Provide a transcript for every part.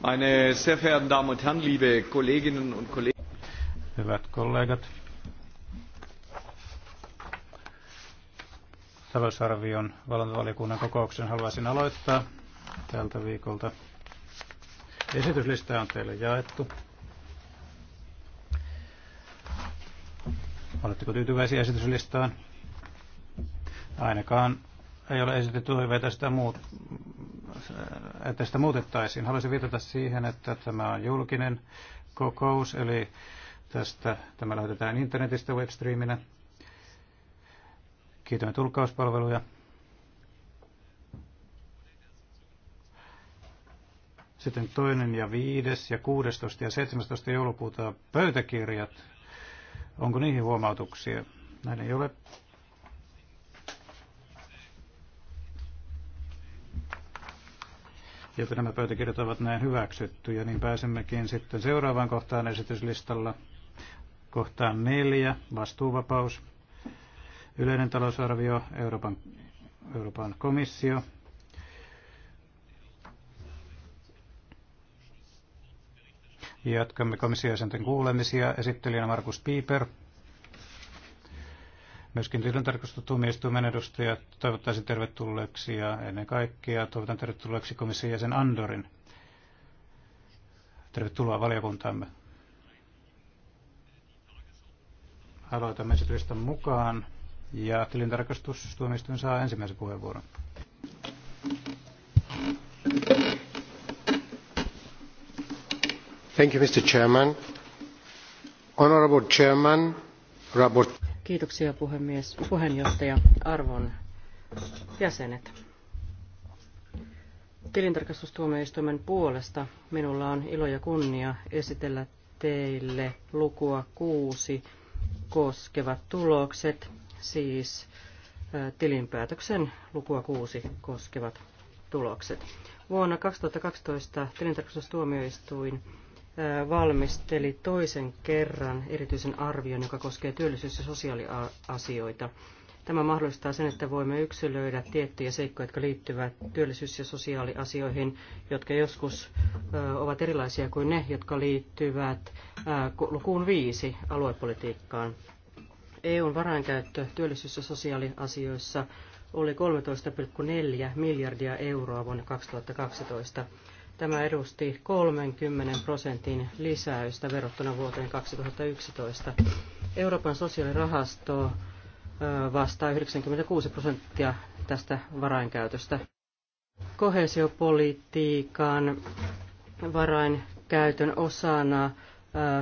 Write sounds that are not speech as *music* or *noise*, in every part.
Meine sehr verehrten Damen und Herren, liebe Kolleginnen und Kollegen. Hyvät kollegat. Talousarvion valvontavaliokunnan kokouksen haluaisin aloittaa tältä viikolta. Esityslista on teille jaettu. Oletteko tyytyväisiä esityslistaan? Ainakaan ei ole esitetty toiveita, sitä muut, että sitä muutettaisiin. Haluaisin viitata siihen, että tämä on julkinen kokous, eli tästä tämä lähetetään internetistä webstreaminä. Kiitämme tulkkauspalveluja. Sitten toinen ja viides ja 16 ja 17 joulukuuta pöytäkirjat Onko niihin huomautuksia? Näin ei ole. Joten nämä pöytäkirjat ovat näin hyväksyttyjä, niin pääsemmekin sitten seuraavaan kohtaan esityslistalla. Kohtaan neljä, vastuuvapaus, yleinen talousarvio, Euroopan, Euroopan komissio, Jatkamme komissiojäsenten kuulemisia. Esittelijänä Markus Piiper. Myöskin tilintarkastustuomioistuimen edustajat toivottaisin tervetulleeksi ja ennen kaikkea toivotan tervetulleeksi komission jäsen Andorin. Tervetuloa valiokuntaamme. Aloitamme esitystä mukaan ja tilintarkastustuomioistuin saa ensimmäisen puheenvuoron. arvoisa puhemies, puheenjohtaja, arvon jäsenet. Tilintarkastustuomioistuimen puolesta minulla on ilo ja kunnia esitellä teille lukua kuusi koskevat tulokset, siis tilinpäätöksen lukua kuusi koskevat tulokset. Vuonna 2012 tilintarkastustuomioistuin valmisteli toisen kerran erityisen arvion, joka koskee työllisyys- ja sosiaaliasioita. Tämä mahdollistaa sen, että voimme yksilöidä tiettyjä seikkoja, jotka liittyvät työllisyys- ja sosiaaliasioihin, jotka joskus ovat erilaisia kuin ne, jotka liittyvät lukuun viisi aluepolitiikkaan. EUn varainkäyttö työllisyys- ja sosiaaliasioissa oli 13,4 miljardia euroa vuonna 2012. Tämä edusti 30 prosentin lisäystä verrattuna vuoteen 2011. Euroopan sosiaalirahasto vastaa 96 prosenttia tästä varainkäytöstä. Kohesiopolitiikan varainkäytön osana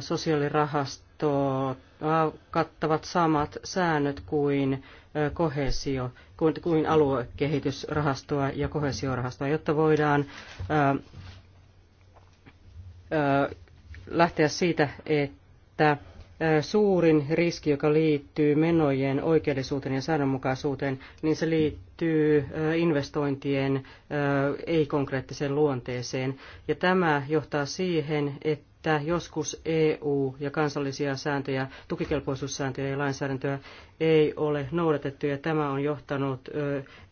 sosiaalirahasto kattoo, kattavat samat säännöt kuin kohesio, kuin, kuin aluekehitysrahastoa ja kohesiorahastoa, jotta voidaan ää, ää, lähteä siitä, että suurin riski, joka liittyy menojen oikeellisuuteen ja säännönmukaisuuteen, niin se liittyy investointien ei-konkreettiseen luonteeseen. Ja tämä johtaa siihen, että että joskus EU- ja kansallisia sääntöjä, tukikelpoisuussääntöjä ja lainsäädäntöä ei ole noudatettu, ja tämä on johtanut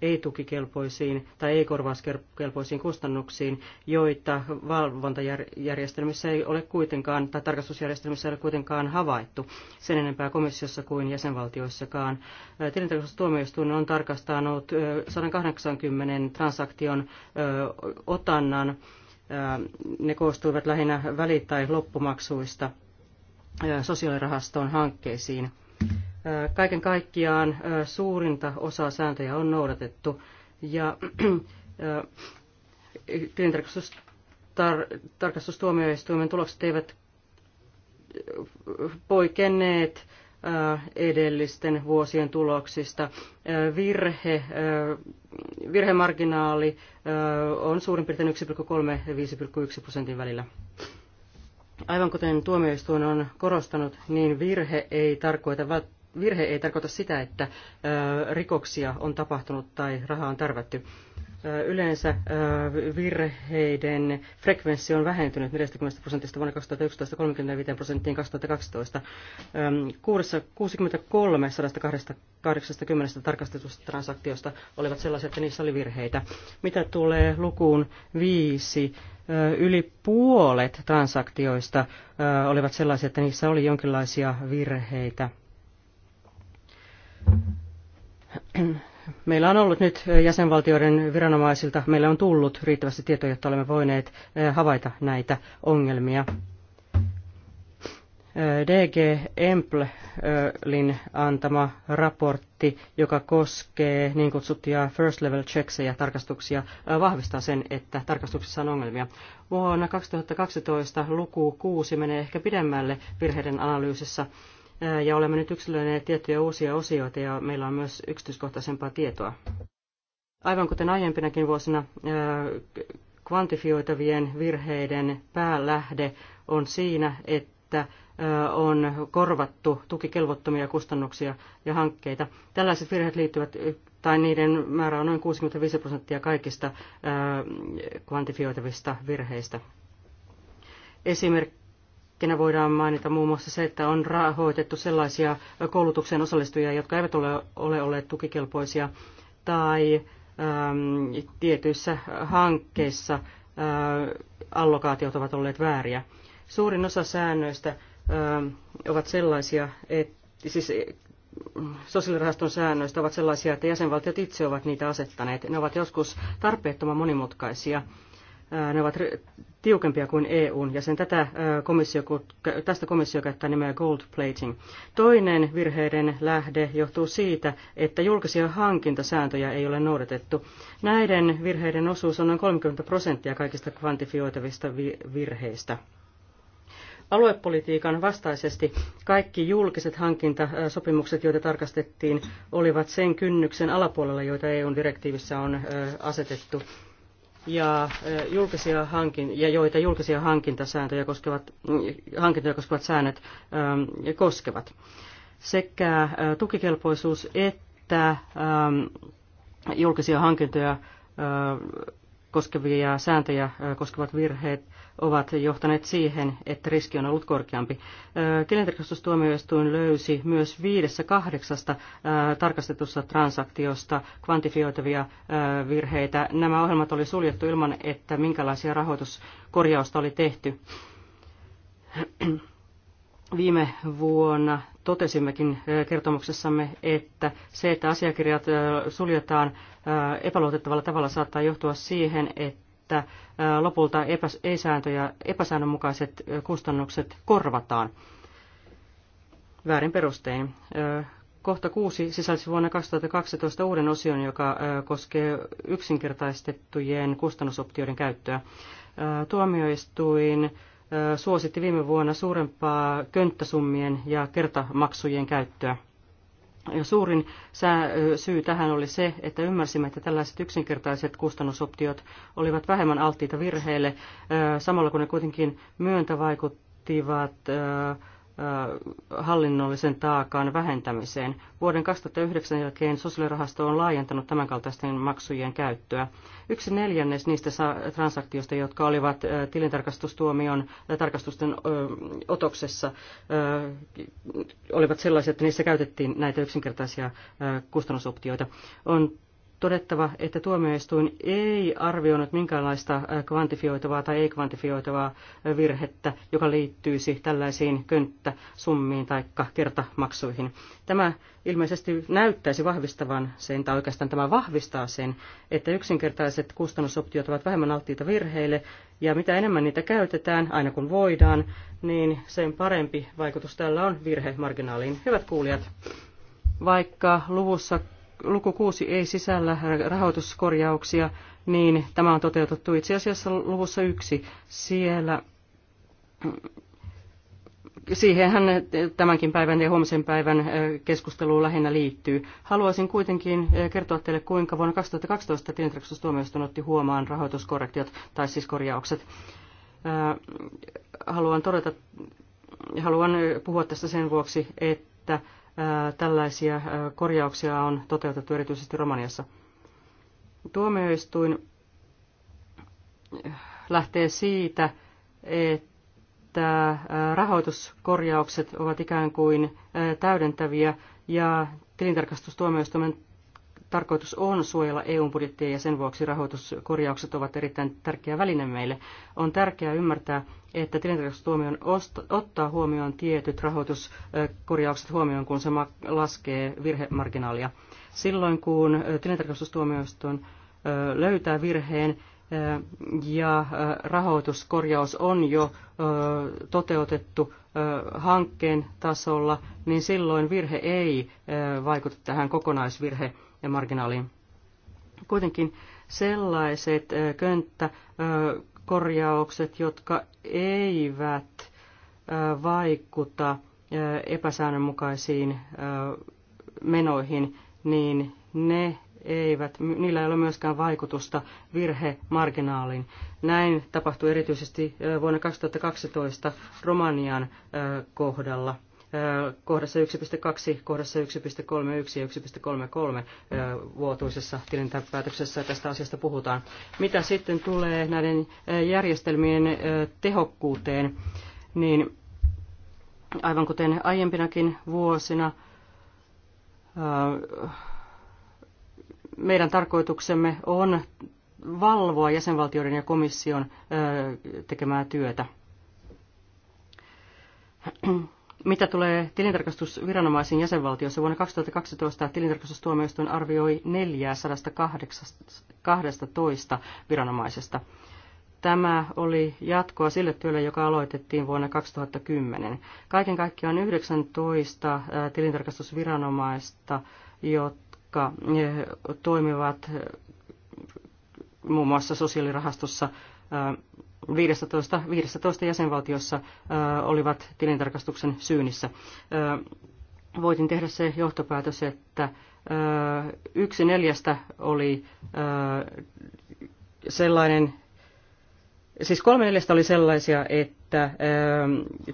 ei-tukikelpoisiin tai ei-korvauskelpoisiin kustannuksiin, joita valvontajärjestelmissä ei ole kuitenkaan, tai tarkastusjärjestelmissä ei ole kuitenkaan havaittu sen enempää komissiossa kuin jäsenvaltioissakaan. Tilintarkastustuomioistuin on tarkastanut 180 transaktion otannan ne koostuivat lähinnä väli- tai loppumaksuista sosiaalirahastoon hankkeisiin. Kaiken kaikkiaan suurinta osaa sääntöjä on noudatettu ja tilintarkastustuomioistuimen tulokset eivät poikenneet Äh, edellisten vuosien tuloksista. Äh, virhe, äh, virhemarginaali on suurin piirtein 1,3-5,1 prosentin välillä. Aivan kuten tuomioistuin on korostanut, niin virhe ei tarkoita Virhe ei tarkoita sitä, että rikoksia on tapahtunut tai rahaa on tarvittu. Yleensä virheiden frekvenssi on vähentynyt 40 prosentista vuonna 2011 35 prosenttiin 2012. 63 180 tarkastetusta transaktiosta olivat sellaisia, että niissä oli virheitä. Mitä tulee lukuun viisi, yli puolet transaktioista olivat sellaisia, että niissä oli jonkinlaisia virheitä meillä on ollut nyt jäsenvaltioiden viranomaisilta, meillä on tullut riittävästi tietoja, jotta olemme voineet eh, havaita näitä ongelmia. Eh, DG Emplin antama raportti, joka koskee niin kutsuttuja first level ja tarkastuksia, eh, vahvistaa sen, että tarkastuksissa on ongelmia. Vuonna 2012 luku 6 menee ehkä pidemmälle virheiden analyysissä ja olemme nyt yksilöineet tiettyjä uusia osioita ja meillä on myös yksityiskohtaisempaa tietoa. Aivan kuten aiempinakin vuosina, kvantifioitavien virheiden päälähde on siinä, että on korvattu tukikelvottomia kustannuksia ja hankkeita. Tällaiset virheet liittyvät, tai niiden määrä on noin 65 prosenttia kaikista kvantifioitavista virheistä. Esimerkki esimerkkinä voidaan mainita muun muassa se, että on rahoitettu sellaisia koulutuksen osallistujia, jotka eivät ole, ole olleet tukikelpoisia, tai äm, tietyissä hankkeissa ä, äh, allokaatiot ovat olleet vääriä. Suurin osa säännöistä ä, ähm, ovat sellaisia, että siis äh, sosiaalirahaston säännöistä ovat sellaisia, että jäsenvaltiot itse ovat niitä asettaneet. Ne ovat joskus tarpeettoman monimutkaisia. Äh, ne ovat tiukempia kuin EUn sen Tätä komissio, tästä komissio käyttää nimeä gold plating. Toinen virheiden lähde johtuu siitä, että julkisia hankintasääntöjä ei ole noudatettu. Näiden virheiden osuus on noin 30 prosenttia kaikista kvantifioitavista virheistä. Aluepolitiikan vastaisesti kaikki julkiset hankintasopimukset, joita tarkastettiin, olivat sen kynnyksen alapuolella, joita EUn direktiivissä on asetettu ja, julkisia hankin, ja joita julkisia hankintasääntöjä koskevat, mm, hankintoja koskevat säännöt ähm, koskevat. Sekä tukikelpoisuus että ähm, julkisia hankintoja koskevia sääntöjä koskevat virheet ovat johtaneet siihen, että riski on ollut korkeampi. Tilintarkastustuomioistuin löysi myös viidessä kahdeksasta tarkastetussa transaktiosta kvantifioitavia virheitä. Nämä ohjelmat oli suljettu ilman, että minkälaisia rahoituskorjausta oli tehty. Viime vuonna totesimmekin kertomuksessamme, että se, että asiakirjat suljetaan epäluotettavalla tavalla, saattaa johtua siihen, että lopulta epäsääntöjä epäsäännönmukaiset kustannukset korvataan väärin perustein. Kohta kuusi sisälsi vuonna 2012 uuden osion, joka koskee yksinkertaistettujen kustannusoptioiden käyttöä. Tuomioistuin suositti viime vuonna suurempaa könttäsummien ja kertamaksujen käyttöä. Ja Suurin syy tähän oli se, että ymmärsimme, että tällaiset yksinkertaiset kustannusoptiot olivat vähemmän alttiita virheille, samalla kun ne kuitenkin myöntävaikuttivat hallinnollisen taakan vähentämiseen. Vuoden 2009 jälkeen sosiaalirahasto on laajentanut tämänkaltaisten maksujen käyttöä. Yksi neljännes niistä transaktioista, jotka olivat tilintarkastustuomion tarkastusten otoksessa, olivat sellaisia, että niissä käytettiin näitä yksinkertaisia kustannusoptioita. On todettava, että tuomioistuin ei arvioinut minkäänlaista äh, kvantifioitavaa tai ei-kvantifioitavaa äh, virhettä, joka liittyisi tällaisiin könttäsummiin tai kertamaksuihin. Tämä ilmeisesti näyttäisi vahvistavan sen, tai oikeastaan tämä vahvistaa sen, että yksinkertaiset kustannusoptiot ovat vähemmän alttiita virheille, ja mitä enemmän niitä käytetään, aina kun voidaan, niin sen parempi vaikutus tällä on virhemarginaaliin. Hyvät kuulijat, vaikka luvussa luku 6 ei sisällä rahoituskorjauksia, niin tämä on toteutettu itse asiassa luvussa 1. Siellä siihenhän tämänkin päivän ja huomisen päivän keskustelu lähinnä liittyy. Haluaisin kuitenkin kertoa teille, kuinka vuonna 2012 tilintarkastustuomioistuin otti huomaan rahoituskorrektiot tai siis korjaukset. Haluan, todeta, haluan puhua tästä sen vuoksi, että tällaisia korjauksia on toteutettu erityisesti Romaniassa. Tuomioistuin lähtee siitä, että rahoituskorjaukset ovat ikään kuin täydentäviä ja tilintarkastustuomioistuimen tarkoitus on suojella EUn budjettia ja sen vuoksi rahoituskorjaukset ovat erittäin tärkeä väline meille. On tärkeää ymmärtää, että tilintarkastustuomion ottaa huomioon tietyt rahoituskorjaukset huomioon, kun se laskee virhemarginaalia. Silloin kun tilintarkastustuomioistuin löytää virheen, ja rahoituskorjaus on jo toteutettu hankkeen tasolla, niin silloin virhe ei vaikuta tähän kokonaisvirhe ja marginaaliin. Kuitenkin sellaiset könttäkorjaukset, jotka eivät vaikuta epäsäännönmukaisiin menoihin, niin ne eivät, niillä ei ole myöskään vaikutusta virhemarginaaliin. Näin tapahtui erityisesti vuonna 2012 Romanian kohdalla kohdassa 1.2, kohdassa 1.31 ja 1.33 vuotuisessa tilintäpäätöksessä tästä asiasta puhutaan. Mitä sitten tulee näiden järjestelmien tehokkuuteen, niin aivan kuten aiempinakin vuosina, meidän tarkoituksemme on valvoa jäsenvaltioiden ja komission tekemää työtä. Mitä tulee tilintarkastusviranomaisiin jäsenvaltioissa, vuonna 2012 tilintarkastustuomioistuin arvioi 412 viranomaisesta. Tämä oli jatkoa sille työlle, joka aloitettiin vuonna 2010. Kaiken kaikkiaan 19 tilintarkastusviranomaista, jotka toimivat muun muassa sosiaalirahastossa 15, 15 jäsenvaltiossa olivat tilintarkastuksen syynissä. Voitin tehdä se johtopäätös, että yksi neljästä oli sellainen, siis kolme neljästä oli sellaisia, että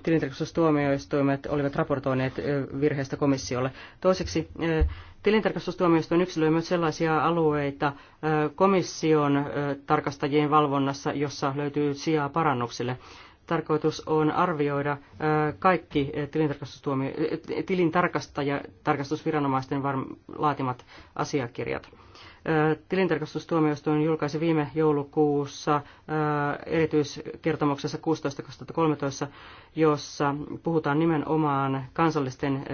tilintarkastustuomioistuimet olivat raportoineet virheestä komissiolle. Toiseksi Tilintarkastustuomioistuin yksilöi myös sellaisia alueita komission tarkastajien valvonnassa, jossa löytyy sijaa parannuksille. Tarkoitus on arvioida kaikki tilintarkastusviranomaisten laatimat asiakirjat. Tilintarkastustuomioistuin julkaisi viime joulukuussa erityiskertomuksessa 16.2013, jossa puhutaan nimenomaan kansallisten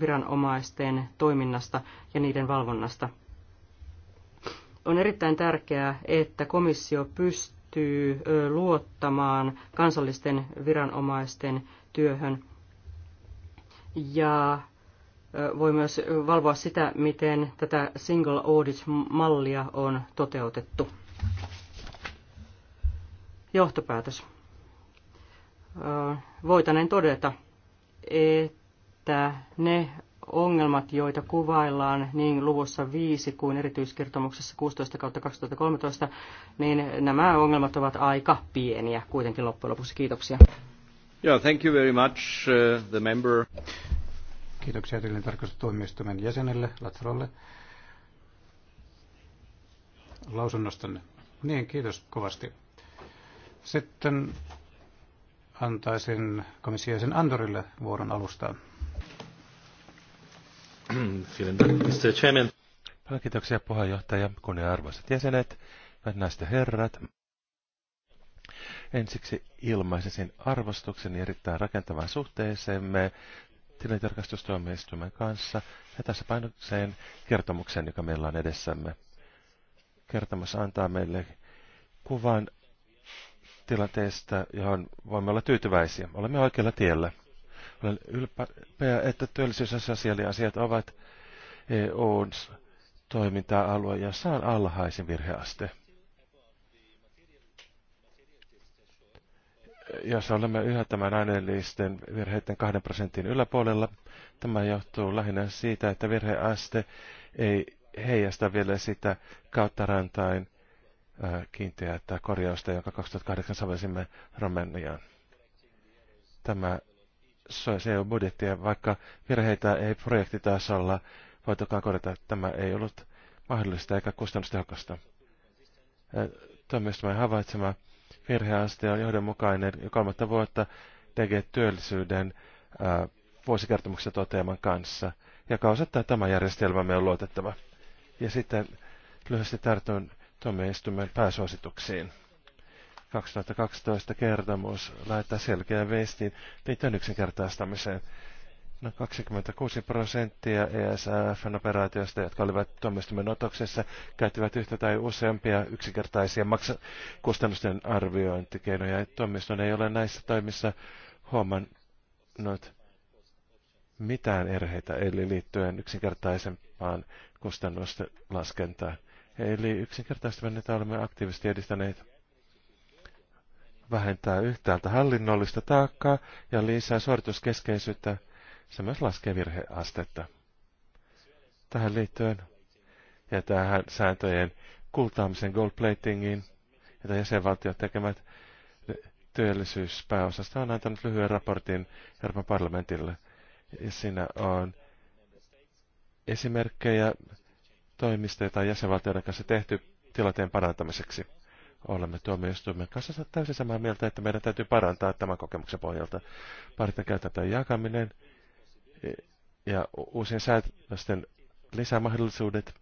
viranomaisten toiminnasta ja niiden valvonnasta. On erittäin tärkeää, että komissio pystyy luottamaan kansallisten viranomaisten työhön ja voi myös valvoa sitä, miten tätä single audit-mallia on toteutettu. Johtopäätös. Voitaneen todeta, että että ne ongelmat, joita kuvaillaan niin luvussa 5 kuin erityiskertomuksessa 16 kautta 2013, niin nämä ongelmat ovat aika pieniä kuitenkin loppujen lopuksi. Kiitoksia. Yeah, thank you very much, uh, the member. Kiitoksia tarkastustoimistomen jäsenelle Latrolle lausunnostanne. Niin, kiitos kovasti. Sitten antaisin komissiaisen Andorille vuoron alustaan. *clears throat* kiitoksia puheenjohtaja, kunnia jäsenet, hyvät naiset ja herrat. Ensiksi ilmaisisin arvostukseni erittäin rakentavaan suhteeseemme tilintarkastustuomioistuimen kanssa ja tässä painokseen kertomukseen, joka meillä on edessämme. Kertomus antaa meille kuvan tilanteesta, johon voimme olla tyytyväisiä. Olemme oikealla tiellä. Olen ylpeä, että työllisyys- ja sosiaaliasiat ovat EUn toiminta-alue, ja saan alhaisin virheaste. Jos olemme yhä tämän aineellisten virheiden kahden prosentin yläpuolella, tämä johtuu lähinnä siitä, että virheaste ei heijasta vielä sitä kautta rantain kiinteää korjausta, jonka 2008 sovelsimme Romaniaan. Tämä budjetti, ja vaikka virheitä ei olla, voitakaan korjata, että tämä ei ollut mahdollista eikä kustannustehokasta. Tuomioistuimen havaitsema virheaste on johdonmukainen jo kolmatta vuotta tekee työllisyyden vuosikertomuksessa toteaman kanssa, joka osoittaa, että tämä järjestelmämme on luotettava. Ja sitten lyhyesti tartun tuomioistuimen pääsuosituksiin. 2012 kertomus laittaa selkeän viestin liittyen yksinkertaistamiseen. No 26 prosenttia ESF-operaatioista, jotka olivat tuomioistuimen otoksessa, käyttivät yhtä tai useampia yksinkertaisia maksa- kustannusten arviointikeinoja. Tuomioistuin ei ole näissä toimissa huomannut mitään erheitä, eli liittyen yksinkertaisempaan kustannusten laskentaan. Eli yksinkertaisesti me olemme aktiivisesti edistäneet vähentää yhtäältä hallinnollista taakkaa ja lisää suorituskeskeisyyttä. Se myös laskee virheastetta. Tähän liittyen ja tähän sääntöjen kultaamisen gold platingiin, jota jäsenvaltiot tekemät työllisyyspääosasta on antanut lyhyen raportin Euroopan parlamentille. Ja siinä on esimerkkejä toimista, joita on jäsenvaltioiden kanssa tehty tilanteen parantamiseksi olemme tuomioistuimen kanssa täysin samaa mieltä, että meidän täytyy parantaa tämän kokemuksen pohjalta parten käytäntöjen jakaminen ja uusien säätösten lisämahdollisuudet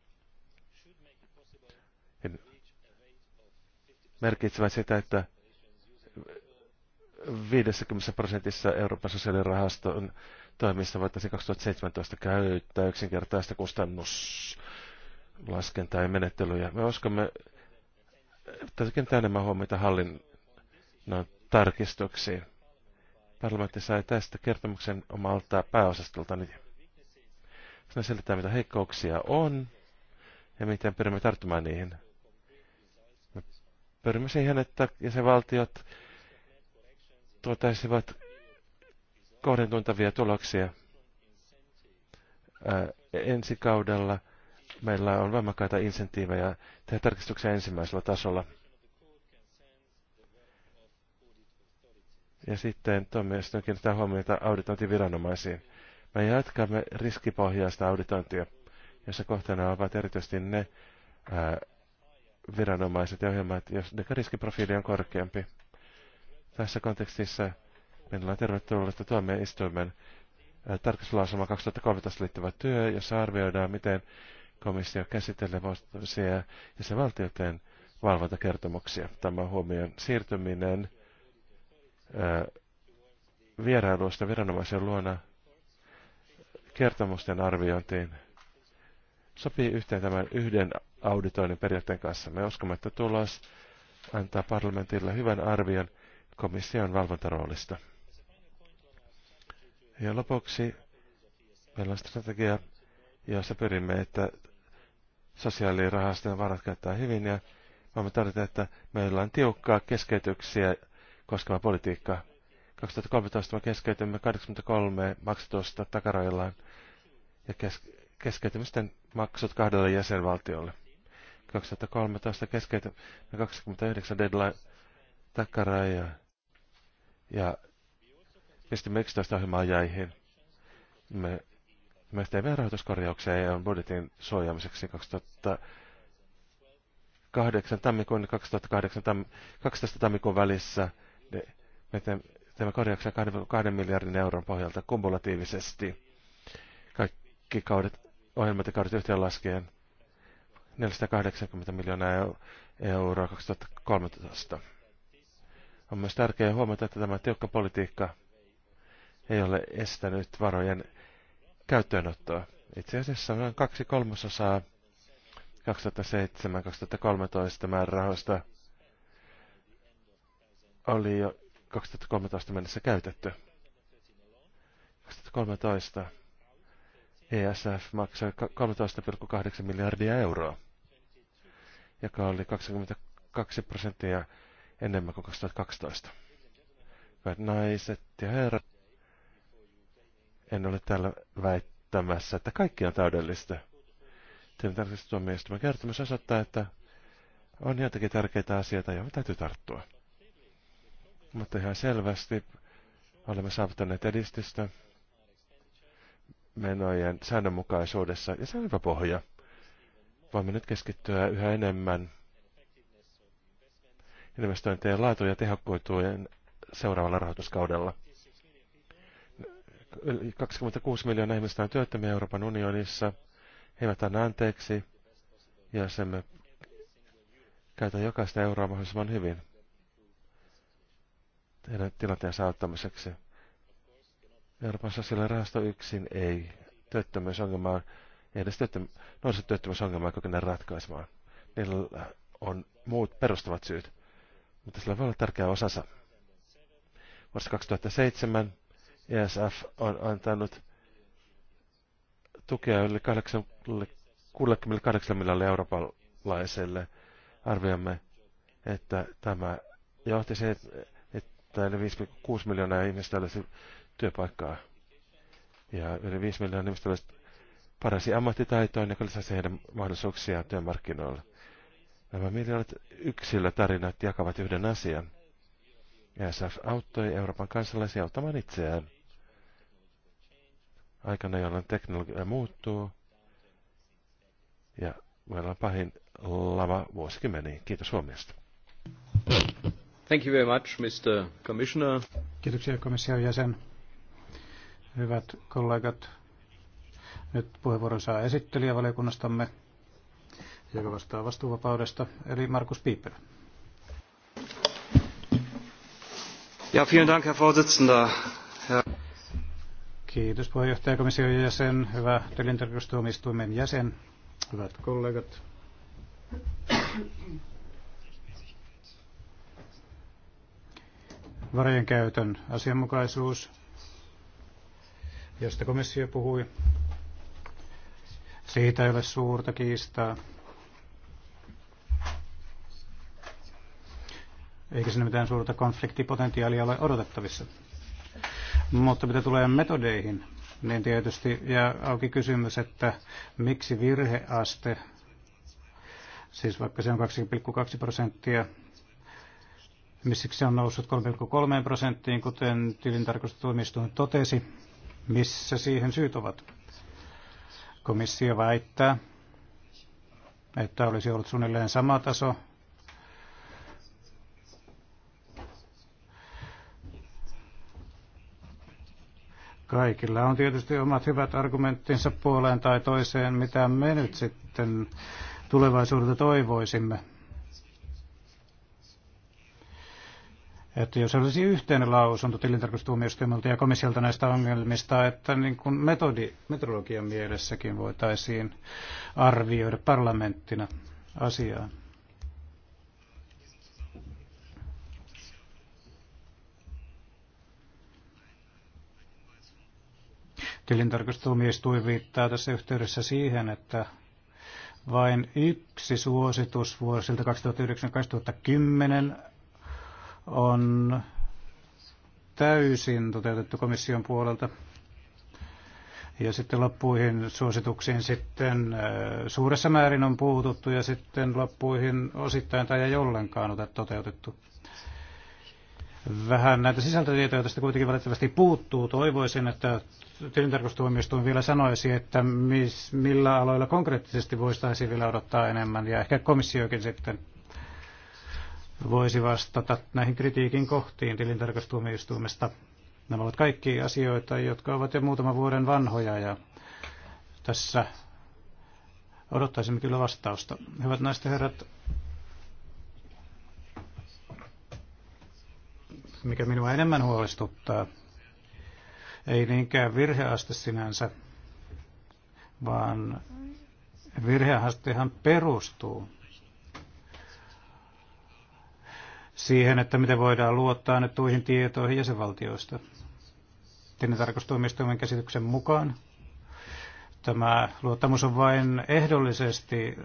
merkitsevät sitä, että 50 prosentissa Euroopan sosiaalirahaston toimissa voitaisiin 2017 käyttää yksinkertaista kustannuslaskentaa ja menettelyjä. Me uskomme tässäkin enemmän huomiota hallinnon tarkistuksiin. Parlamentti sai tästä kertomuksen omalta pääosastolta. Sitten selittää, mitä heikkouksia on ja miten pyrimme tarttumaan niihin. Me pyrimme siihen, että jäsenvaltiot tuotaisivat kohdentuntavia tuloksia ensi kaudella – meillä on voimakkaita insentiivejä tehdä tarkistuksia ensimmäisellä tasolla. Ja sitten tuomioistuin kiinnittää huomiota auditointiviranomaisiin. Me jatkamme riskipohjaista auditointia, jossa kohteena ovat erityisesti ne ää, viranomaiset ja ohjelmat, jos riskiprofiili on korkeampi. Tässä kontekstissa meillä on tervetullut tuomioistuimen tarkastuslausuma 2013 liittyvä työ, jossa arvioidaan, miten komissio käsittelee vastaisia ja se valtioiden valvontakertomuksia. Tämä huomioon siirtyminen vierailuista viranomaisen luona kertomusten arviointiin sopii yhteen tämän yhden auditoinnin periaatteen kanssa. Me uskomme, että tulos antaa parlamentille hyvän arvion komission valvontaroolista. Ja lopuksi meillä on strategia, jossa pyrimme, että sosiaalirahastojen varat käyttää hyvin ja voimme todeta, että meillä on tiukkaa keskeytyksiä koskeva politiikka. 2013 me keskeytimme 83 maksatusta takarajallaan ja kes keskeytymisten maksut kahdelle jäsenvaltiolle. 2013 keskeytimme 29 deadline takarajaa ja pistimme 11 ohjelmaa jäihin. Me me teimme rahoituskorjauksia ja budjetin suojaamiseksi 2008 tammikuun 2008 tamm, 12 tammikuun välissä. Me teemme korjauksia 2 miljardin euron pohjalta kumulatiivisesti. Kaikki kaudet, ohjelmat ja kaudet yhteen laskien 480 miljoonaa euroa 2013. On myös tärkeää huomata, että tämä tiukka politiikka ei ole estänyt varojen käyttöönottoa. Itse asiassa noin kaksi kolmasosaa 2007-2013 määrärahoista oli jo 2013 mennessä käytetty. 2013 ESF maksoi 13,8 miljardia euroa, joka oli 22 prosenttia enemmän kuin 2012. Hyvät naiset ja herrat, en ole täällä väittämässä, että kaikki on täydellistä. Teidän tarkastustuomioistuimen kertomus osoittaa, että on jotakin tärkeitä asioita, joihin täytyy tarttua. Mutta ihan selvästi olemme saavuttaneet edistystä menojen säännönmukaisuudessa, ja se on hyvä pohja. Voimme nyt keskittyä yhä enemmän investointien laatu- ja tehokkuutuun seuraavalla rahoituskaudella. 26 miljoonaa ihmistä on työttömiä Euroopan unionissa. He eivät anna anteeksi, ja sen me käytä jokaista euroa mahdollisimman hyvin heidän tilanteensa auttamiseksi. Euroopan sosiaalirahasto yksin ei työttömyysongelmaa, ei edes työttöm, työttömyysongelmaa kykene ratkaisemaan. Niillä on muut perustavat syyt, mutta sillä voi olla tärkeä osansa. Vuosi 2007 ESF on antanut tukea yli 68 miljoonalle eurooppalaiselle. Arvioimme, että tämä johti siihen, että yli 5,6 miljoonaa ihmistä olisi työpaikkaa. Ja yli 5 miljoonaa ihmistä olisi parasi ammattitaitoa, joka lisäsi heidän mahdollisuuksiaan työmarkkinoilla. Nämä miljoonat yksilötarinat jakavat yhden asian. ESF auttoi Euroopan kansalaisia auttamaan itseään aikana, jolloin teknologia muuttuu. Ja meillä on pahin lava vuosikymmeniin. Kiitos huomiosta. Thank you very much, Mr. Commissioner. Kiitoksia komission jäsen. Hyvät kollegat, nyt puheenvuoron saa esittelijä valiokunnastamme, joka vastaa vastuuvapaudesta, eli Markus Piiper. Ja, vielen Dank, Herr Vorsitzender. Kiitos puheenjohtajakomission jäsen, hyvä tilintarkastustuomistuimen jäsen, hyvät kollegat. Varojen käytön asianmukaisuus, josta komissio puhui. Siitä ei ole suurta kiistaa. Eikä sinne mitään suurta konfliktipotentiaalia ole odotettavissa. Mutta mitä tulee metodeihin, niin tietysti jää auki kysymys, että miksi virheaste, siis vaikka se on 2,2 prosenttia, missä se on noussut 3,3 prosenttiin, kuten tilintarkastustuomioistuin totesi, missä siihen syyt ovat. Komissio väittää, että olisi ollut suunnilleen sama taso Kaikilla on tietysti omat hyvät argumenttinsa puoleen tai toiseen, mitä me nyt sitten tulevaisuudelta toivoisimme. Että jos olisi yhteinen lausunto tilintarkastustuomioistuimelta ja komissiolta näistä ongelmista, että niin kuin metodi, metodologian mielessäkin voitaisiin arvioida parlamenttina asiaa. Tilintarkastustuomioistuin viittaa tässä yhteydessä siihen, että vain yksi suositus vuosilta 2009-2010 on täysin toteutettu komission puolelta. Ja sitten loppuihin suosituksiin sitten äh, suuressa määrin on puututtu ja sitten loppuihin osittain tai ei ollenkaan ole toteutettu vähän näitä sisältötietoja tästä kuitenkin valitettavasti puuttuu. Toivoisin, että tilintarkastustuomioistuin vielä sanoisi, että mis, millä aloilla konkreettisesti voisi vielä odottaa enemmän ja ehkä komissiokin sitten voisi vastata näihin kritiikin kohtiin tilintarkastustuomioistuimesta. Nämä ovat kaikki asioita, jotka ovat jo muutaman vuoden vanhoja ja tässä odottaisimme kyllä vastausta. Hyvät naiset ja herrat, mikä minua enemmän huolestuttaa, ei niinkään virheaste sinänsä, vaan virheastehan perustuu siihen, että miten voidaan luottaa annettuihin tietoihin jäsenvaltioista. Tilintarkastustuomioistuimen käsityksen mukaan tämä luottamus on vain ehdollisesti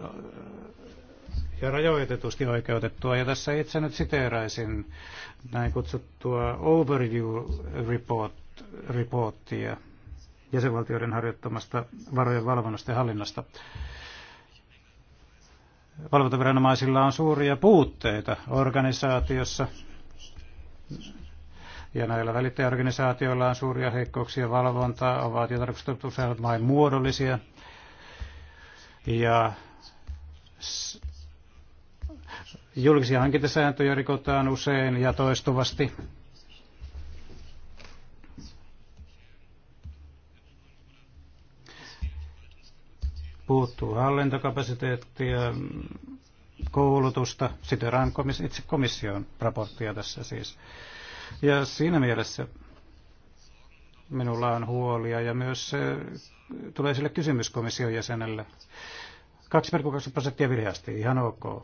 ja rajoitetusti oikeutettua. Ja tässä itse nyt siteeraisin näin kutsuttua overview report, reporttia jäsenvaltioiden harjoittamasta varojen valvonnasta ja hallinnasta. Valvontaviranomaisilla on suuria puutteita organisaatiossa ja näillä välittäjäorganisaatioilla on suuria heikkouksia valvontaa, ovat jo tarkoitettu vain muodollisia. Ja Julkisia hankintasääntöjä rikotaan usein ja toistuvasti. Puuttuu hallintokapasiteettia, koulutusta, siteraan komis- itse komission raporttia tässä siis. Ja siinä mielessä minulla on huolia ja myös tulee sille kysymys komission jäsenelle. 2,2 prosenttia virheästi, ihan ok.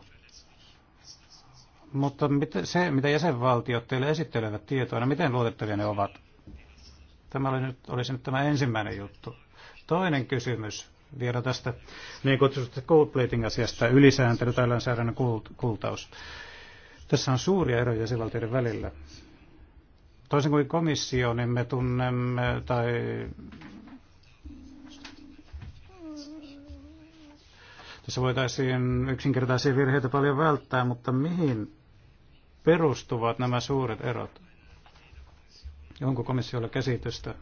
Mutta se, mitä jäsenvaltiot teille esittelevät tietoina, miten luotettavia ne ovat? Tämä oli nyt, olisi nyt tämä ensimmäinen juttu. Toinen kysymys vielä tästä niin kutsutusta goldplating-asiasta, ylisääntely tai lainsäädännön kultaus. Tässä on suuria eroja jäsenvaltioiden välillä. Toisin kuin komissio, niin me tunnemme tai tässä voitaisiin yksinkertaisia virheitä paljon välttää, mutta mihin perustuvat nämä suuret erot? Onko komissiolla käsitystä,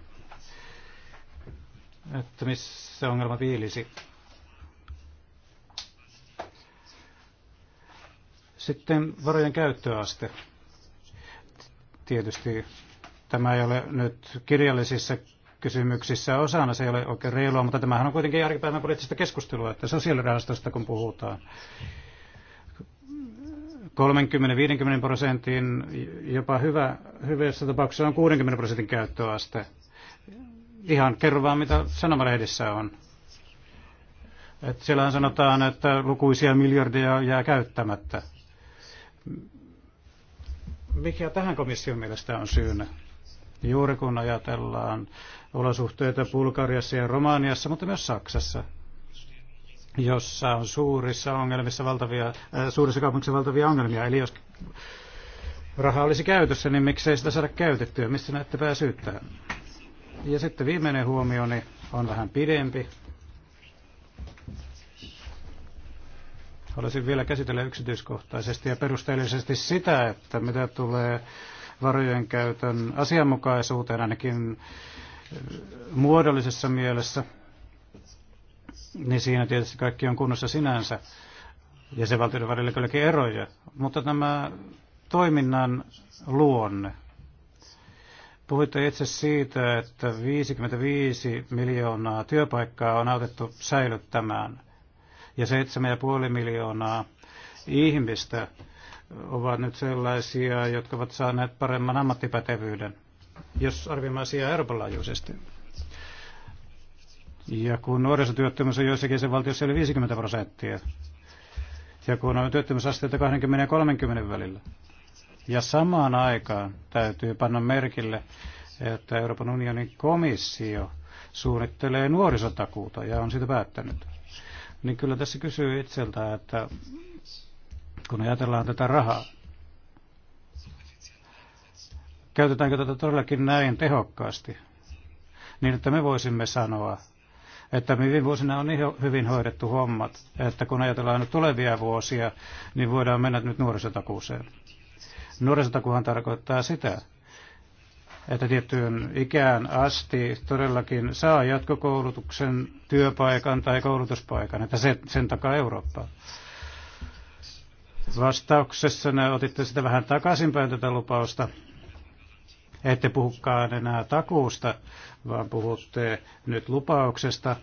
että missä ongelma viilisi? Sitten varojen käyttöaste. Tietysti tämä ei ole nyt kirjallisissa kysymyksissä osana, se ei ole oikein reilua, mutta tämähän on kuitenkin arkipäivän poliittista keskustelua, että sosiaalirahastosta kun puhutaan, 30-50 prosentin, jopa hyvä, hyvässä tapauksessa on 60 prosentin käyttöaste. Ihan kerro vaan, mitä sanomalehdissä on. Et siellähän sanotaan, että lukuisia miljardeja jää käyttämättä. Mikä tähän komission mielestä on syynä? Juuri kun ajatellaan olosuhteita Bulgariassa ja Romaniassa, mutta myös Saksassa, jossa on suurissa ongelmissa valtavia, äh, suurissa kaupungissa valtavia ongelmia. Eli jos raha olisi käytössä, niin miksei sitä saada käytettyä, missä näette pääsyyt Ja sitten viimeinen huomioni on vähän pidempi. Haluaisin vielä käsitellä yksityiskohtaisesti ja perusteellisesti sitä, että mitä tulee varojen käytön asianmukaisuuteen ainakin äh, muodollisessa mielessä – niin siinä tietysti kaikki on kunnossa sinänsä. ja se valtioiden välillä kylläkin eroja. Mutta tämä toiminnan luonne. Puhuitte itse siitä, että 55 miljoonaa työpaikkaa on autettu säilyttämään ja 7,5 miljoonaa ihmistä ovat nyt sellaisia, jotka ovat saaneet paremman ammattipätevyyden, jos arvioimme asiaa Euroopan laajuisesti. Ja kun nuorisotyöttömyys on joissakin sen valtiossa yli 50 prosenttia, ja kun on työttömyysasteita 20 ja 30 välillä. Ja samaan aikaan täytyy panna merkille, että Euroopan unionin komissio suunnittelee nuorisotakuuta ja on sitä päättänyt. Niin kyllä tässä kysyy itseltä, että kun ajatellaan tätä rahaa, käytetäänkö tätä todellakin näin tehokkaasti, niin että me voisimme sanoa, että viime vuosina on niin hyvin hoidettu hommat, että kun ajatellaan nyt tulevia vuosia, niin voidaan mennä nyt nuorisotakuuseen. Nuorisotakuhan tarkoittaa sitä, että tiettyyn ikään asti todellakin saa jatkokoulutuksen työpaikan tai koulutuspaikan, että sen, sen takaa Eurooppaa. Vastauksessa ne otitte sitä vähän takaisinpäin tätä lupausta, ette puhukaan enää takuusta, vaan puhutte nyt lupauksesta,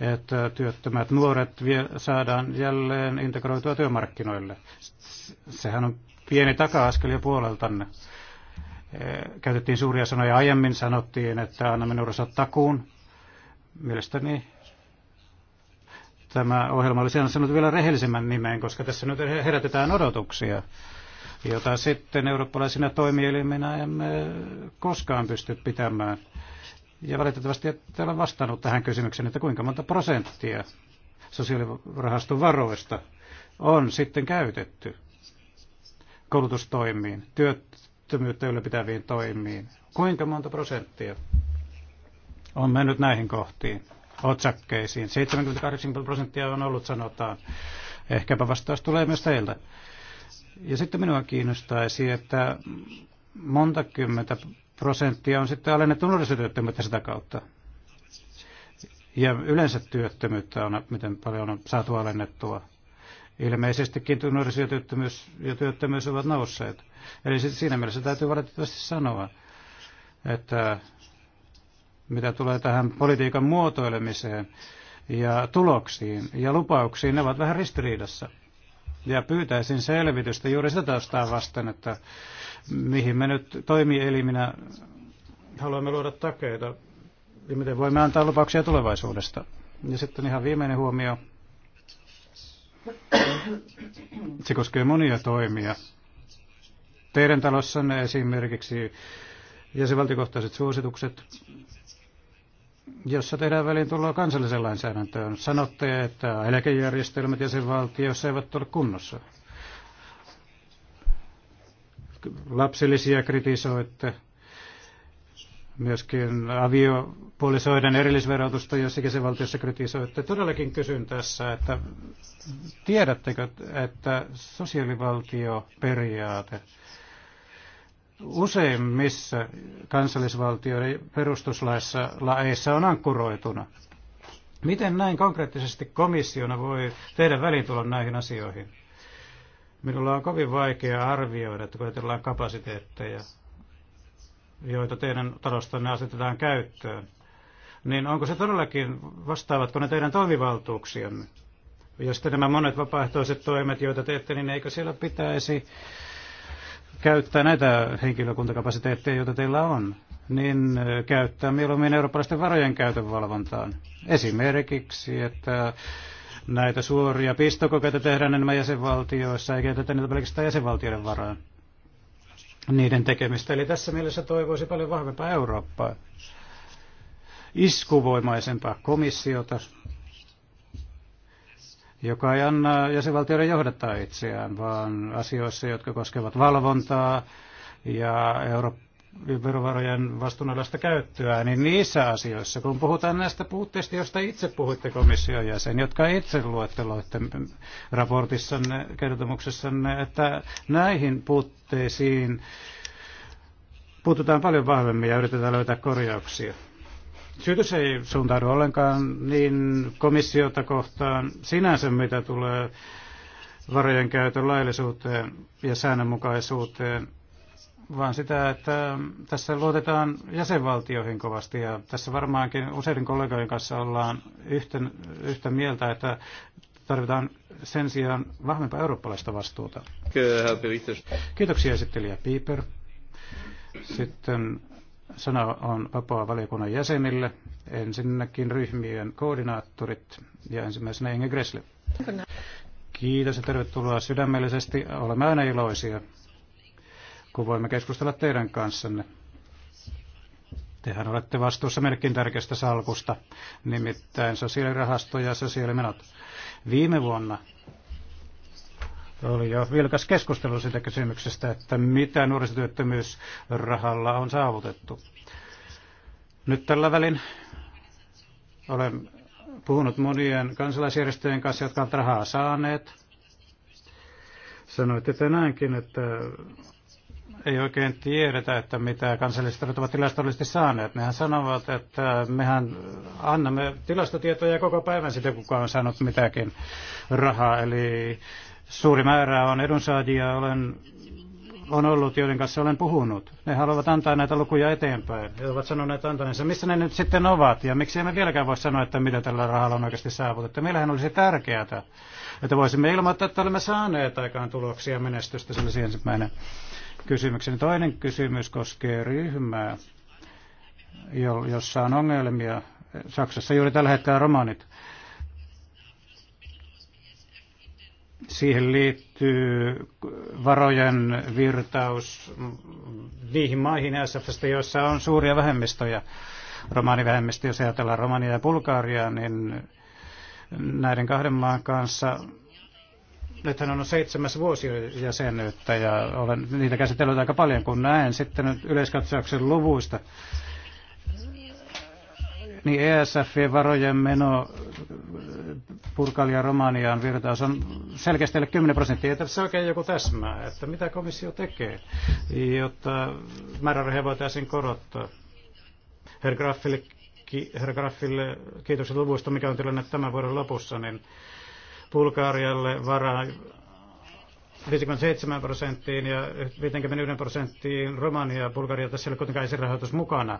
että työttömät nuoret saadaan jälleen integroitua työmarkkinoille. Sehän on pieni taka-askel jo puoleltanne. E, käytettiin suuria sanoja aiemmin, sanottiin, että anna minun takuun. Mielestäni tämä ohjelma olisi sanonut vielä rehellisemmän nimeen, koska tässä nyt herätetään odotuksia jota sitten eurooppalaisina toimieliminä emme koskaan pysty pitämään. Ja valitettavasti ette ole vastannut tähän kysymykseen, että kuinka monta prosenttia sosiaalirahaston varoista on sitten käytetty koulutustoimiin, työttömyyttä ylläpitäviin toimiin. Kuinka monta prosenttia on mennyt näihin kohtiin, otsakkeisiin? 70-80 prosenttia on ollut, sanotaan. Ehkäpä vastaus tulee myös teiltä. Ja sitten minua kiinnostaisi, että monta kymmentä prosenttia on sitten alennettu nuorisotyöttömyyttä sitä kautta. Ja yleensä työttömyyttä on, miten paljon on saatu alennettua. Ilmeisestikin nuorisotyöttömyys ja työttömyys ovat nousseet. Eli siinä mielessä täytyy valitettavasti sanoa, että mitä tulee tähän politiikan muotoilemiseen ja tuloksiin ja lupauksiin, ne ovat vähän ristiriidassa. Ja pyytäisin selvitystä juuri sitä taustaa vasten, että mihin me nyt toimieliminä haluamme luoda takeita ja miten voimme antaa lupauksia tulevaisuudesta. Ja sitten ihan viimeinen huomio. Se koskee monia toimia. Teidän talossanne esimerkiksi jäsenvaltiokohtaiset suositukset, jossa tehdään tuloa kansalliseen lainsäädäntöön. Sanotte, että eläkejärjestelmät jäsenvaltioissa eivät ole kunnossa. Lapsillisia kritisoitte, myöskin aviopuolisoiden erillisverotusta jossakin se valtiossa kritisoitte. Todellakin kysyn tässä, että tiedättekö, että sosiaalivaltioperiaate useimmissa kansallisvaltioiden perustuslaissa laeissa on ankkuroituna. Miten näin konkreettisesti komissiona voi tehdä välintulon näihin asioihin? Minulla on kovin vaikea arvioida, että kun ajatellaan kapasiteetteja, joita teidän talostanne asetetaan käyttöön, niin onko se todellakin, vastaavatko ne teidän toimivaltuuksianne? Ja sitten nämä monet vapaaehtoiset toimet, joita teette, niin eikö siellä pitäisi käyttää näitä henkilökuntakapasiteetteja, joita teillä on, niin käyttää mieluummin eurooppalaisten varojen käytön valvontaan. Esimerkiksi, että näitä suoria pistokokeita tehdään enemmän jäsenvaltioissa, eikä jätetä niitä pelkästään jäsenvaltioiden varaan niiden tekemistä. Eli tässä mielessä toivoisi paljon vahvempaa Eurooppaa, iskuvoimaisempaa komissiota, joka ei anna jäsenvaltioiden johdattaa itseään, vaan asioissa, jotka koskevat valvontaa ja Eurooppaa verovarojen vastuunalaista käyttöä, niin niissä asioissa, kun puhutaan näistä puutteista, joista itse puhuitte komission jäsen, jotka itse luetteloitte raportissanne, kertomuksessanne, että näihin puutteisiin puututaan paljon vahvemmin ja yritetään löytää korjauksia. Syytös ei suuntaudu ollenkaan niin komissiota kohtaan sinänsä, mitä tulee varojen käytön laillisuuteen ja säännönmukaisuuteen, vaan sitä, että tässä luotetaan jäsenvaltioihin kovasti. Ja tässä varmaankin useiden kollegojen kanssa ollaan yhtä, yhtä mieltä, että tarvitaan sen sijaan vahvempaa eurooppalaista vastuuta. Kiitoksia esittelijä Piper. Sitten Sana on vapaa valiokunnan jäsenille, ensinnäkin ryhmien koordinaattorit ja ensimmäisenä Inge Gressle. Kiitos ja tervetuloa sydämellisesti. Olemme aina iloisia, kun voimme keskustella teidän kanssanne. Tehän olette vastuussa merkin tärkeästä salkusta, nimittäin sosiaalirahasto ja sosiaalimenot. Viime vuonna oli jo vilkas keskustelu siitä kysymyksestä, että mitä nuorisotyöttömyysrahalla on saavutettu. Nyt tällä välin olen puhunut monien kansalaisjärjestöjen kanssa, jotka ovat rahaa saaneet. Sanoitte tänäänkin, että ei oikein tiedetä, että mitä kansalliset ovat tilastollisesti saaneet. Nehän sanovat, että mehän annamme tilastotietoja koko päivän sitten, kuka on saanut mitäkin rahaa. Eli Suuri määrä on edunsaajia, olen, on ollut, joiden kanssa olen puhunut. Ne haluavat antaa näitä lukuja eteenpäin. He ovat sanoneet antaneensa, missä ne nyt sitten ovat ja miksi emme vieläkään voi sanoa, että mitä tällä rahalla on oikeasti saavutettu. Meillähän olisi tärkeää, että voisimme ilmoittaa, että olemme saaneet aikaan tuloksia menestystä. Se olisi ensimmäinen kysymykseni. Toinen kysymys koskee ryhmää, jossa on ongelmia. Saksassa juuri tällä hetkellä romanit Siihen liittyy varojen virtaus niihin maihin SFstä, joissa on suuria vähemmistöjä. Romaanivähemmistö, jos ajatellaan Romania ja Bulgaria, niin näiden kahden maan kanssa nythän on seitsemäs vuosi jäsenyyttä ja olen niitä käsitellyt aika paljon, kun näen sitten yleiskatsauksen luvuista niin ESF-varojen meno eh, Purkalia Romaniaan virtaus on selkeästi alle 10 prosenttia. Tässä oikein joku täsmää, että mitä komissio tekee, jotta määrärahoja voitaisiin korottaa. Herr Graffille, Herr Graffille kiitokset luvuista, mikä on tilanne tämän vuoden lopussa, niin Bulgarialle varaa 57 prosenttiin ja 51 prosenttiin Romania ja Bulgaria. Tässä ei ole kuitenkaan esirahoitus mukana.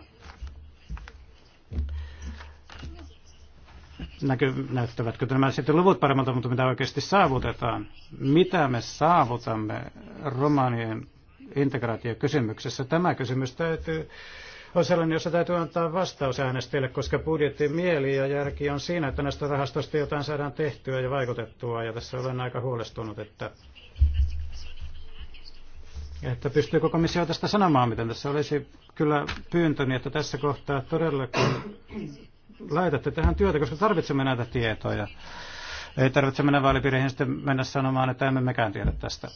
näkö, näyttävätkö nämä sitten luvut paremmalta, mutta mitä oikeasti saavutetaan? Mitä me saavutamme romanien integraatiokysymyksessä? Tämä kysymys täytyy on sellainen, jossa täytyy antaa vastaus äänestäjille, koska budjetin mieli ja järki on siinä, että näistä rahastoista jotain saadaan tehtyä ja vaikutettua. Ja tässä olen aika huolestunut, että, että pystyykö komissio tästä sanomaan, miten tässä olisi kyllä pyyntöni, että tässä kohtaa todellakin laitatte tähän työtä, koska tarvitsemme näitä tietoja. Ei tarvitse mennä vaalipiireihin sitten mennä sanomaan, että emme mekään tiedä tästä.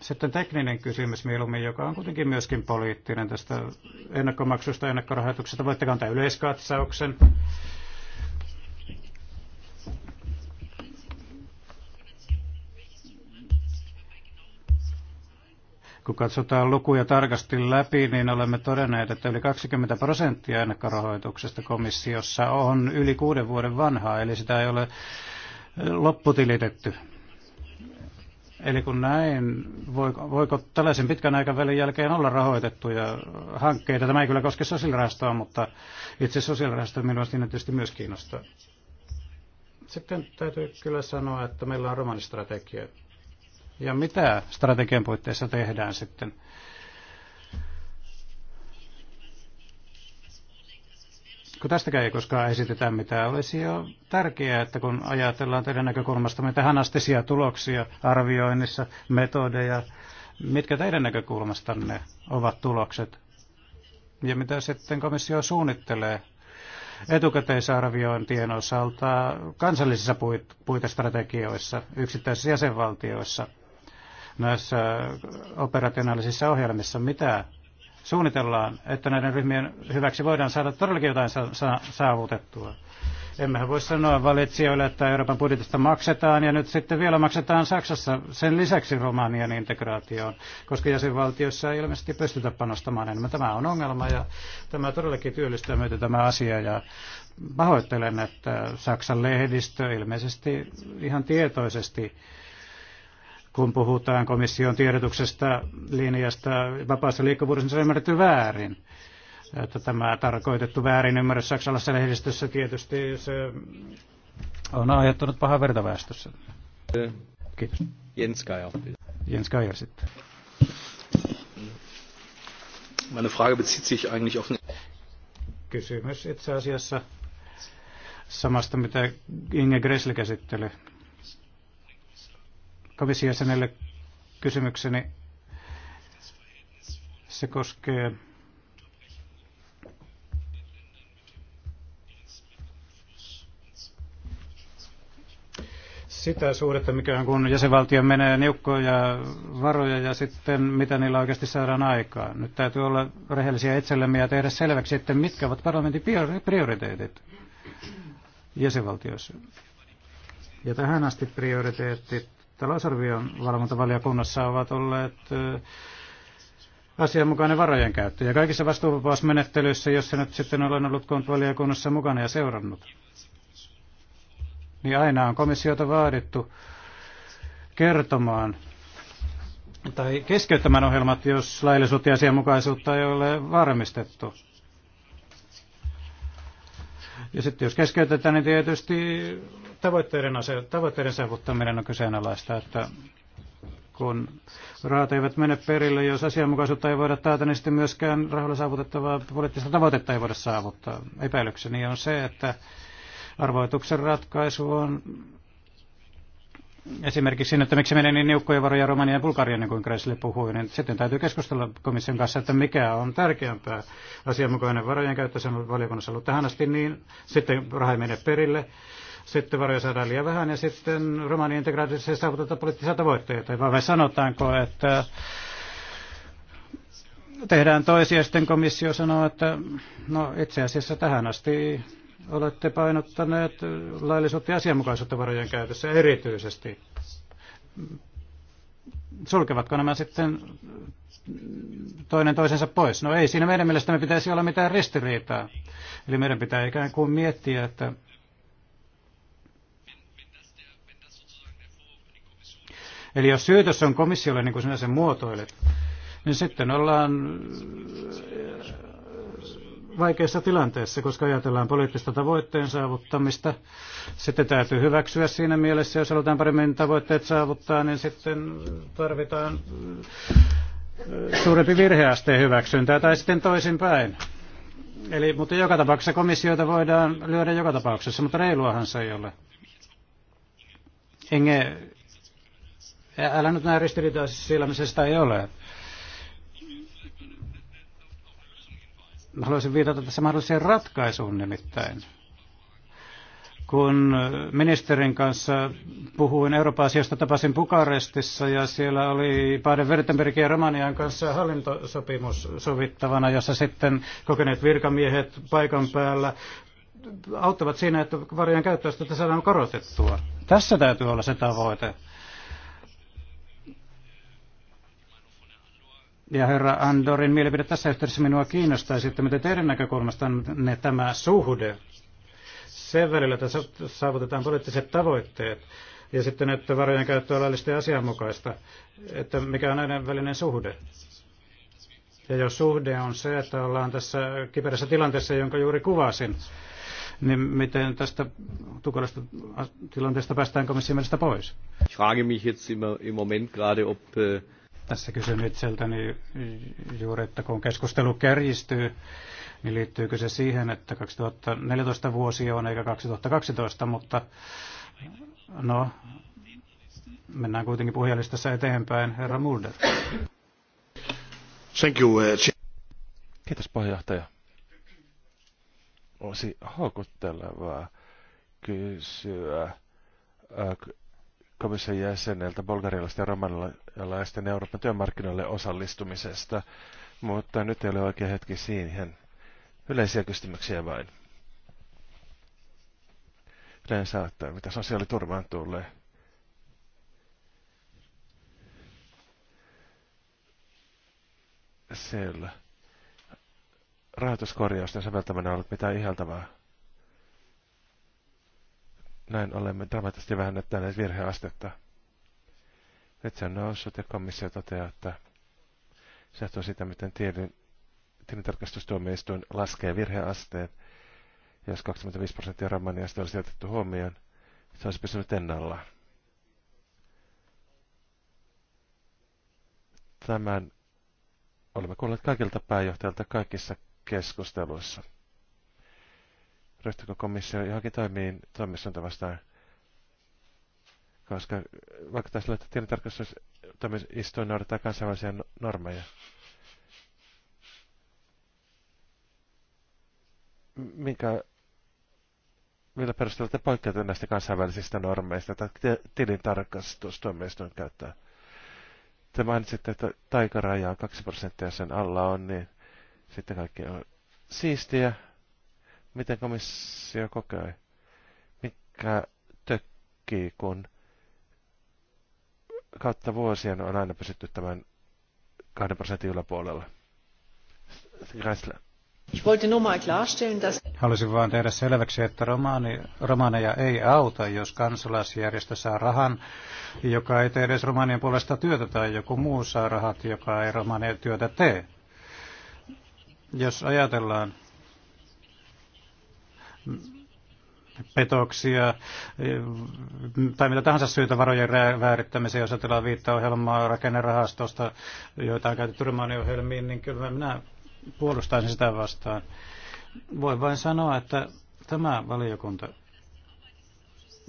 Sitten tekninen kysymys mieluummin, joka on kuitenkin myöskin poliittinen tästä ennakkomaksusta, ennakkorahoituksesta. Voitte kantaa yleiskatsauksen Kun katsotaan lukuja tarkasti läpi, niin olemme todenneet, että yli 20 prosenttia ennakkorahoituksesta komissiossa on yli kuuden vuoden vanhaa, eli sitä ei ole eh, lopputilitetty. Eli kun näin, voiko, voiko tällaisen pitkän aikavälin jälkeen olla rahoitettuja hankkeita? Tämä ei kyllä koske sosiaalirahastoa, mutta itse sosiaalirahasto minua siinä tietysti myös kiinnostaa. Sitten täytyy kyllä sanoa, että meillä on romanistrategia, ja mitä strategian puitteissa tehdään sitten. Kun tästäkään ei koskaan esitetä mitään, olisi jo tärkeää, että kun ajatellaan teidän näkökulmastamme tähän astisia tuloksia arvioinnissa, metodeja, mitkä teidän näkökulmastanne ovat tulokset ja mitä sitten komissio suunnittelee etukäteisarviointien osalta kansallisissa puitestrategioissa yksittäisissä jäsenvaltioissa – näissä operationaalisissa ohjelmissa, mitä suunnitellaan, että näiden ryhmien hyväksi voidaan saada todellakin jotain sa- sa- saavutettua. Emmehän voi sanoa valitsijoille, että Euroopan budjetista maksetaan ja nyt sitten vielä maksetaan Saksassa sen lisäksi Romanian integraatioon, koska jäsenvaltiossa ei ilmeisesti pystytä panostamaan enemmän. Tämä on ongelma ja tämä todellakin työllistää myötä tämä asia ja pahoittelen, että Saksan lehdistö ilmeisesti ihan tietoisesti kun puhutaan komission tiedotuksesta linjasta vapaassa liikkuvuudessa, niin se on ymmärretty väärin. Että tämä tarkoitettu väärin ymmärrys saksalaisessa lehdistössä tietysti se on aiheuttanut pahaa verta väestössä. Kiitos. Jens Geier. Jens Geier sitten. Meine Frage bezieht sich eigentlich auf... Kysymys itse asiassa samasta, mitä Inge Gressle käsitteli komissiojäsenelle kysymykseni. Se koskee sitä suhdetta, mikä on, kun jäsenvaltio menee niukkoja varoja ja sitten mitä niillä oikeasti saadaan aikaan. Nyt täytyy olla rehellisiä itsellemme ja tehdä selväksi, että mitkä ovat parlamentin prioriteetit jäsenvaltioissa. Ja tähän asti prioriteetit talousarvion valvontavaliokunnassa ovat olleet asianmukainen varojen käyttö. Ja kaikissa vastuuvapausmenettelyissä, jossa nyt sitten olen ollut kontrolliakunnassa mukana ja seurannut, niin aina on komissiota vaadittu kertomaan tai keskeyttämään ohjelmat, jos laillisuutta ja asianmukaisuutta ei ole varmistettu. Ja sitten jos keskeytetään, niin tietysti tavoitteiden, ase- tavoitteiden saavuttaminen on kyseenalaista, että kun rahat eivät mene perille, jos asianmukaisuutta ei voida taata, niin sitten myöskään rahoilla saavutettavaa poliittista tavoitetta ei voida saavuttaa. Epäilykseni on se, että arvoituksen ratkaisu on esimerkiksi siinä, että miksi menee niin niukkoja varoja Romania ja Bulgaria, niin kuin Gressle puhui, niin sitten täytyy keskustella komission kanssa, että mikä on tärkeämpää asianmukainen varojen käyttö, se on valiokunnassa ollut tähän asti, niin sitten raha ei mene perille, sitten varoja liian vähän ja sitten romani integraatiossa ei saavuteta poliittisia tavoitteita. Vai, vai sanotaanko, että tehdään toisia, sitten komissio sanoo, että no itse asiassa tähän asti olette painottaneet laillisuutta ja asianmukaisuutta varojen käytössä erityisesti. Sulkevatko nämä sitten toinen toisensa pois? No ei siinä meidän mielestämme pitäisi olla mitään ristiriitaa. Eli meidän pitää ikään kuin miettiä, että Eli jos syytös on komissiolle, niin kuin sinä sen muotoilet, niin sitten ollaan äh, vaikeassa tilanteessa, koska ajatellaan poliittista tavoitteen saavuttamista. Sitten täytyy hyväksyä siinä mielessä, jos halutaan paremmin tavoitteet saavuttaa, niin sitten tarvitaan äh, suurempi virheasteen hyväksyntää tai sitten toisinpäin. Eli, mutta joka tapauksessa komissioita voidaan lyödä joka tapauksessa, mutta reiluahan se ei ole. Enge Älä nyt sillä, missä sitä ei ole. Haluaisin viitata tässä mahdolliseen ratkaisuun nimittäin. Kun ministerin kanssa puhuin Euroopan asioista, tapasin Bukarestissa ja siellä oli Baden-Württembergin ja Romanian kanssa hallintosopimus sovittavana, jossa sitten kokeneet virkamiehet paikan päällä auttavat siinä, että varjojen käyttöä saadaan korotettua. Tässä täytyy olla se tavoite. Ja herra Andorin mielipide tässä yhteydessä minua kiinnostaisi, että miten teidän näkökulmastanne tämä suhde sen välillä, että saavutetaan poliittiset tavoitteet ja sitten, että varojen käyttö on laillista ja asianmukaista, että mikä on näiden välinen suhde. Ja jos suhde on se, että ollaan tässä kiperässä tilanteessa, jonka juuri kuvasin, niin miten tästä tukalasta tilanteesta päästään komission mielestä pois? Ich frage mich jetzt im Moment gerade, ob äh, tässä kysyn itseltäni juuri, että kun keskustelu kärjistyy, niin liittyykö se siihen, että 2014 vuosi on eikä 2012, mutta no, mennään kuitenkin puhujalistassa eteenpäin. Herra Mulder. Thank you. Eh, Kiitos puheenjohtaja. Olisi houkuttelevaa kysyä eh, komission jäseneltä bulgarialaisten ja romanialaisten Euroopan työmarkkinoille osallistumisesta, mutta nyt ei ole oikea hetki siihen. Yleisiä kysymyksiä vain. Yleensä saattaa, mitä sosiaaliturvaan tulee. Siellä. Rahoituskorjausten säveltäminen on ollut mitään ihaltavaa. Näin olemme dramaattisesti vähennettäneet virheastetta. Nyt se on noussut ja komissio toteaa, että se on sitä, miten tilintarkastustuomioistuin laskee virheasteet. Jos 25 prosenttia Romaniasta olisi otettu huomioon, se olisi pysynyt ennallaan. Tämän olemme kuulleet kaikilta pääjohtajilta kaikissa keskusteluissa ryhtyykö komissio johonkin toimiin toimissanta vastaan, koska vaikka vaikuttaa sillä, että tilintarkastustoimistuin noudattaa kansainvälisiä no- normeja. Minkä, millä perusteella te poikkeatte näistä kansainvälisistä normeista, tai tilintarkastustoimistuin käyttää? Te mainitsitte, että taikaraja on 2 prosenttia sen alla on, niin sitten kaikki on siistiä, Miten komissio kokee? Mikä tökkii, kun kautta vuosien on aina pysytty tämän kahden prosentin yläpuolella? Gräsle. Haluaisin vain tehdä selväksi, että romaani, romaaneja ei auta, jos kansalaisjärjestö saa rahan, joka ei tee edes romaanien puolesta työtä, tai joku muu saa rahat, joka ei romaanien työtä tee. Jos ajatellaan petoksia tai mitä tahansa syytä varojen väärittämiseen, jos ajatellaan ohjelmaa rakennerahastosta, joita on käytetty ohjelmiin, niin kyllä minä puolustaisin sitä vastaan. Voin vain sanoa, että tämä valiokunta,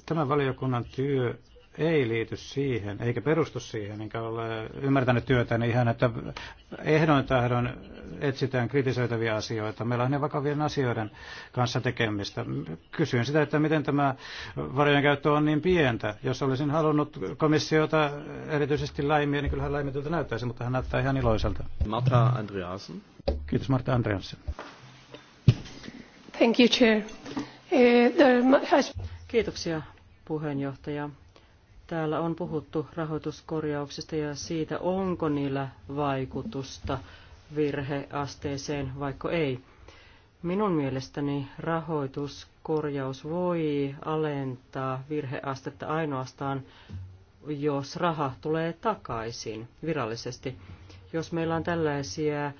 tämä valiokunnan työ ei liity siihen, eikä perustu siihen, enkä ole ymmärtänyt työtä, niin ihan, että ehdoin tahdon etsitään kritisoitavia asioita. Meillä on ne vakavien asioiden kanssa tekemistä. Kysyin sitä, että miten tämä varojen käyttö on niin pientä. Jos olisin halunnut komissiota erityisesti laimia, niin kyllähän laimitulta näyttäisi, mutta hän näyttää ihan iloiselta. Marta Andreasen. Kiitos Marta Andreasen. Thank you, Chair. Eh, Kiitoksia puheenjohtaja. Täällä on puhuttu rahoituskorjauksista ja siitä, onko niillä vaikutusta virheasteeseen vaikka ei. Minun mielestäni rahoituskorjaus voi alentaa virheastetta ainoastaan, jos raha tulee takaisin virallisesti. Jos meillä on tällaisia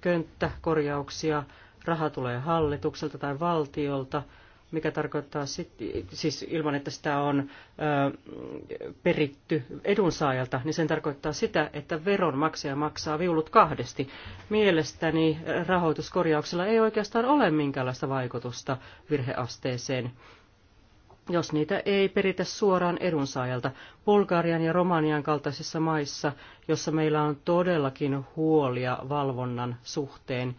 könttäkorjauksia, raha tulee hallitukselta tai valtiolta, mikä tarkoittaa sit, siis ilman, että sitä on ö, peritty edunsaajalta, niin sen tarkoittaa sitä, että veronmaksaja maksaa viulut kahdesti. Mielestäni rahoituskorjauksella ei oikeastaan ole minkäänlaista vaikutusta virheasteeseen jos niitä ei peritä suoraan edunsaajalta. Bulgarian ja Romanian kaltaisissa maissa, jossa meillä on todellakin huolia valvonnan suhteen,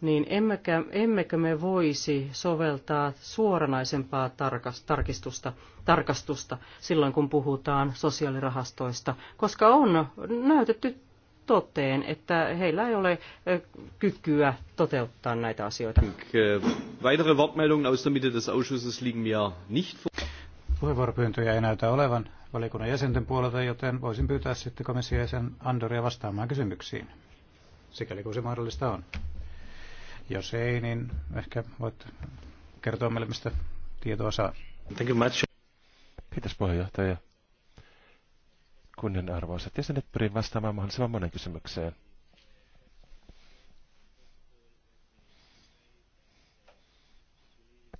niin emmekä, emmekö me voisi soveltaa suoranaisempaa tarkas, tarkistusta, tarkastusta silloin, kun puhutaan sosiaalirahastoista, koska on näytetty toteen, että heillä ei ole kykyä toteuttaa näitä asioita. Weitere Wortmeldungen aus der Mitte des Ausschusses liegen mir nicht vor. Puheenvuoropyyntöjä ei näytä olevan valiokunnan jäsenten puolelta, joten voisin pyytää sitten komission jäsen Andoria vastaamaan kysymyksiin, sikäli kuin se mahdollista on. Jos ei, niin ehkä voit kertoa meille, mistä tietoa saa. Thank you much. Kiitos puheenjohtaja. Kunnianarvoiset nyt pyrin vastaamaan mahdollisimman monen kysymykseen.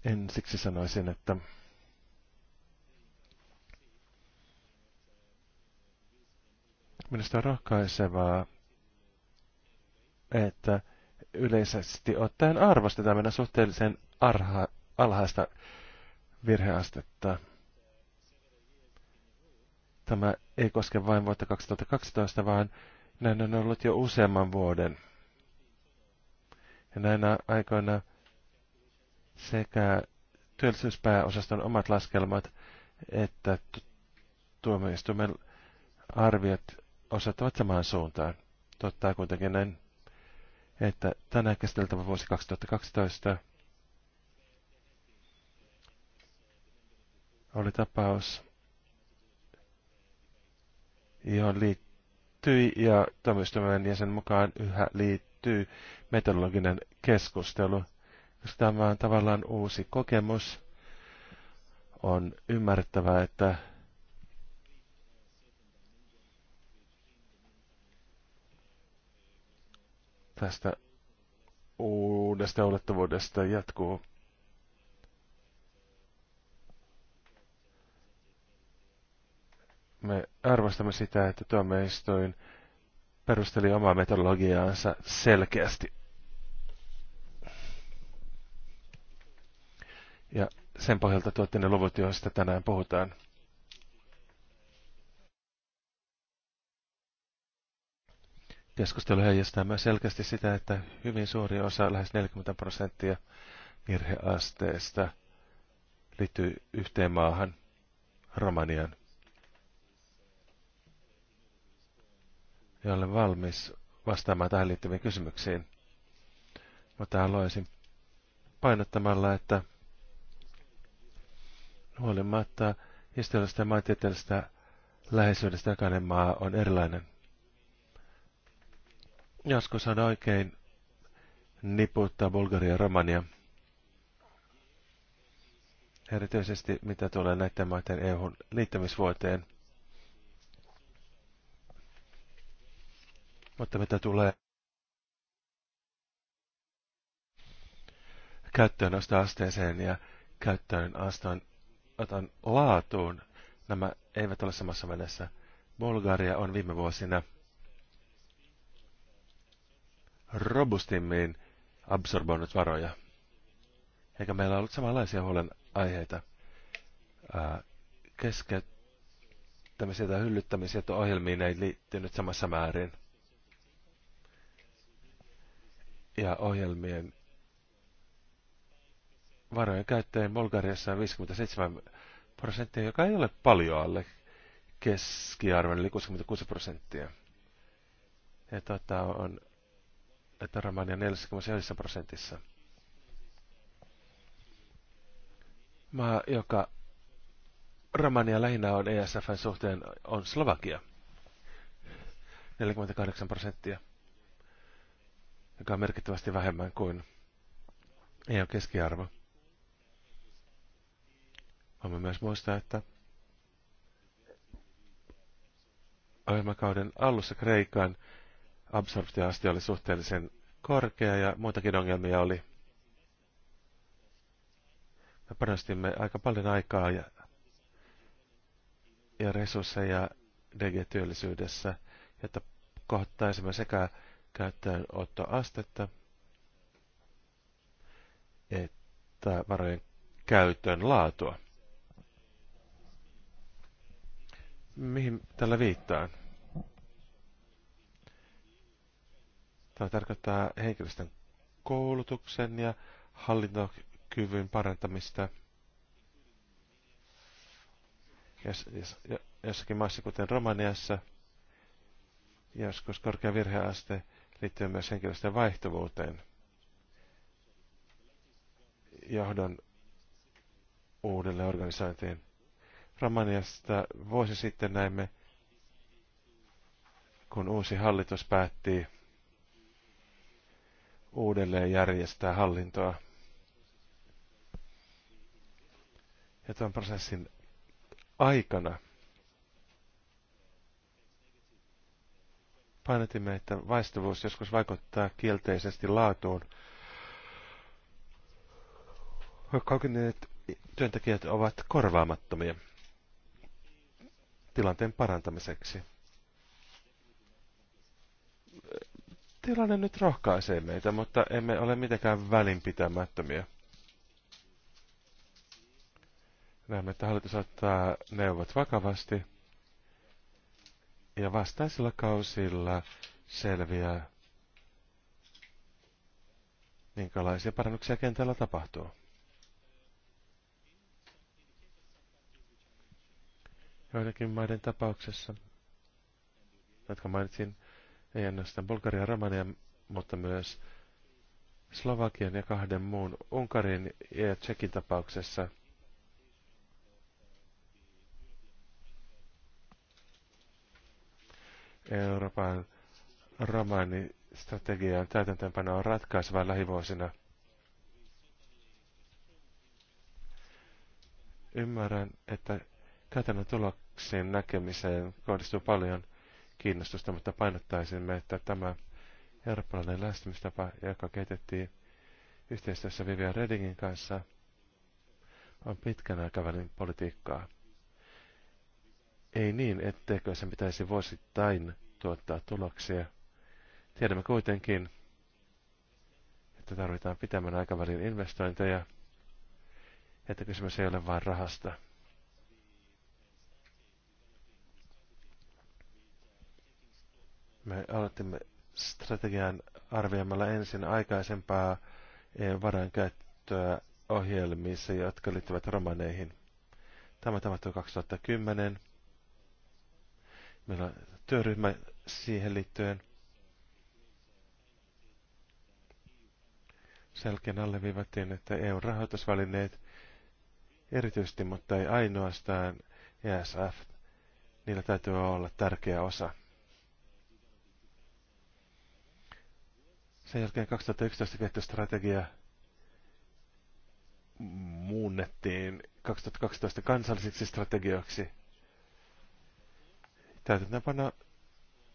Ensiksi sanoisin, että minusta on rohkaisevaa, että yleisesti ottaen arvostetaan meidän suhteellisen arha, alhaista virheastetta. Tämä ei koske vain vuotta 2012, vaan näin on ollut jo useamman vuoden. Ja näinä aikoina sekä työllisyyspääosaston omat laskelmat että tuomioistuimen arviot osoittavat samaan suuntaan. Totta kuitenkin näin että tänään käsiteltävä vuosi 2012 oli tapaus, johon liittyi ja tuomioistuimen jäsen mukaan yhä liittyy metodologinen keskustelu, koska tämä on tavallaan uusi kokemus. On ymmärrettävä, että tästä uudesta olettavuudesta jatkuu. Me arvostamme sitä, että tuomioistuin perusteli omaa metodologiaansa selkeästi. Ja sen pohjalta tuotte ne luvut, joista tänään puhutaan. Keskustelu heijastaa myös selkeästi sitä, että hyvin suuri osa, lähes 40 prosenttia virheasteesta liittyy yhteen maahan, Romanian. Ja olen valmis vastaamaan tähän liittyviin kysymyksiin. Mutta haluaisin painottamalla, että huolimatta historiallisesta ja maantieteellisestä läheisyydestä jokainen maa on erilainen. Jasko saada oikein niputtaa Bulgaria ja Romania. Erityisesti mitä tulee näiden maiden EUn liittämisvuoteen Mutta mitä tulee käyttöönostoasteeseen ja käyttöönoston otan laatuun, nämä eivät ole samassa mennessä. Bulgaria on viime vuosina – robustimmin absorboinut varoja. Eikä meillä ollut samanlaisia huolenaiheita. Keskeyttämisiä tai hyllyttämisiä ohjelmiin ei liittynyt samassa määrin. Ja ohjelmien varojen käyttäjien Bulgariassa on 57 prosenttia, joka ei ole paljon alle keskiarvon, eli 66 prosenttia. Ja tota, on että Romania 49 prosentissa. Maa, joka Romania lähinnä on ESFn suhteen, on Slovakia. 48 prosenttia, joka on merkittävästi vähemmän kuin EU keskiarvo. Voimme myös muistaa, että ohjelmakauden alussa Kreikan absorptioaste oli suhteellisen korkea ja muitakin ongelmia oli. Me panostimme aika paljon aikaa ja, ja resursseja DG-työllisyydessä, jotta kohtaisimme sekä käyttöönottoastetta että varojen käytön laatua. Mihin tällä viittaan? Tämä tarkoittaa henkilöstön koulutuksen ja hallintokyvyn parantamista. Jos, jos, jossakin maassa, kuten Romaniassa, joskus korkea virheaste liittyy myös henkilöstön vaihtuvuuteen. Johdon uudelle organisointiin. Romaniasta vuosi sitten näimme, kun uusi hallitus päätti uudelleen järjestää hallintoa. Ja tämän prosessin aikana painotimme, että vaistuvuus joskus vaikuttaa kielteisesti laatuun. Kaukineet työntekijät ovat korvaamattomia tilanteen parantamiseksi. Tilanne nyt rohkaisee meitä, mutta emme ole mitenkään välinpitämättömiä. Näemme, että hallitus ottaa neuvot vakavasti ja vastaisilla kausilla selviää, minkälaisia parannuksia kentällä tapahtuu. Joidenkin maiden tapauksessa, jotka mainitsin, ei ainoastaan Bulgaria ja Romania, mutta myös Slovakian ja kahden muun Unkarin ja Tsekin tapauksessa – Euroopan romaanistrategian täytäntöönpano on ratkaiseva lähivuosina. Ymmärrän, että käytännön tuloksien näkemiseen kohdistuu paljon kiinnostusta, mutta painottaisimme, että tämä eurooppalainen lähestymistapa, joka kehitettiin yhteistyössä Vivian Redingin kanssa, on pitkän aikavälin politiikkaa. Ei niin, etteikö sen pitäisi vuosittain tuottaa tuloksia. Tiedämme kuitenkin, että tarvitaan pitemmän aikavälin investointeja, että kysymys ei ole vain rahasta. Me aloitimme strategian arvioimalla ensin aikaisempaa eh, varan käyttöä ohjelmissa, jotka liittyvät romaneihin. Tämä tapahtui 2010. Meillä on työryhmä siihen liittyen. Selkeän alleviivattiin, että EU-rahoitusvälineet erityisesti, mutta ei ainoastaan ESF, niillä täytyy olla tärkeä osa. Sen jälkeen 2011 tehty strategia muunnettiin 2012 kansallisiksi strategioiksi. Täytäntöönpano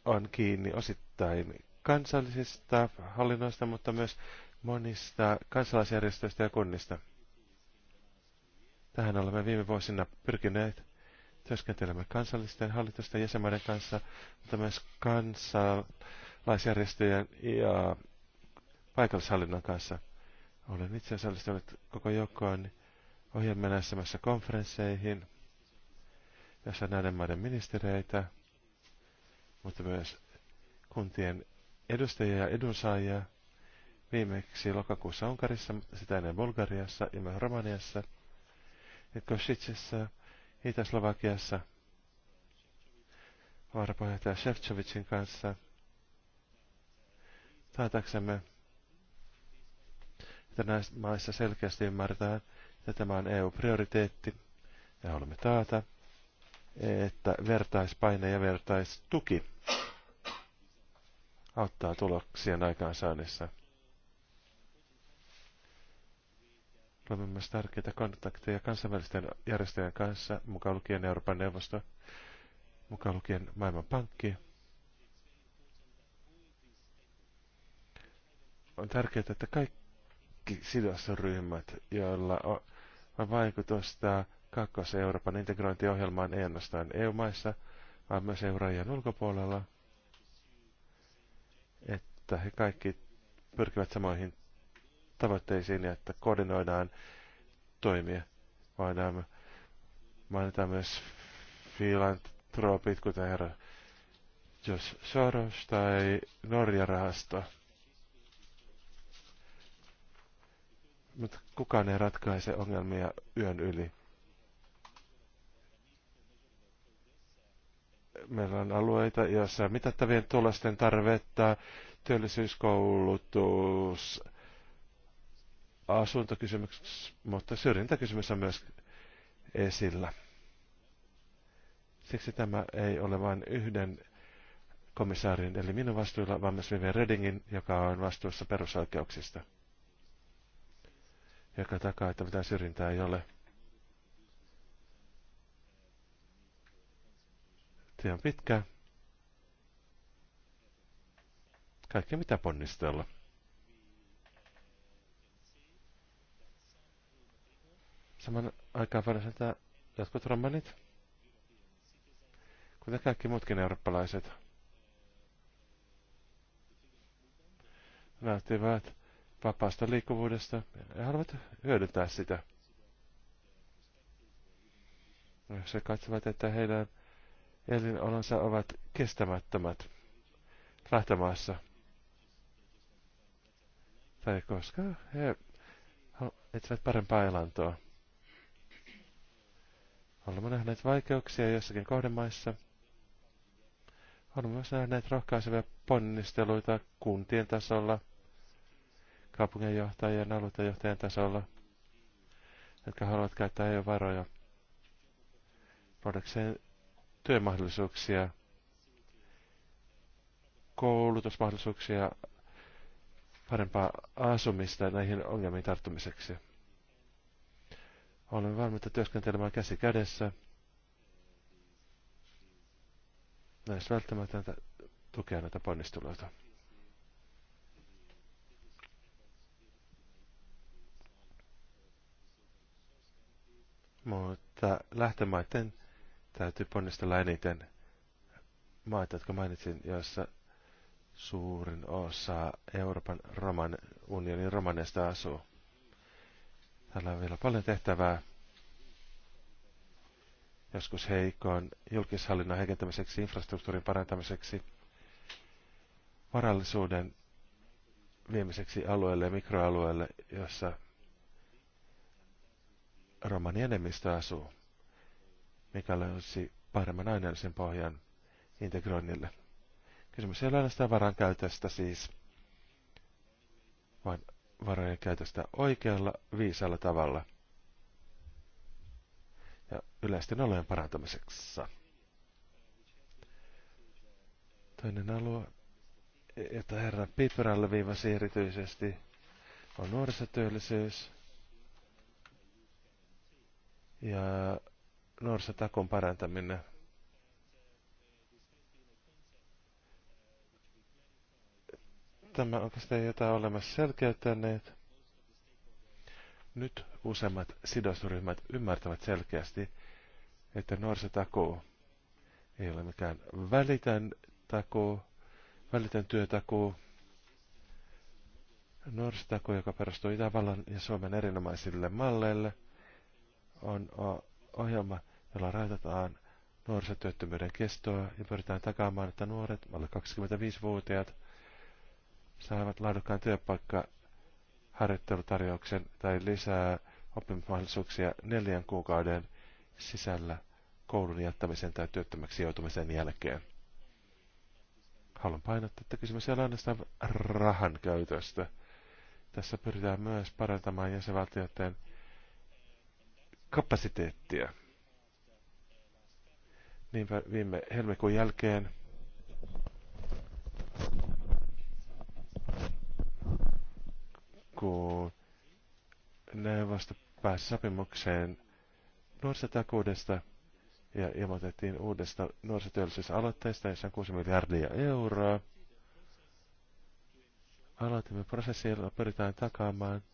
on kiinni osittain kansallisista hallinnoista, mutta myös monista kansalaisjärjestöistä ja kunnista. Tähän olemme viime vuosina pyrkineet työskentelemään kansallisten hallitusten jäsenmaiden kanssa, mutta myös kansalaisjärjestöjen ja paikallishallinnon kanssa. Olen itse osallistunut koko joukkoon ohjelmien konferensseihin, jossa näiden maiden ministereitä, mutta myös kuntien edustajia ja edunsaajia. Viimeksi lokakuussa Unkarissa, sitä ennen Bulgariassa ja myös Romaniassa, ja Itä-Slovakiassa, varapuheenjohtaja Shevchovicin kanssa, taataksemme että näissä maissa selkeästi ymmärretään, että tämä on EU-prioriteetti ja haluamme taata, että vertaispaine ja vertaistuki auttaa tuloksien aikaansaannissa. Olemme myös tärkeitä kontakteja kansainvälisten järjestöjen kanssa, mukaan lukien Euroopan neuvosto, mukaan lukien Maailmanpankki. On tärkeää, että kaikki kaikki sidosryhmät, joilla on vaikutusta kakkos euroopan integrointiohjelmaan ei ainoastaan EU-maissa, vaan myös eu ulkopuolella, että he kaikki pyrkivät samoihin tavoitteisiin ja että koordinoidaan toimia. Voidaan mainita myös filantropit, kuten herra Jos Soros tai Norja-rahasto. Mutta kukaan ei ratkaise ongelmia yön yli. Meillä on alueita, joissa mitattavien tulosten tarvetta, työllisyyskoulutus, asuntokysymys, mutta syrjintäkysymys on myös esillä. Siksi tämä ei ole vain yhden komissaarin, eli minun vastuulla, vaan myös Vivian Redingin, joka on vastuussa perusoikeuksista joka takaa, että mitään syrjintää ei ole. Tie on pitkä. Kaikki mitä ponnistella. Saman aikaan varsin, että jotkut romanit, kuten kaikki muutkin eurooppalaiset, näyttivät vapaasta liikkuvuudesta ja haluavat hyödyntää sitä. Se katsovat, että heidän elinolonsa ovat kestämättömät lähtömaassa. Tai koska he etsivät parempaa elantoa. Olemme nähneet vaikeuksia jossakin kohdemaissa. Olemme myös nähneet rohkaisevia ponnisteluita kuntien tasolla – kaupunginjohtajien, aluetajohtajien tasolla, jotka haluavat käyttää jo varoja luodakseen työmahdollisuuksia, koulutusmahdollisuuksia, parempaa asumista näihin ongelmiin tarttumiseksi. Olen valmiita työskentelemään käsi kädessä näissä välttämätöntä tukea näitä ponnisteluita. Mutta lähtömaiden täytyy ponnistella eniten maita, jotka mainitsin, joissa suurin osa Euroopan roman, unionin romaneista asuu. Täällä on vielä paljon tehtävää. Joskus heikoon julkishallinnon heikentämiseksi, infrastruktuurin parantamiseksi, varallisuuden viemiseksi alueelle ja mikroalueelle, jossa romani enemmistö asuu, mikä löysi paremman aineellisen pohjan integroinnille. Kysymys ei ole ainoastaan varan käytöstä siis, vaan varojen käytöstä oikealla, viisalla tavalla ja yleisten olojen parantamisessa. Toinen alue, jota herra Piperalle viivasi erityisesti, on nuorisotyöllisyys – ja nuorisotakon parantaminen. Tämä oikeastaan jotain olemassa selkeyttäneet. Niin nyt useimmat sidosryhmät ymmärtävät selkeästi, että nuorisotakuu ei ole mikään välitön takuu, välitön työtakuu. Nuorisotako, joka perustuu Itävallan ja Suomen erinomaisille malleille – on ohjelma, jolla rajoitetaan nuorisotyöttömyyden kestoa ja pyritään takaamaan, että nuoret, alle 25-vuotiaat, saavat laadukkaan työpaikka harjoittelutarjouksen tai lisää oppimismahdollisuuksia neljän kuukauden sisällä koulun jättämisen tai työttömäksi joutumisen jälkeen. Haluan painottaa, että kysymys ei ole ainoastaan rahan käytöstä. Tässä pyritään myös parantamaan jäsenvaltioiden kapasiteettia. Niinpä viime helmikuun jälkeen kun neuvosto pääsi sopimukseen nuorisotakuudesta ja ilmoitettiin uudesta nuorisotyöllisyysaloitteesta, jossa on 6 miljardia euroa. Aloitimme prosessin, jolla pyritään takaamaan –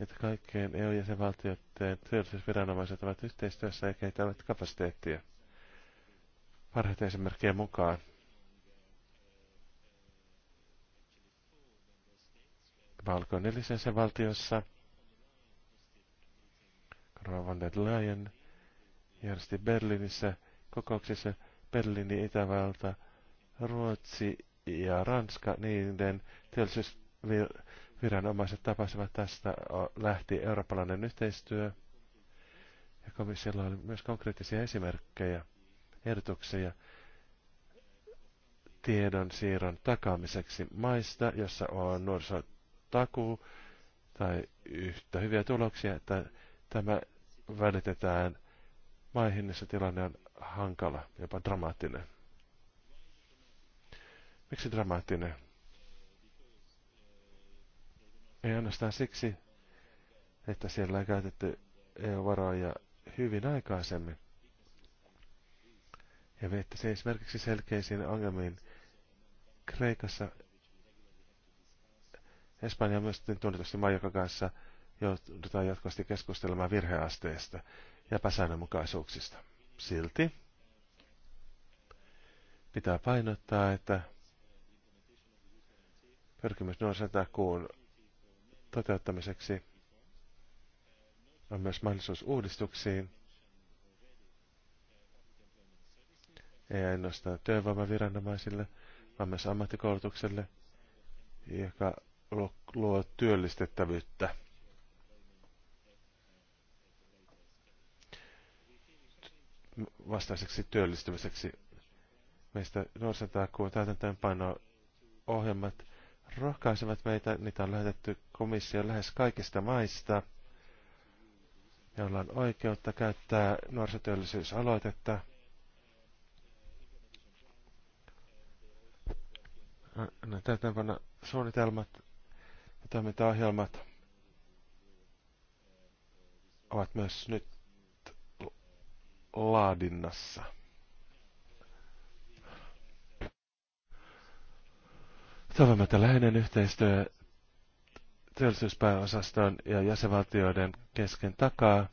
että kaikkien EU-jäsenvaltioiden työllisyysviranomaiset ovat yhteistyössä ja kehittävät kapasiteettia. Parhaita esimerkkejä mukaan. Balkon neljäsessä valtiossa Rova von der Leyen järjesti Berliinissä kokouksessa Berliini, Itävalta, Ruotsi ja Ranska niiden työllisyysviranomaiset viranomaiset tapasivat tästä, lähti eurooppalainen yhteistyö ja komissiolla oli myös konkreettisia esimerkkejä, ehdotuksia tiedon siirron takaamiseksi maista, jossa on nuorisotakuu tai yhtä hyviä tuloksia, että tämä välitetään maihin, missä tilanne on hankala, jopa dramaattinen. Miksi dramaattinen? Ei ainoastaan siksi, että siellä ei käytetty EU-varoja hyvin aikaisemmin. Ja että se esimerkiksi selkeisiin ongelmiin Kreikassa, Espanja myös niin tunnetusti Majokan kanssa joudutaan jatkuvasti keskustelemaan virheasteista ja pääsäännönmukaisuuksista. Silti pitää painottaa, että pyrkimys nuorisotakuun toteuttamiseksi. On myös mahdollisuus uudistuksiin. Ei ainoastaan työvoimaviranomaisille, vaan myös ammattikoulutukselle, joka luo työllistettävyyttä. vastaiseksi työllistymiseksi meistä nuorisotakuun täytäntöönpano ohjelmat rohkaisevat meitä. Niitä on lähetetty komissio lähes kaikista maista, joilla on oikeutta käyttää nuorisotyöllisyysaloitetta. No, täytäntöönpano suunnitelmat ja toimintaohjelmat ovat myös nyt laadinnassa. Toivomme, että läheinen yhteistyö työllisyyspääosaston ja jäsenvaltioiden kesken takaa.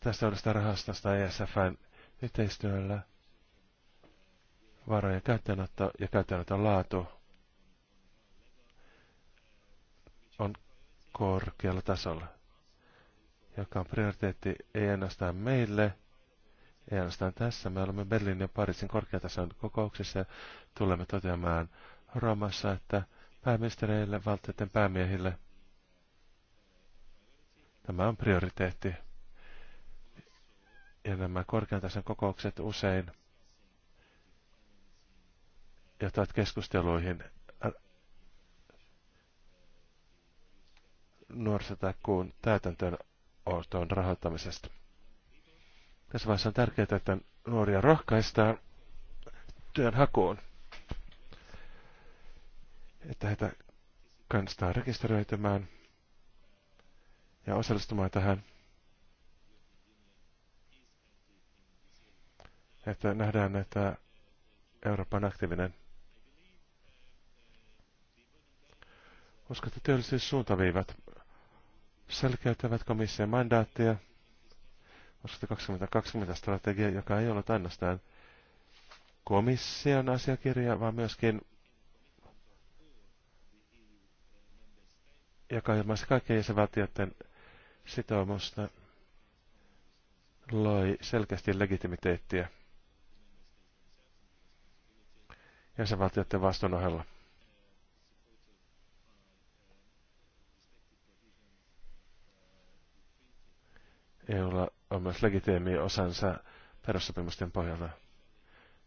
Tästä uudesta rahastosta ESFn yhteistyöllä varojen käyttöönotto ja käyttöönoton laatu on korkealla tasolla, joka on prioriteetti ei ainoastaan meille, ei ainoastaan tässä. Me olemme Berliinin ja Pariisin korkeatason kokouksessa ja tulemme toteamaan Romassa, että pääministereille, valtioiden päämiehille tämä on prioriteetti. Ja nämä korkeatason kokoukset usein johtavat keskusteluihin nuorisotakuun täytäntöön rahoittamisesta. Tässä vaiheessa on tärkeää, että nuoria rohkaistaan työn hakuun. Että heitä kannustaa rekisteröitymään ja osallistumaan tähän. Että nähdään, että Eurooppa on aktiivinen. Uskon, että työllisyyssuuntaviivat selkeyttävät komission mandaattia 2020 strategia, joka ei ollut ainoastaan komission asiakirja, vaan myöskin joka ilmaisi kaikkien jäsenvaltioiden sitoumusta, loi selkeästi legitimiteettiä jäsenvaltioiden vastuun ohella. EUlla on myös legitiimi osansa perussopimusten pohjalla.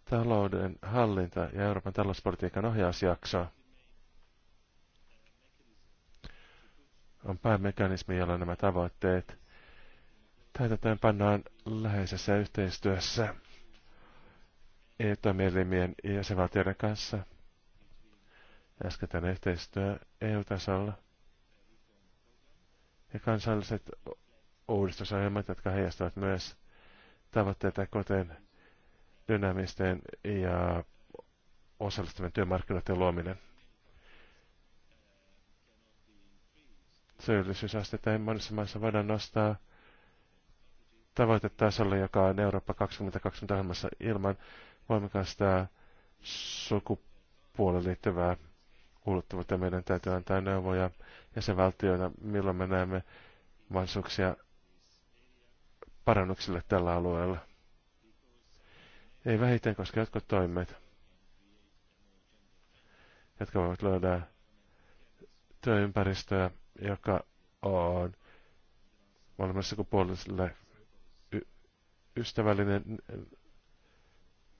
Talouden hallinta ja Euroopan talouspolitiikan ohjausjakso on päämekanismi, jolla nämä tavoitteet täytetään pannaan läheisessä yhteistyössä EU-toimielimien ja jäsenvaltioiden kanssa. Äskettäinen yhteistyö EU-tasolla ja kansalliset uudistusohjelmat, jotka heijastavat myös tavoitteita, kuten dynaamisten ja osallistuminen työmarkkinoiden luominen. Työllisyysastetta ei monissa maissa voidaan nostaa tavoitetasolle, joka on Eurooppa 2020 ohjelmassa ilman voimakasta sukupuolen liittyvää kuuluttavuutta. Meidän täytyy antaa neuvoja jäsenvaltioita, milloin me näemme mahdollisuuksia parannuksille tällä alueella. Ei vähiten, koska jotkut toimet, jotka voivat löydä työympäristöä, joka on maailmassa kuin puoliselle y- ystävällinen,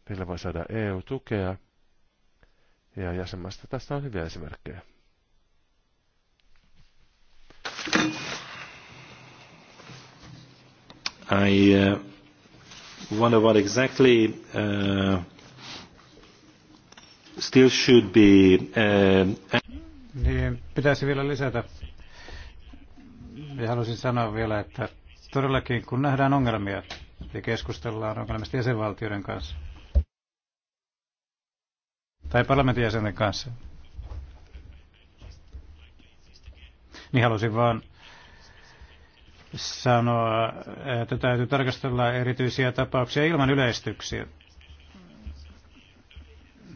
niillä voi saada EU-tukea, ja jäsenmaista tästä on hyviä esimerkkejä. I uh, wonder what exactly uh, still should be. Uh, niin, pitäisi vielä lisätä. Ja halusin sanoa vielä, että todellakin kun nähdään ongelmia ja keskustellaan ongelmista jäsenvaltioiden kanssa tai parlamentin jäsenten kanssa, niin halusin vaan sanoa, että täytyy tarkastella erityisiä tapauksia ilman yleistyksiä.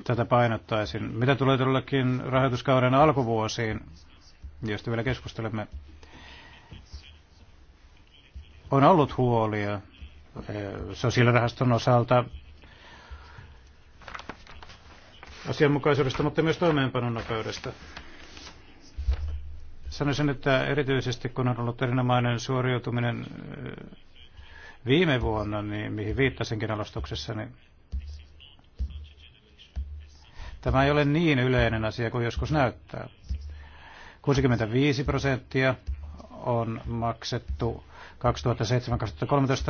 Tätä painottaisin. Mitä tulee todellakin rahoituskauden alkuvuosiin, josta vielä keskustelemme, on ollut huolia eh, sosiaalirahaston osalta asianmukaisuudesta, mutta myös toimeenpanon nopeudesta. Sanoisin, että erityisesti kun on ollut erinomainen suoriutuminen viime vuonna, niin mihin viittasinkin alustuksessa, niin tämä ei ole niin yleinen asia kuin joskus näyttää. 65 prosenttia on maksettu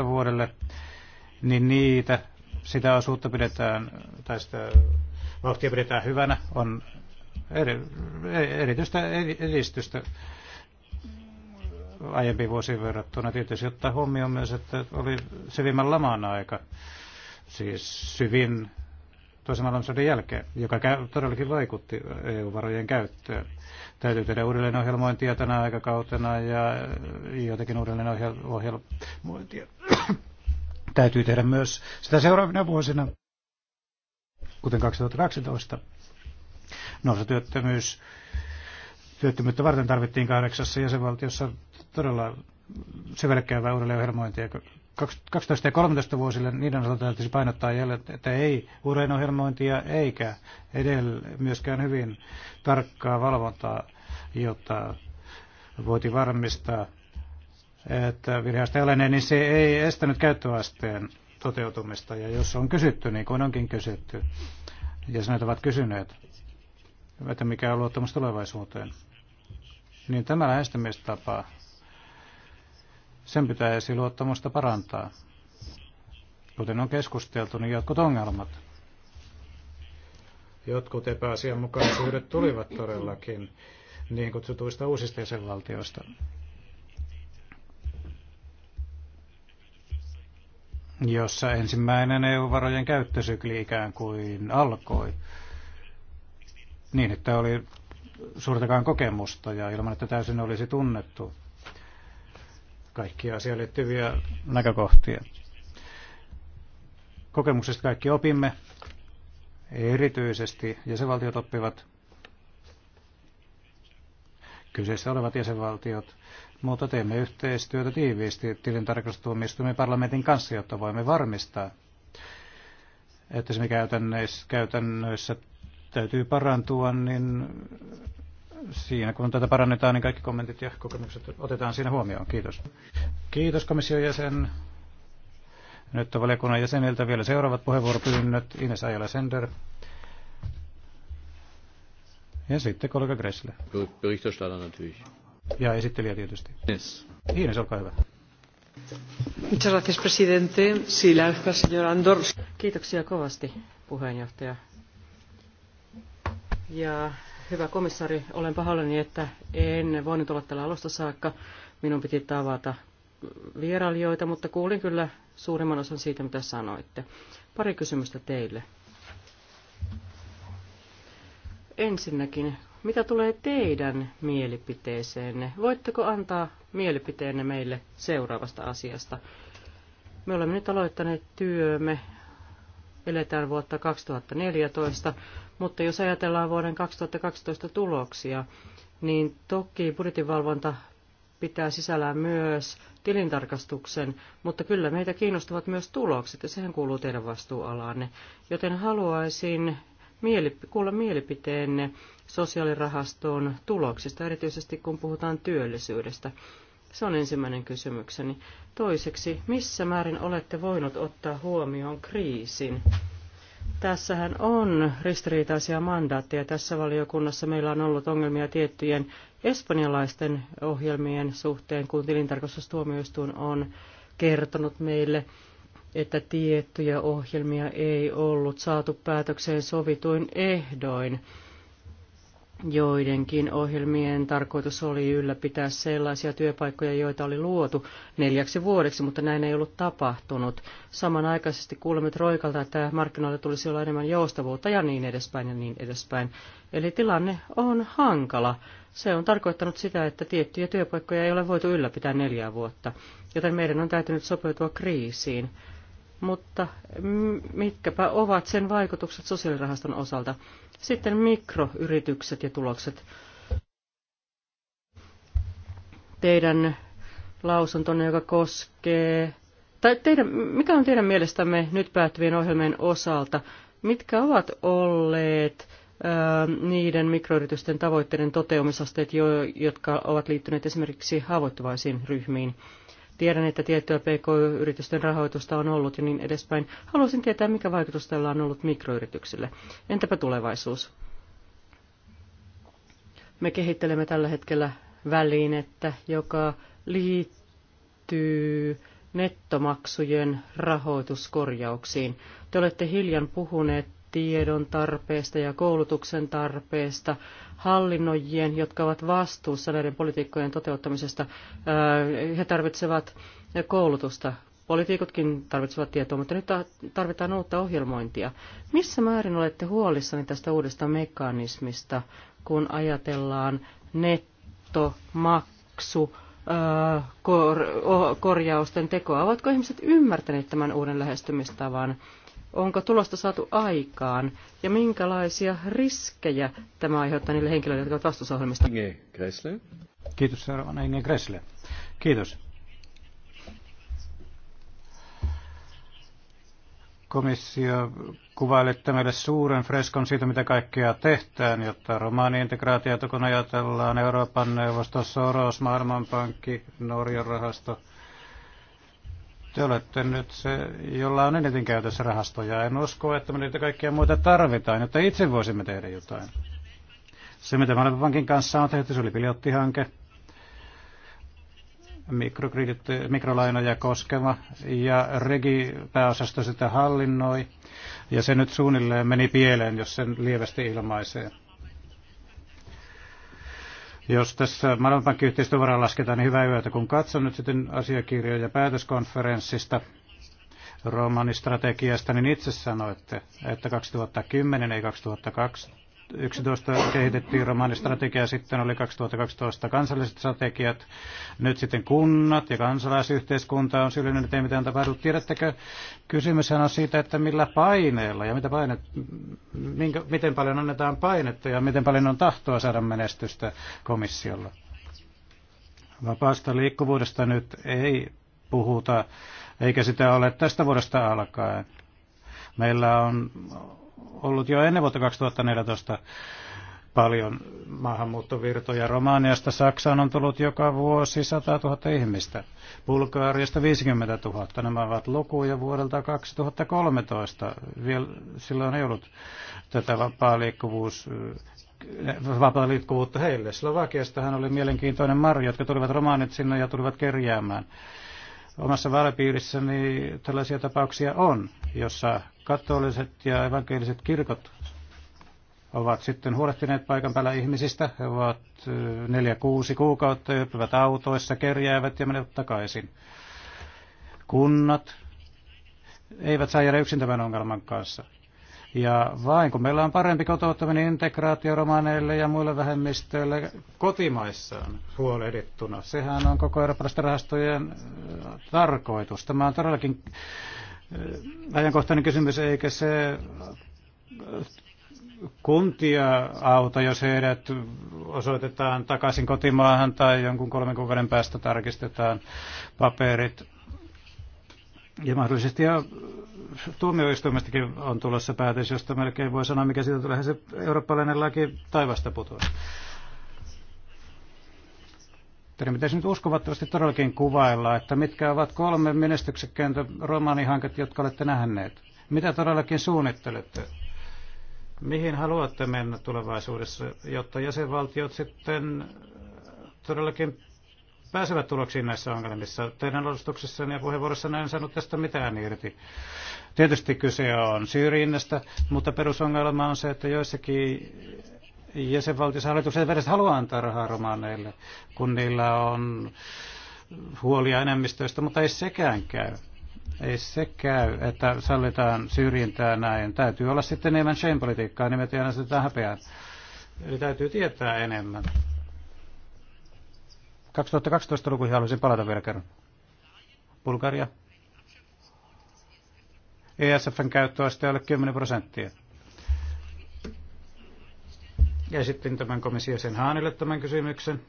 2007-2013 vuodelle, niin niitä, sitä osuutta pidetään, tai sitä vauhtia pidetään hyvänä, on eri, erityistä edistystä aiempiin vuosiin verrattuna. Tietysti ottaa huomioon myös, että oli syvimmän laman aika, siis syvin toisen maailmansodan jälkeen, joka todellakin vaikutti EU-varojen käyttöön. Täytyy tehdä uudelleenohjelmointia tänä aikakautena ja jotenkin uudelleenohjelmointia täytyy tehdä myös sitä seuraavina vuosina, kuten 2012 nuorisotyöttömyys. työttömyyttä varten tarvittiin kahdeksassa jäsenvaltiossa todella syvällekäyvää uudelleenohjelmointia. 12 ja 13 vuosille niiden osalta täytyisi painottaa jälleen, että ei uudelleenohjelmointia eikä edellä myöskään hyvin tarkkaa valvontaa, jotta voitiin varmistaa, että virheistä ei niin se ei estänyt käyttöasteen toteutumista. Ja jos on kysytty, niin kuin onkin kysytty, ja sanoit ovat kysyneet, että mikä on luottamus tulevaisuuteen. Niin tämä lähestymistapa, sen pitäisi luottamusta parantaa. Kuten on keskusteltu, niin jotkut ongelmat, jotkut epäasianmukaisuudet tulivat todellakin niin kutsutuista uusista jäsenvaltioista. jossa ensimmäinen EU-varojen käyttösykli ikään kuin alkoi niin, että oli suurtakaan kokemusta ja ilman, että täysin olisi tunnettu kaikkia asiaan liittyviä näkökohtia. Kokemuksesta kaikki opimme, erityisesti jäsenvaltiot oppivat, kyseessä olevat jäsenvaltiot, mutta teemme yhteistyötä tiiviisti tilintarkastustuomioistuimen parlamentin kanssa, jotta voimme varmistaa, että se mikä käytännöissä täytyy parantua, niin siinä kun tätä parannetaan, niin kaikki kommentit ja kokemukset otetaan siinä huomioon. Kiitos. Kiitos komission jäsen. Nyt on valiokunnan jäseniltä vielä seuraavat puheenvuoropyynnöt. Ines Ajala-Sender. Ja sitten kollega Gressle. Berichterstatter natürlich. Ja esittelijä tietysti. Yes. Ines, olkaa hyvä. Muchas gracias, presidente. Sí, la señora Andor. Kiitoksia kovasti, puheenjohtaja. Ja hyvä komissari, olen pahoillani, että en voinut olla täällä alusta saakka. Minun piti tavata vierailijoita, mutta kuulin kyllä suurimman osan siitä, mitä sanoitte. Pari kysymystä teille. Ensinnäkin, mitä tulee teidän mielipiteeseenne? Voitteko antaa mielipiteenne meille seuraavasta asiasta? Me olemme nyt aloittaneet työmme eletään vuotta 2014, mutta jos ajatellaan vuoden 2012 tuloksia, niin toki budjetinvalvonta pitää sisällään myös tilintarkastuksen, mutta kyllä meitä kiinnostavat myös tulokset, ja sehän kuuluu teidän vastuualaanne. Joten haluaisin kuulla mielipiteenne sosiaalirahaston tuloksista, erityisesti kun puhutaan työllisyydestä. Se on ensimmäinen kysymykseni. Toiseksi, missä määrin olette voinut ottaa huomioon kriisin? Tässähän on ristiriitaisia mandaatteja. Tässä valiokunnassa meillä on ollut ongelmia tiettyjen espanjalaisten ohjelmien suhteen, kun tilintarkastustuomioistuin on kertonut meille, että tiettyjä ohjelmia ei ollut saatu päätökseen sovituin ehdoin. Joidenkin ohjelmien tarkoitus oli ylläpitää sellaisia työpaikkoja, joita oli luotu neljäksi vuodeksi, mutta näin ei ollut tapahtunut. Samanaikaisesti kuulemme Troikalta, että markkinoille tulisi olla enemmän joustavuutta ja niin edespäin ja niin edespäin. Eli tilanne on hankala. Se on tarkoittanut sitä, että tiettyjä työpaikkoja ei ole voitu ylläpitää neljää vuotta, joten meidän on täytynyt sopeutua kriisiin mutta mitkäpä ovat sen vaikutukset sosiaalirahaston osalta. Sitten mikroyritykset ja tulokset. Teidän lausuntonne, joka koskee, tai teidän, mikä on teidän mielestämme nyt päättyvien ohjelmien osalta, mitkä ovat olleet ää, niiden mikroyritysten tavoitteiden toteumisasteet, jo, jotka ovat liittyneet esimerkiksi haavoittuvaisiin ryhmiin? Tiedän, että tiettyä PK-yritysten rahoitusta on ollut ja niin edespäin. Haluaisin tietää, mikä vaikutus tällä on ollut mikroyrityksille. Entäpä tulevaisuus? Me kehittelemme tällä hetkellä välinettä, joka liittyy nettomaksujen rahoituskorjauksiin. Te olette hiljan puhuneet tiedon tarpeesta ja koulutuksen tarpeesta, hallinnoijien, jotka ovat vastuussa näiden politiikkojen toteuttamisesta, äh, he tarvitsevat koulutusta. Poliitikotkin tarvitsevat tietoa, mutta nyt tarvitaan uutta ohjelmointia. Missä määrin olette huolissani tästä uudesta mekanismista, kun ajatellaan nettomaksu, äh, korjausten tekoa? Ovatko ihmiset ymmärtäneet tämän uuden lähestymistavan? onko tulosta saatu aikaan ja minkälaisia riskejä tämä aiheuttaa niille henkilöille, jotka ovat vastuussa ohjelmista. Kiitos seuraavana Inge Gressle. Kiitos. Komissio kuvailette meille suuren freskon siitä, mitä kaikkea tehtään, jotta romaani-integraatiota, kun ajatellaan Euroopan neuvosto, Soros, Maailmanpankki, Norjan rahasto – te olette nyt se, jolla on eniten käytössä rahastoja. En usko, että me niitä kaikkia muita tarvitaan, jotta itse voisimme tehdä jotain. Se, mitä pankin kanssa on tehty, se oli pilottihanke, mikrolainoja koskeva, ja Regi-pääosasto sitä hallinnoi, ja se nyt suunnilleen meni pieleen, jos sen lievästi ilmaisee. Jos tässä maailmanpankin yhteistyövaraa lasketaan, niin hyvää yötä. Kun katson nyt sitten asiakirjoja päätöskonferenssista, Romanistrategiasta, strategiasta, niin itse sanoitte, että 2010 ei 2012 2011 kehitettiin romaanistrategia, sitten oli 2012 kansalliset strategiat, nyt sitten kunnat ja kansalaisyhteiskunta on syyllinen, että ei mitään tapahdu. Tiedättekö, kysymyshän on siitä, että millä paineella ja mitä paine minkä, miten paljon annetaan painetta ja miten paljon on tahtoa saada menestystä komissiolla. Vapaasta liikkuvuudesta nyt ei puhuta, eikä sitä ole tästä vuodesta alkaen. Meillä on ollut jo ennen vuotta 2014 paljon maahanmuuttovirtoja. Romaniasta Saksaan on tullut joka vuosi 100 000 ihmistä, Bulgaariasta 50 000. Nämä ovat lukuja vuodelta 2013. Viel, silloin ei ollut tätä vapaa, liikkuvuus, vapaa liikkuvuutta heille. Slovakiastahan oli mielenkiintoinen marjo, jotka tulivat romaanit sinne ja tulivat kerjäämään. Omassa vaalipiirissäni tällaisia tapauksia on, jossa katoliset ja evankeliset kirkot ovat sitten huolehtineet paikan päällä ihmisistä. He ovat neljä kuusi kuukautta, yöpyvät autoissa, kerjäävät ja menevät takaisin. Kunnat eivät saa jäädä yksin tämän ongelman kanssa. Ja vain kun meillä on parempi kotouttaminen integraatio romaneille ja muille vähemmistöille kotimaissaan huolehdittuna, sehän on koko eurooppalaisten rahastojen äh, tarkoitus. Tämä on todellakin äh, ajankohtainen kysymys, eikä se äh, kuntia auta, jos heidät osoitetaan takaisin kotimaahan tai jonkun kolmen kuukauden päästä tarkistetaan paperit. Ja mahdollisesti ja tuomioistuimestakin on tulossa päätös, josta melkein voi sanoa, mikä siitä tulee. Se eurooppalainen laki taivasta putoaa. Teidän pitäisi nyt uskovattavasti todellakin kuvailla, että mitkä ovat kolme menestyksekkäintä romaanihanket, jotka olette nähneet. Mitä todellakin suunnittelette? Mihin haluatte mennä tulevaisuudessa, jotta jäsenvaltiot sitten todellakin pääsevät tuloksiin näissä ongelmissa. Teidän alustuksessanne ja puheenvuorossa en saanut tästä mitään irti. Tietysti kyse on syrjinnästä, mutta perusongelma on se, että joissakin jäsenvaltioissa hallitukset edes halua antaa rahaa romaaneille, kun niillä on huolia enemmistöistä, mutta ei sekään käy. Ei se käy, että sallitaan syrjintää näin. Täytyy olla sitten enemmän shame-politiikkaa, niin me tiedän sitä häpeää. Eli täytyy tietää enemmän. 2012 lukuihin haluaisin palata vielä kerran. Bulgaria. ESFn käyttöaste alle 10 prosenttia. Ja sitten tämän komission sen Haanille tämän kysymyksen.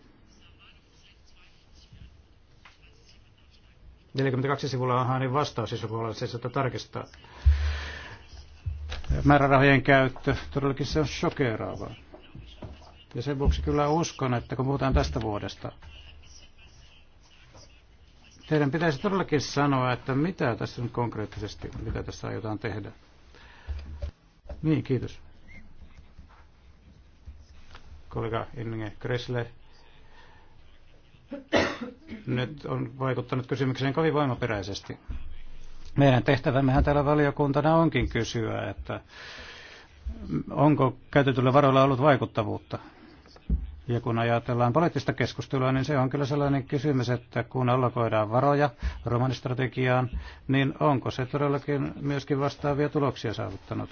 42 sivulla on Haanin vastaus, jos siis olla se, että tarkistaa. Määrärahojen käyttö, todellakin se on shokeraavaa. Ja sen vuoksi kyllä uskon, että kun puhutaan tästä vuodesta, Teidän pitäisi todellakin sanoa, että mitä tässä nyt konkreettisesti, mitä tässä aiotaan tehdä. Niin, kiitos. Kollega Inge Kresle. Nyt on vaikuttanut kysymykseen kovin voimaperäisesti. Meidän tehtävämmehän täällä valiokuntana onkin kysyä, että onko käytetyllä varoilla ollut vaikuttavuutta. Ja kun ajatellaan poliittista keskustelua, niin se on kyllä sellainen kysymys, että kun allokoidaan varoja romanistrategiaan, niin onko se todellakin myöskin vastaavia tuloksia saavuttanut?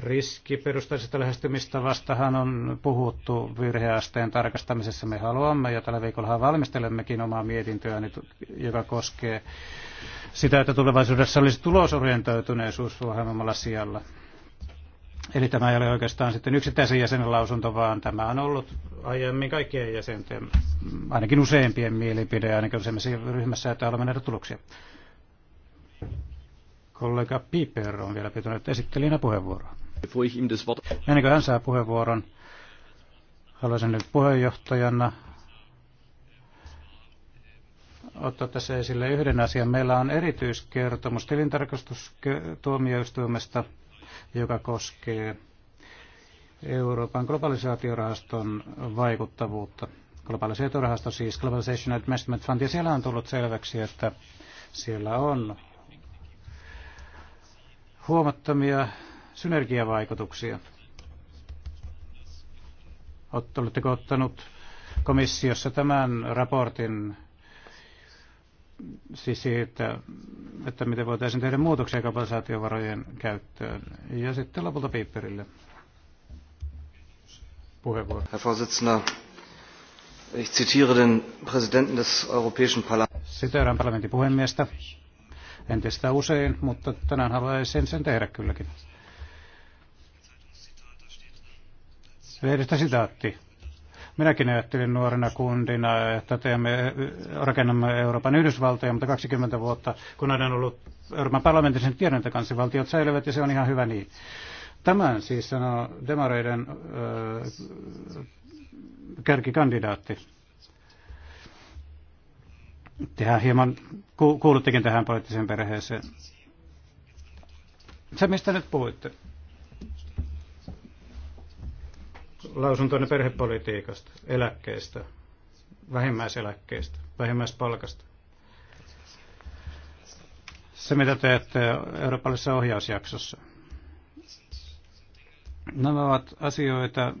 Riskiperustaisesta vastahan on puhuttu virheasteen tarkastamisessa. Me haluamme, ja tällä viikolla valmistelemmekin omaa mietintöä, joka koskee sitä, että tulevaisuudessa olisi tulosorientoituneisuus ohjelmalla sijalla. Eli tämä ei ole oikeastaan sitten yksittäisen jäsenen lausunto, vaan tämä on ollut aiemmin kaikkien jäsenten, ainakin useimpien mielipide, ainakin useimmissa ryhmässä, että olemme näitä tuloksia. Kollega Piper on vielä pitänyt esittelijänä puheenvuoroa. Ennen kuin hän saa puheenvuoron, haluaisin nyt puheenjohtajana ottaa tässä esille yhden asian. Meillä on erityiskertomus tilintarkastustuomioistuimesta joka koskee Euroopan globalisaatiorahaston vaikuttavuutta. Globalisaatiorahasto siis Globalization Investment Fund, ja siellä on tullut selväksi, että siellä on huomattavia synergiavaikutuksia. Oletteko ottanut komissiossa tämän raportin siis siitä, että miten voitaisiin tehdä muutoksia kapasaatiovarojen käyttöön. Ja sitten lopulta Piipperille puheenvuoro. Herr Vorsitzender, ich zitiere den Präsidenten des Europäischen Parlaments. Siteeraan parlamentin puhemiestä entistä usein, mutta tänään haluaisin sen tehdä kylläkin. Lehdestä sitaatti. Minäkin ajattelin nuorena kundina, että teemme, rakennamme Euroopan Yhdysvaltoja, mutta 20 vuotta, kun olen ollut Euroopan parlamentin, sen tiedän, että kansivaltiot säilyvät ja se on ihan hyvä niin. Tämän siis sanoo demareiden öö, kärkikandidaatti. Tehän hieman ku, kuuluttekin tähän poliittiseen perheeseen. Se, mistä nyt puhuitte. lausuntonne perhepolitiikasta, eläkkeestä vähimmäiseläkkeestä, vähimmäispalkasta. Se, mitä teette eurooppalaisessa ohjausjaksossa. Nämä ovat asioita,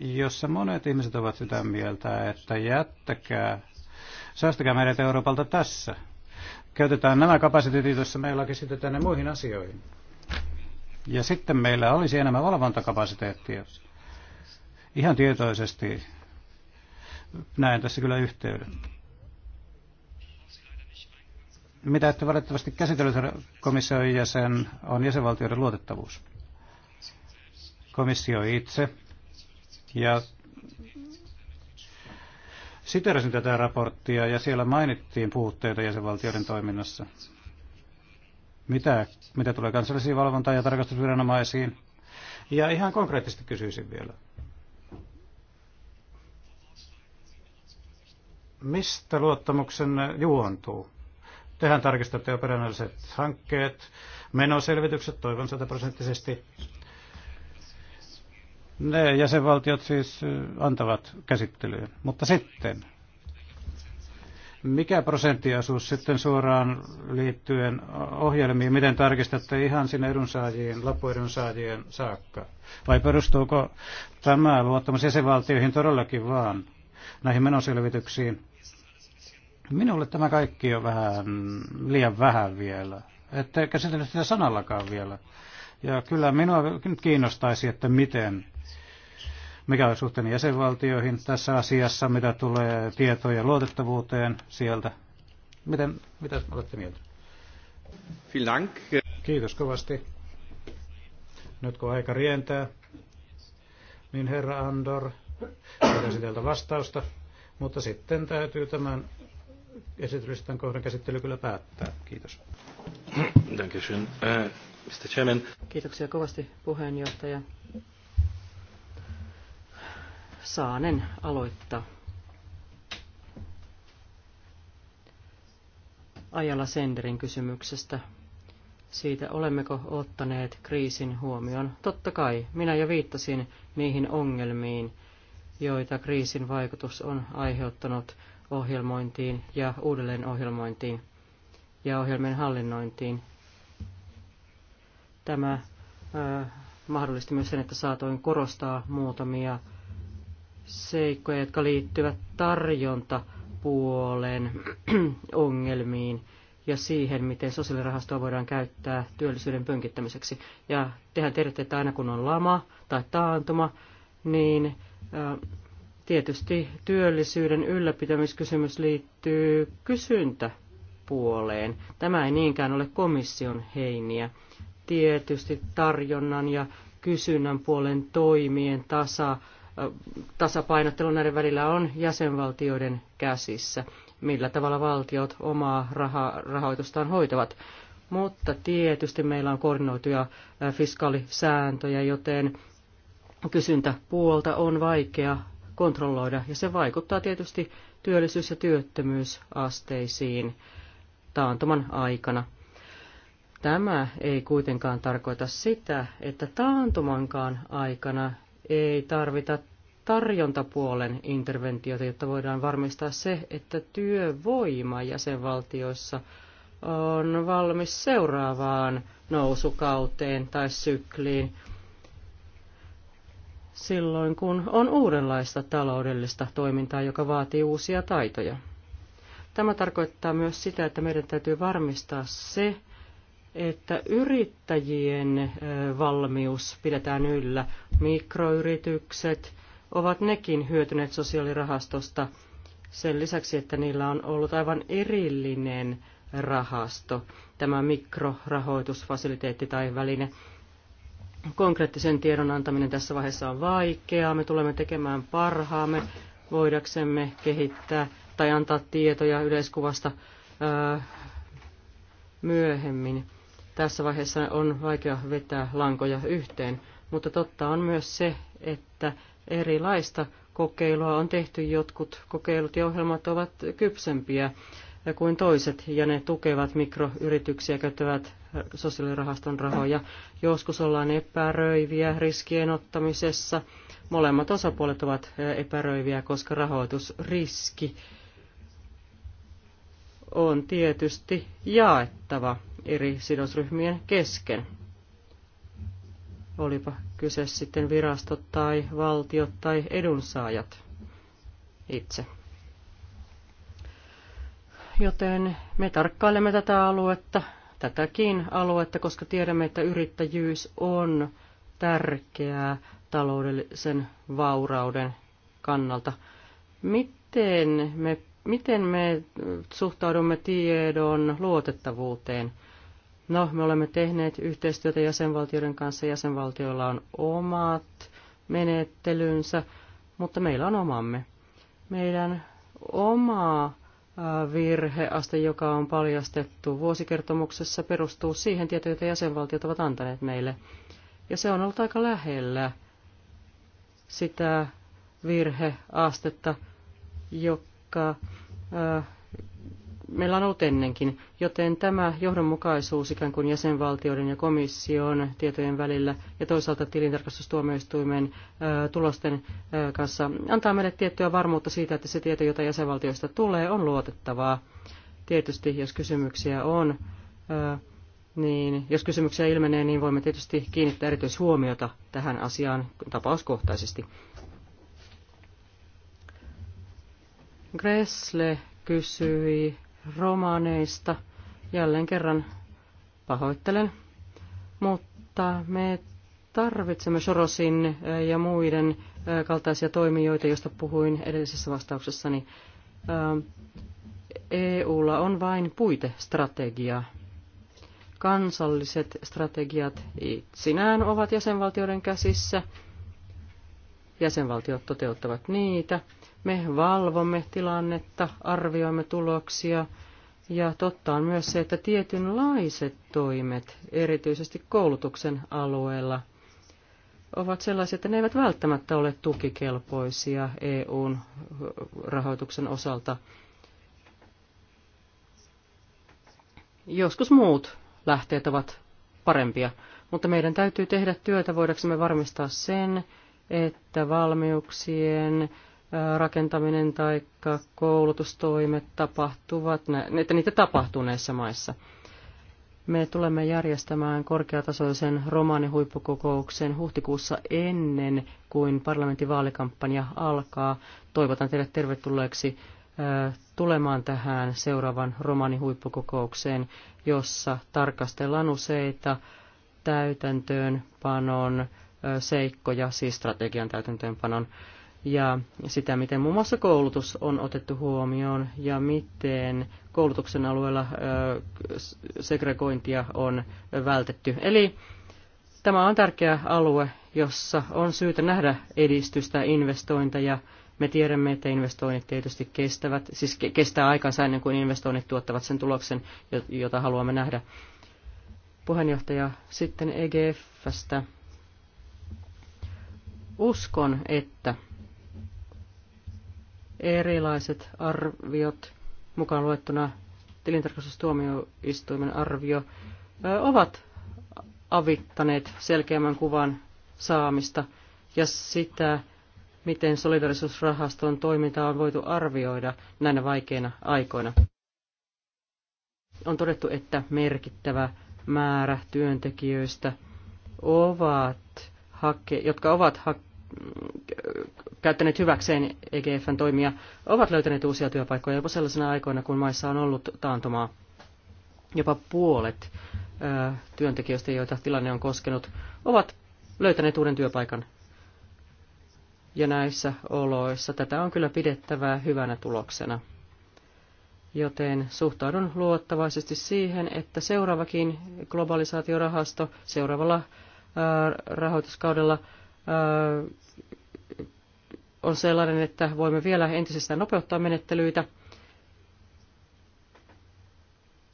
jossa monet ihmiset ovat sitä mieltä, että jättäkää, säästäkää meidät Euroopalta tässä. Käytetään nämä kapasiteetit, joissa meillä käsitetään ne muihin asioihin. Ja sitten meillä olisi enemmän valvontakapasiteettia. Ihan tietoisesti näen tässä kyllä yhteyden. Mitä ette valitettavasti käsitellyt, komission jäsen, on jäsenvaltioiden luotettavuus. Komissio itse. Ja siterasin tätä raporttia ja siellä mainittiin puutteita jäsenvaltioiden toiminnassa mitä, mitä tulee kansallisiin valvonta- ja tarkastusviranomaisiin. Ja ihan konkreettisesti kysyisin vielä. Mistä luottamuksen juontuu? Tehän tarkistatte operationaaliset hankkeet, menoselvitykset toivon sataprosenttisesti. Ne jäsenvaltiot siis antavat käsittelyyn. Mutta sitten mikä prosenttiosuus sitten suoraan liittyen ohjelmiin, miten tarkistatte ihan sinne edunsaajien, loppuedunsaajien saakka? Vai perustuuko tämä luottamus jäsenvaltioihin todellakin vaan näihin menoselvityksiin? Minulle tämä kaikki on vähän liian vähän vielä. Ette käsitellyt sitä sanallakaan vielä. Ja kyllä minua nyt kiinnostaisi, että miten mikä on suhteen jäsenvaltioihin tässä asiassa, mitä tulee tietojen luotettavuuteen sieltä. Miten, mitä olette mieltä? Kiitos kovasti. Nyt kun aika rientää, niin herra Andor, pitäisi teiltä vastausta, mutta sitten täytyy tämän esityslistan kohdan käsittely kyllä päättää. Kiitos. Äh, Kiitoksia kovasti puheenjohtaja. Saanen aloittaa. Ajala Senderin kysymyksestä. Siitä olemmeko ottaneet kriisin huomioon? Totta kai, minä jo viittasin niihin ongelmiin, joita kriisin vaikutus on aiheuttanut ohjelmointiin ja uudelleenohjelmointiin ja ohjelmien hallinnointiin. Tämä äh, mahdollisti myös sen, että saatoin korostaa muutamia seikkoja, jotka liittyvät tarjontapuolen *clears throat* ongelmiin ja siihen, miten sosiaalirahastoa voidaan käyttää työllisyyden pönkittämiseksi. Ja tehän tiedätte, että aina kun on lama tai taantuma, niin tietysti työllisyyden ylläpitämiskysymys liittyy kysyntäpuoleen. Tämä ei niinkään ole komission heiniä. Tietysti tarjonnan ja kysynnän puolen toimien tasa tasapainottelu näiden välillä on jäsenvaltioiden käsissä, millä tavalla valtiot omaa raha- rahoitustaan hoitavat. Mutta tietysti meillä on koordinoituja fiskaalisääntöjä, joten kysyntäpuolta on vaikea kontrolloida ja se vaikuttaa tietysti työllisyys- ja työttömyysasteisiin taantuman aikana. Tämä ei kuitenkaan tarkoita sitä, että taantumankaan aikana ei tarvita tarjontapuolen interventiota, jotta voidaan varmistaa se, että työvoima jäsenvaltioissa on valmis seuraavaan nousukauteen tai sykliin silloin, kun on uudenlaista taloudellista toimintaa, joka vaatii uusia taitoja. Tämä tarkoittaa myös sitä, että meidän täytyy varmistaa se, että yrittäjien valmius pidetään yllä. Mikroyritykset ovat nekin hyötyneet sosiaalirahastosta sen lisäksi, että niillä on ollut aivan erillinen rahasto, tämä mikrorahoitusfasiliteetti tai väline. Konkreettisen tiedon antaminen tässä vaiheessa on vaikeaa. Me tulemme tekemään parhaamme voidaksemme kehittää tai antaa tietoja yleiskuvasta myöhemmin. Tässä vaiheessa on vaikea vetää lankoja yhteen, mutta totta on myös se, että erilaista kokeilua on tehty. Jotkut kokeilut ja ohjelmat ovat kypsempiä kuin toiset, ja ne tukevat mikroyrityksiä käyttävät sosiaalirahaston rahoja. Joskus ollaan epäröiviä riskien ottamisessa. Molemmat osapuolet ovat epäröiviä, koska rahoitusriski on tietysti jaettava eri sidosryhmien kesken. Olipa kyse sitten virastot tai valtiot tai edunsaajat itse. Joten me tarkkailemme tätä aluetta, tätäkin aluetta, koska tiedämme, että yrittäjyys on tärkeää taloudellisen vaurauden kannalta. Miten me Miten me suhtaudumme tiedon luotettavuuteen? No, me olemme tehneet yhteistyötä jäsenvaltioiden kanssa. Jäsenvaltioilla on omat menettelynsä, mutta meillä on omamme. Meidän oma virheaste, joka on paljastettu vuosikertomuksessa, perustuu siihen tietoon, jota jäsenvaltiot ovat antaneet meille. Ja se on ollut aika lähellä sitä virheastetta, joka meillä on ollut ennenkin, joten tämä johdonmukaisuus ikään kuin jäsenvaltioiden ja komission tietojen välillä ja toisaalta tilintarkastustuomioistuimen tulosten kanssa antaa meille tiettyä varmuutta siitä, että se tieto, jota jäsenvaltioista tulee, on luotettavaa. Tietysti, jos kysymyksiä on, niin jos kysymyksiä ilmenee, niin voimme tietysti kiinnittää erityishuomiota tähän asiaan tapauskohtaisesti. Gressle kysyi romaneista. Jälleen kerran pahoittelen. Mutta me tarvitsemme Sorosin eh, ja muiden eh, kaltaisia toimijoita, joista puhuin edellisessä vastauksessani. EUlla eh, e on vain puitestrategia. Kansalliset strategiat itsinään ovat jäsenvaltioiden käsissä. Jäsenvaltiot toteuttavat niitä. Me valvomme tilannetta, arvioimme tuloksia ja totta on myös se, että tietynlaiset toimet, erityisesti koulutuksen alueella, ovat sellaisia, että ne eivät välttämättä ole tukikelpoisia EUn rahoituksen osalta. Joskus muut lähteet ovat parempia, mutta meidän täytyy tehdä työtä voidaksemme varmistaa sen, että valmiuksien rakentaminen tai koulutustoimet tapahtuvat, että niitä tapahtuu näissä maissa. Me tulemme järjestämään korkeatasoisen romaanihuippukokouksen huhtikuussa ennen kuin parlamentin vaalikampanja alkaa. Toivotan teidät tervetulleeksi tulemaan tähän seuraavan romaanihuippukokoukseen, jossa tarkastellaan useita täytäntöönpanon seikkoja, siis strategian täytäntöönpanon ja sitä, miten muun muassa koulutus on otettu huomioon ja miten koulutuksen alueella segregointia on vältetty. Eli tämä on tärkeä alue, jossa on syytä nähdä edistystä, investointeja. Me tiedämme, että investoinnit tietysti kestävät, siis kestää aikansa ennen kuin investoinnit tuottavat sen tuloksen, jota haluamme nähdä. Puheenjohtaja sitten EGFstä. Uskon, että erilaiset arviot, mukaan luettuna tilintarkastustuomioistuimen arvio, ovat avittaneet selkeämmän kuvan saamista ja sitä, miten solidarisuusrahaston toimintaa on voitu arvioida näinä vaikeina aikoina. On todettu, että merkittävä määrä työntekijöistä ovat jotka ovat käyttäneet hyväkseen EGFn toimia, ovat löytäneet uusia työpaikkoja jopa sellaisina aikoina, kun maissa on ollut taantumaa. Jopa puolet ö, työntekijöistä, joita tilanne on koskenut, ovat löytäneet uuden työpaikan. Ja näissä oloissa tätä on kyllä pidettävää hyvänä tuloksena. Joten suhtaudun luottavaisesti siihen, että seuraavakin globalisaatiorahasto seuraavalla rahoituskaudella on sellainen, että voimme vielä entisestään nopeuttaa menettelyitä.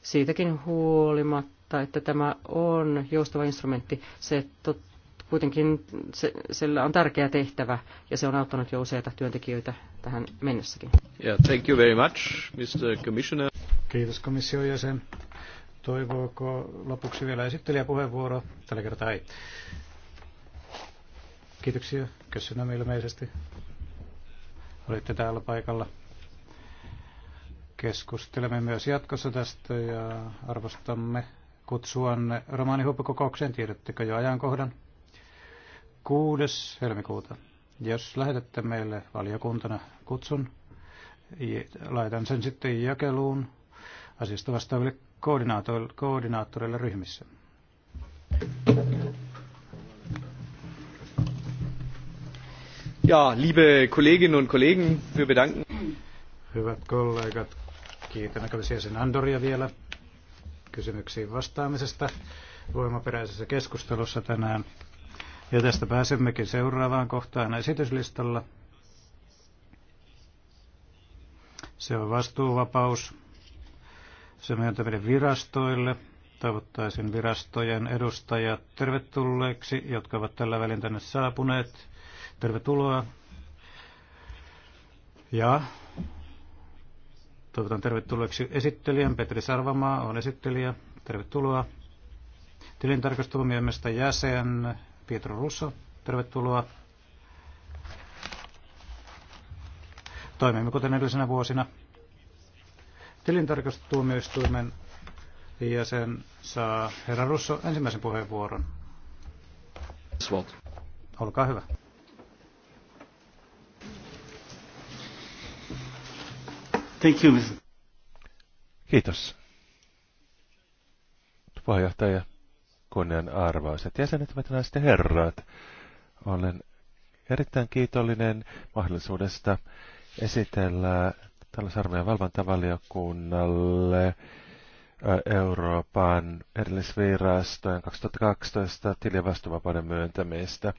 Siitäkin huolimatta, että tämä on joustava instrumentti, se tot, kuitenkin se, sillä on tärkeä tehtävä ja se on auttanut jo useita työntekijöitä tähän mennessäkin. Yeah, thank you very much, Mr. Commissioner. Kiitos komission jäsen. Toivooko lopuksi vielä esittelijäpuheenvuoro? Tällä kertaa ei. Kiitoksia. Kysynä ilmeisesti. Olitte täällä paikalla. Keskustelemme myös jatkossa tästä ja arvostamme kutsuanne romaanihuippukokoukseen. Tiedättekö jo ajankohdan? 6. helmikuuta. Jos lähetätte meille valiokuntana kutsun, laitan sen sitten jakeluun asiasta vastaaville koordinaattoreille ryhmissä. Ja, liebe Kolleginnen und Kollegen, wir bedanken. Hyvät kollegat, kiitän sen Andoria vielä kysymyksiin vastaamisesta voimaperäisessä keskustelussa tänään. Ja tästä pääsemmekin seuraavaan kohtaan esityslistalla. Se on vastuuvapaus. Se myöntäminen virastoille. Tavoittaisin virastojen edustajat tervetulleeksi, jotka ovat tällä välin tänne saapuneet. Tervetuloa. Ja toivotan tervetulleeksi esittelijän. Petri Sarvamaa on esittelijä. Tervetuloa. Tilintarkastuomioimista jäsen Pietro Russo. Tervetuloa. Toimimme kuten edellisenä vuosina. Tilintarkastustuomioistuimen jäsen saa herra Russo ensimmäisen puheenvuoron. Olkaa hyvä. Thank you. Kiitos. Puheenjohtaja, kunnian arvoiset jäsenet, hyvät naiset ja herrat. Olen erittäin kiitollinen mahdollisuudesta esitellä talousarvion valvontavaliokunnalle Euroopan erillisvirastojen 2012 tilivastuvapauden myöntämistä.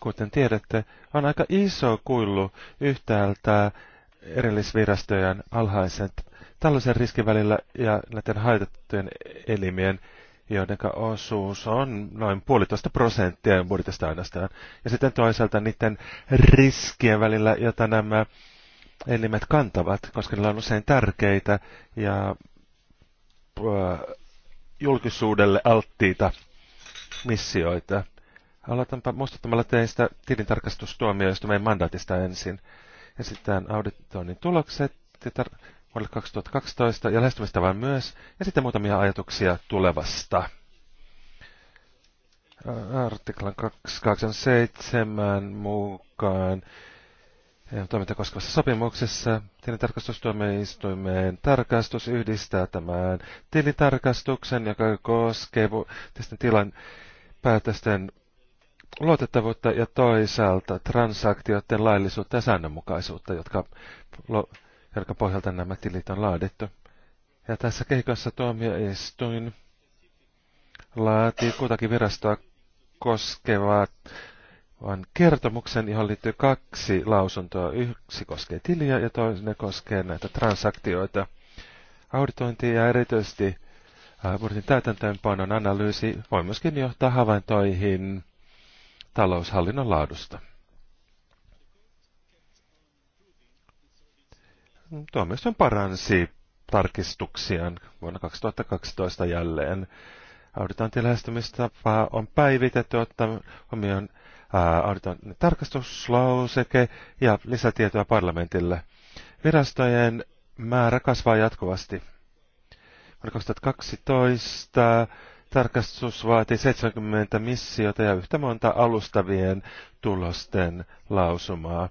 Kuten tiedätte, on aika iso kuilu yhtäältä erillisvirastojen alhaisen tällaisen riskin välillä ja näiden haitattujen elimien, joiden osuus on noin puolitoista prosenttia budjetista ainoastaan. Ja sitten toisaalta niiden riskien välillä, jota nämä elimet kantavat, koska ne on usein tärkeitä ja äh, julkisuudelle alttiita missioita. Aloitanpa muistuttamalla teistä tilintarkastustuomioistumien mandaatista ensin. Esitetään auditoinnin tulokset vuodelle 2012 ja lähestymistavan myös. Ja sitten muutamia ajatuksia tulevasta. Artiklan 287 mukaan e toiminta koskevassa sopimuksessa tilintarkastustuomioistuimeen tarkastus yhdistää tämän tilintarkastuksen, joka koskee tilan päätösten luotettavuutta ja toisaalta transaktioiden laillisuutta ja säännönmukaisuutta, jotka, jotka pohjalta nämä tilit on laadittu. Ja tässä kehikossa tuomioistuin laatii kutakin virastoa koskevaa on kertomuksen, johon liittyy kaksi lausuntoa. Yksi koskee tiliä ja toinen koskee näitä transaktioita. Auditointi ja erityisesti budjetin täytäntöönpanon analyysi voi myöskin johtaa havaintoihin taloushallinnon laadusta. Tuomioistuin paransi tarkistuksiaan vuonna 2012 jälleen. Auditointin lähestymistapaa on päivitetty ottaen huomioon auditoinnin tarkastuslauseke ja lisätietoa parlamentille. Virastojen määrä kasvaa jatkuvasti. Vuonna 2012 Tarkastus vaati 70 missiota ja yhtä monta alustavien tulosten lausumaa.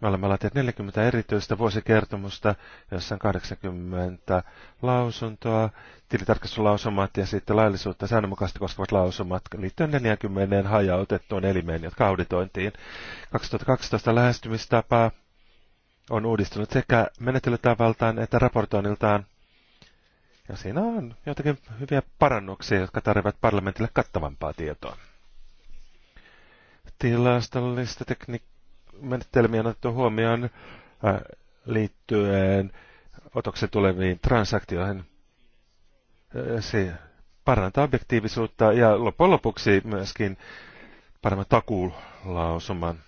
Me olemme laatineet 40 erityistä vuosikertomusta, jossa on 80 lausuntoa, tilitarkastuslausumat ja sitten laillisuutta säännönmukaisesti koskevat lausumat liittyen 40 hajautettuun elimeen, jotka auditointiin. 2012 lähestymistapa on uudistunut sekä menettelytavaltaan että raportoinniltaan ja siinä on jotakin hyviä parannuksia, jotka tarvitsevat parlamentille kattavampaa tietoa. Tilastollista tekniikmenetelmiä on otettu huomioon äh, liittyen otoksen tuleviin transaktioihin. Äh, se parantaa objektiivisuutta ja loppujen lopuksi myöskin paremman takulausuman.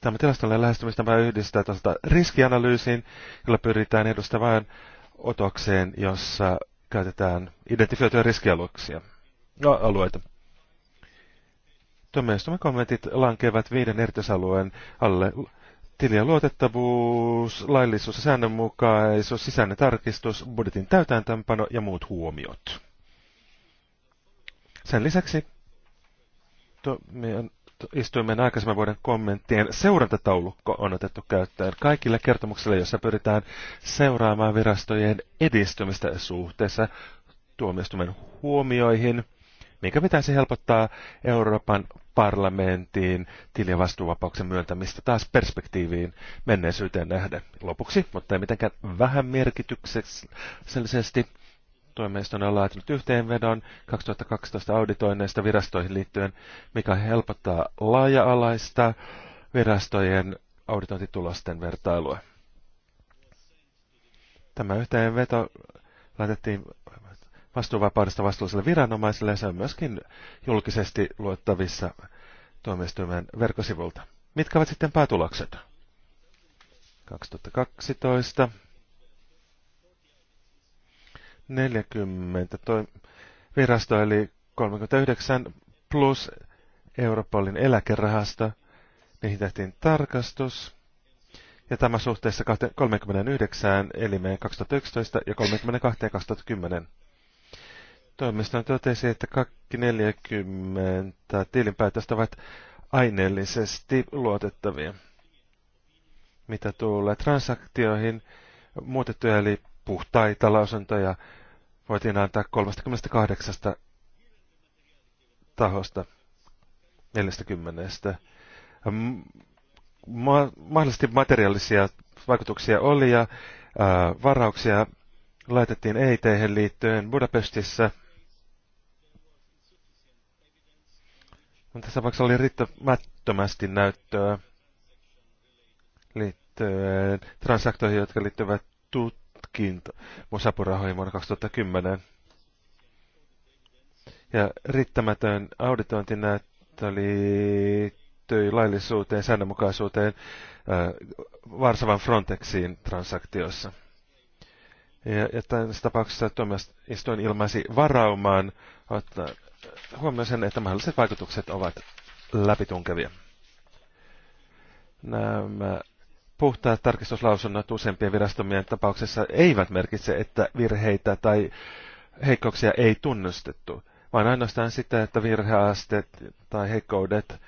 Tämä tilastollinen lähestymistapa yhdistää tuosta riskianalyysiin, jolla pyritään edustamaan otokseen, jossa käytetään identifioituja riskialuksia, no, alueita. Tuomioistuimen kommentit lankevat viiden erityisalueen alle tilia luotettavuus, laillisuus ja säännönmukaisuus, sisäinen tarkistus, budjetin täytäntöönpano ja muut huomiot. Sen lisäksi tuomion istuimen aikaisemman vuoden kommenttien seurantataulukko on otettu käyttöön kaikille kertomuksille, jossa pyritään seuraamaan virastojen edistymistä suhteessa tuomioistuimen huomioihin, minkä pitäisi helpottaa Euroopan parlamentin tilivastuuvapauksen myöntämistä taas perspektiiviin menneisyyteen nähden. Lopuksi, mutta ei mitenkään vähän merkityksellisesti, tuomioistuin on laatinut yhteenvedon 2012 auditoinneista virastoihin liittyen, mikä helpottaa laaja-alaista virastojen auditointitulosten vertailua. Tämä yhteenveto laitettiin vastuuvapaudesta vastuulliselle viranomaiselle ja se on myöskin julkisesti luettavissa tuomioistuimen verkkosivulta. Mitkä ovat sitten päätulokset? 2012 40 toi, virasto, eli 39 plus Europolin eläkerahasta. Niihin tehtiin tarkastus. Ja tämä suhteessa 39 elimeen 2011 ja 32 2010. Toimisto totesi, että kaikki 40 tilinpäätöstä ovat aineellisesti luotettavia. Mitä tulee transaktioihin, muutettuja eli puhtaita lausuntoja voitiin antaa 38 tahosta 40. Ma- mahdollisesti materiaalisia vaikutuksia oli ja ää, varauksia laitettiin eit liittyen Budapestissa. Mutta tässä vaikka oli riittämättömästi näyttöä liittyen transaktioihin, jotka liittyvät tut Mosapurahoihin vuonna 2010. Ja riittämätön auditointi liittyi laillisuuteen, säännönmukaisuuteen Varsavan Frontexiin transaktiossa. Ja, ja tässä tapauksessa tuomioistuin ilmaisi varaumaan, että huomioon sen, että mahdolliset vaikutukset ovat läpitunkevia. Nämä puhtaat tarkistuslausunnot useampien virastomien tapauksessa eivät merkitse, että virheitä tai heikkouksia ei tunnustettu, vaan ainoastaan sitä, että virheasteet tai heikkoudet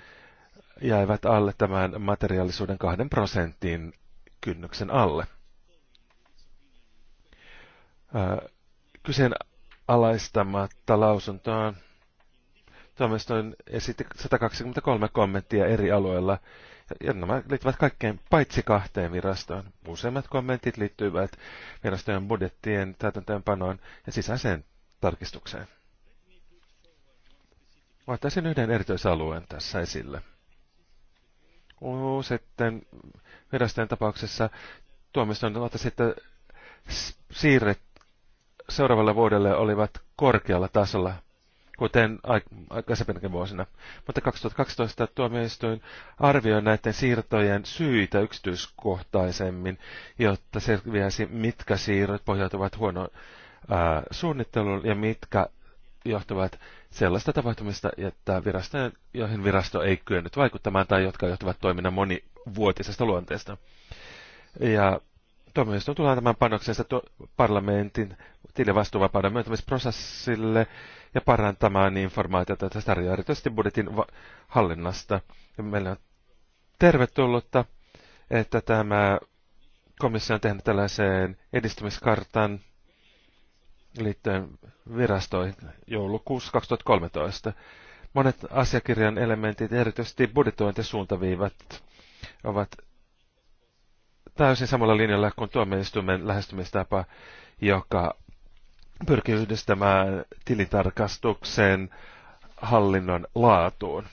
jäivät alle tämän materiaalisuuden kahden prosentin kynnyksen alle. Kyseen alaistamatta lausuntoon tuomioistuin esitti 123 kommenttia eri alueilla ja nämä liittyvät kaikkeen paitsi kahteen virastoon. Useimmat kommentit liittyvät virastojen budjettien täytäntöönpanoon ja sisäiseen tarkistukseen. Mä ottaisin yhden erityisalueen tässä esille. Sitten virastojen tapauksessa tuomistoon ottaisi, sitten siirret seuraavalle vuodelle olivat korkealla tasolla kuten aikaisempinakin vuosina. Mutta 2012 tuomioistuin arvioi näiden siirtojen syitä yksityiskohtaisemmin, jotta selviäisi, mitkä siirrot pohjautuvat huonoon suunnitteluun ja mitkä johtuvat sellaista tapahtumista, että virastojen, joihin virasto ei kyennyt vaikuttamaan tai jotka johtuvat toiminnan monivuotisesta luonteesta. Ja tuomioistuin tulee tämän panoksensa parlamentin tilivastuuvapauden myöntämisprosessille ja parantamaan informaatiota tästä erityisesti budjetin hallinnasta. Ja meillä on tervetullutta, että tämä komissio on tehnyt tällaiseen edistymiskartan liittyen virastoihin joulukuussa 2013. Monet asiakirjan elementit, erityisesti budjetointisuuntaviivat, ovat täysin samalla linjalla kuin tuomioistuimen lähestymistapa, joka pyrkii yhdistämään tilitarkastuksen hallinnon laatuun.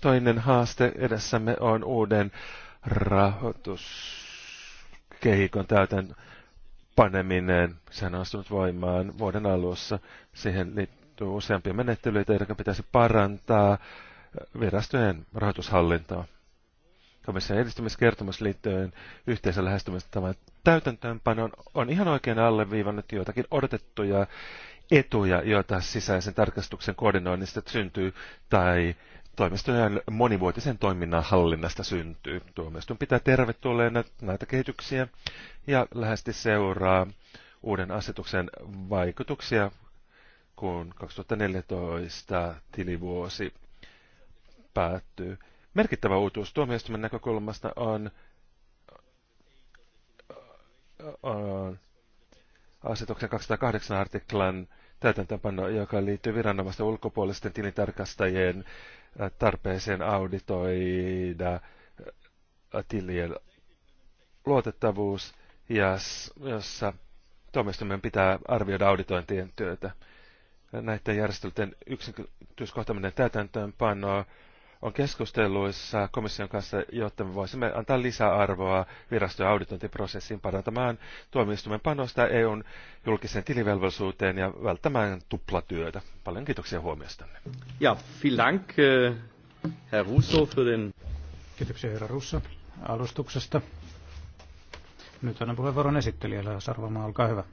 Toinen haaste edessämme on uuden rahoituskehikon täytän paneminen. Sehän on astunut voimaan vuoden alussa. Siihen liittyy useampia menettelyitä, joiden pitäisi parantaa virastojen rahoitushallintaa komission edistymiskertomus liittyen yhteisön lähestymistavan täytäntöönpanon on ihan oikein alleviivannut joitakin odotettuja etuja, joita sisäisen tarkastuksen koordinoinnista syntyy tai toimistojen monivuotisen toiminnan hallinnasta syntyy. Tuomioistuin pitää tervetulleena näitä kehityksiä ja lähesti seuraa uuden asetuksen vaikutuksia, kun 2014 tilivuosi päättyy. Merkittävä uutuus tuomioistuimen näkökulmasta on, on asetuksen 208 artiklan täytäntöpano, joka liittyy viranomaisten ulkopuolisten tilintarkastajien tarpeeseen auditoida tilien luotettavuus, ja jossa tuomioistuimen pitää arvioida auditointien työtä. Näiden järjestelyiden yksityiskohtaminen täytäntöönpanoa on keskusteluissa komission kanssa, jotta me voisimme antaa lisäarvoa virastojen auditointiprosessiin parantamaan tuomioistuimen panosta EUn julkiseen tilivelvollisuuteen ja välttämään tuplatyötä. Paljon kiitoksia huomiostanne. Ja, vielen dank, äh, Herr Russo, für den... Kiitoksia, herra Russo, alustuksesta. Nyt annan puheenvuoron esittelijälle. Sarvamaa, olkaa hyvä.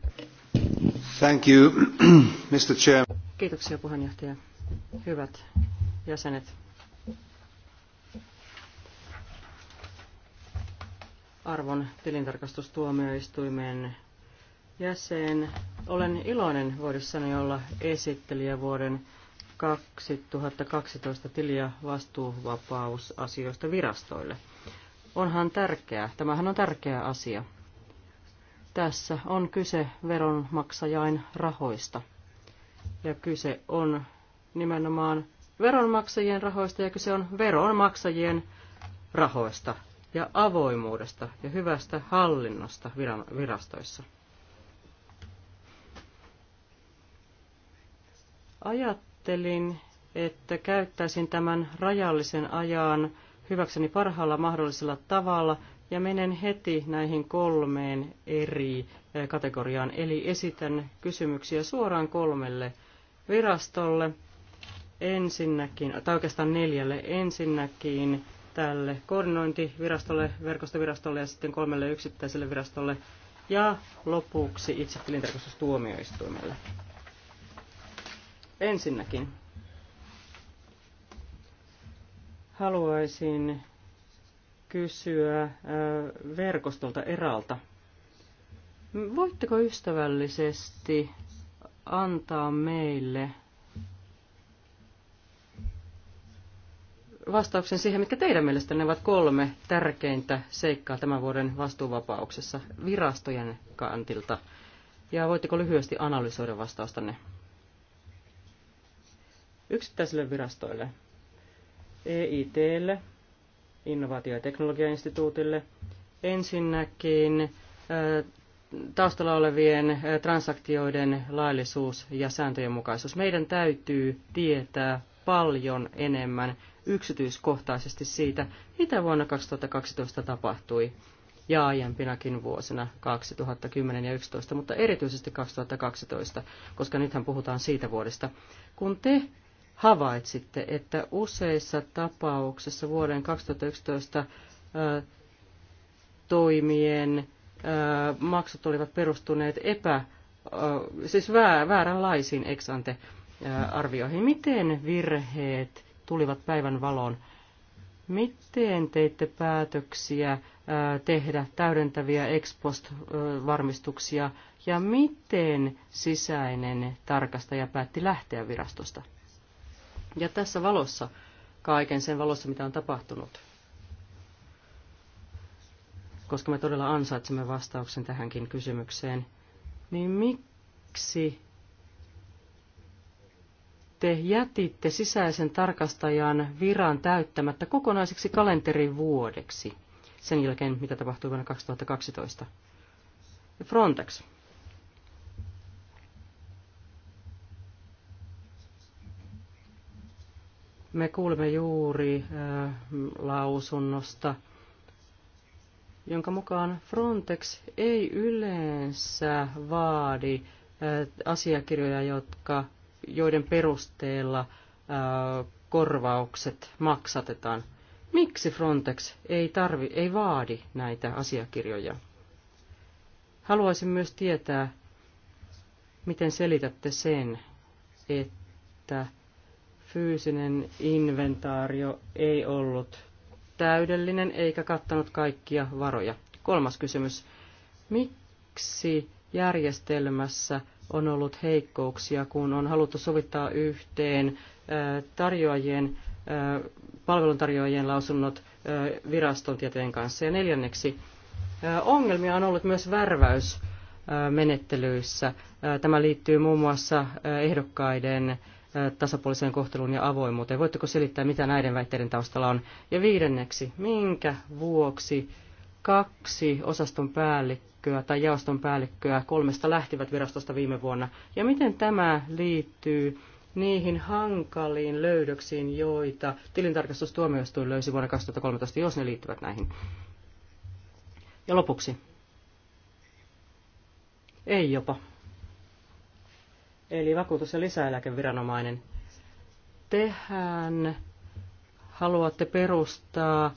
Thank you, *clears throat* Mr. Chair. Kiitoksia, puheenjohtaja. Hyvät jäsenet, arvon tilintarkastustuomioistuimen jäsen. Olen iloinen voidessani olla esittelijä vuoden 2012 tili- ja vastuuvapausasioista virastoille. Onhan tärkeää, tämähän on tärkeä asia. Tässä on kyse veronmaksajain rahoista. Ja kyse on nimenomaan veronmaksajien rahoista ja kyse on veronmaksajien rahoista ja avoimuudesta ja hyvästä hallinnosta virastoissa. Ajattelin, että käyttäisin tämän rajallisen ajan hyväkseni parhaalla mahdollisella tavalla ja menen heti näihin kolmeen eri eh, kategoriaan. Eli esitän kysymyksiä suoraan kolmelle virastolle ensinnäkin, tai oikeastaan neljälle ensinnäkin tälle koordinointivirastolle, verkostovirastolle ja sitten kolmelle yksittäiselle virastolle ja lopuksi itse tilintarkastustuomioistuimelle. Ensinnäkin haluaisin kysyä äh, verkostolta eralta. Voitteko ystävällisesti antaa meille vastauksen siihen, mitkä teidän mielestänne ovat kolme tärkeintä seikkaa tämän vuoden vastuuvapauksessa virastojen kantilta. Ja voitteko lyhyesti analysoida vastaustanne? Yksittäisille virastoille, EITlle, Innovaatio- ja teknologiainstituutille, ensinnäkin taustalla olevien transaktioiden laillisuus ja sääntöjen mukaisuus. Meidän täytyy tietää, paljon enemmän yksityiskohtaisesti siitä, mitä vuonna 2012 tapahtui ja aiempinakin vuosina 2010 ja 2011, mutta erityisesti 2012, koska nythän puhutaan siitä vuodesta. Kun te havaitsitte, että useissa tapauksissa vuoden 2011 ää, toimien ää, maksut olivat perustuneet epä, ää, siis väär, vääränlaisiin ex ante arvioihin. Miten virheet tulivat päivän valoon? Miten teitte päätöksiä tehdä täydentäviä ex varmistuksia ja miten sisäinen tarkastaja päätti lähteä virastosta? Ja tässä valossa, kaiken sen valossa, mitä on tapahtunut, koska me todella ansaitsemme vastauksen tähänkin kysymykseen, niin miksi te jätitte sisäisen tarkastajan viran täyttämättä kokonaiseksi kalenterivuodeksi sen jälkeen, mitä tapahtui vuonna 2012. Frontex. Me kuulemme juuri äh, lausunnosta, jonka mukaan Frontex ei yleensä vaadi äh, asiakirjoja, jotka joiden perusteella korvaukset maksatetaan. Miksi Frontex ei, tarvi, ei vaadi näitä asiakirjoja? Haluaisin myös tietää, miten selitätte sen, että fyysinen inventaario ei ollut täydellinen eikä kattanut kaikkia varoja. Kolmas kysymys. Miksi järjestelmässä on ollut heikkouksia, kun on haluttu sovittaa yhteen tarjoajien, palveluntarjoajien lausunnot viraston tieteen kanssa. Ja neljänneksi, ongelmia on ollut myös värväys menettelyissä. Tämä liittyy muun muassa ehdokkaiden tasapuoliseen kohteluun ja avoimuuteen. Voitteko selittää, mitä näiden väitteiden taustalla on? Ja viidenneksi, minkä vuoksi kaksi osaston päällikköä tai jaoston päällikköä kolmesta lähtivät virastosta viime vuonna. Ja miten tämä liittyy niihin hankaliin löydöksiin, joita tilintarkastustuomioistuin löysi vuonna 2013, jos ne liittyvät näihin? Ja lopuksi. Ei jopa. Eli vakuutus- ja lisäeläkeviranomainen. Tehän haluatte perustaa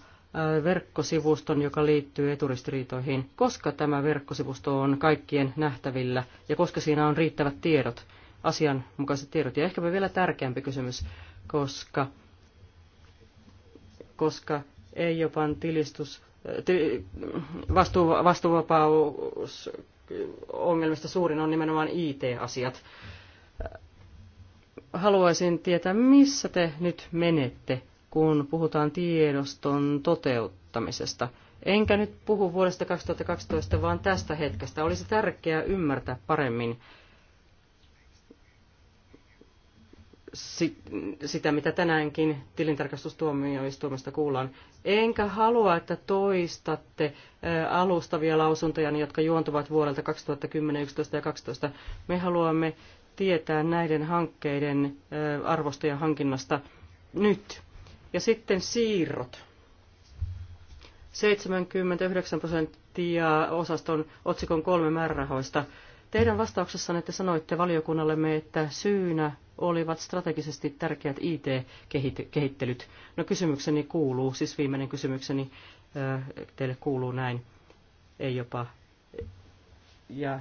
verkkosivuston, joka liittyy eturistiriitoihin, koska tämä verkkosivusto on kaikkien nähtävillä ja koska siinä on riittävät tiedot, asianmukaiset tiedot. Ja ehkäpä vielä tärkeämpi kysymys, koska, koska ei jopa tilistus, eh, vastu, vastuuvapaus ongelmista suurin on nimenomaan IT-asiat. Haluaisin tietää, missä te nyt menette kun puhutaan tiedoston toteuttamisesta. Enkä nyt puhu vuodesta 2012, vaan tästä hetkestä. Olisi tärkeää ymmärtää paremmin sitä, mitä tänäänkin tilintarkastustuomioistuimesta kuullaan. Enkä halua, että toistatte alustavia lausuntoja, jotka juontuvat vuodelta 2010, 11 ja 12. Me haluamme tietää näiden hankkeiden arvosta ja hankinnasta nyt. Ja sitten siirrot. 79 prosenttia osaston otsikon kolme määrärahoista. Teidän vastauksessanne te sanoitte valiokunnallemme, että syynä olivat strategisesti tärkeät IT-kehittelyt. No kysymykseni kuuluu, siis viimeinen kysymykseni teille kuuluu näin, ei jopa, ja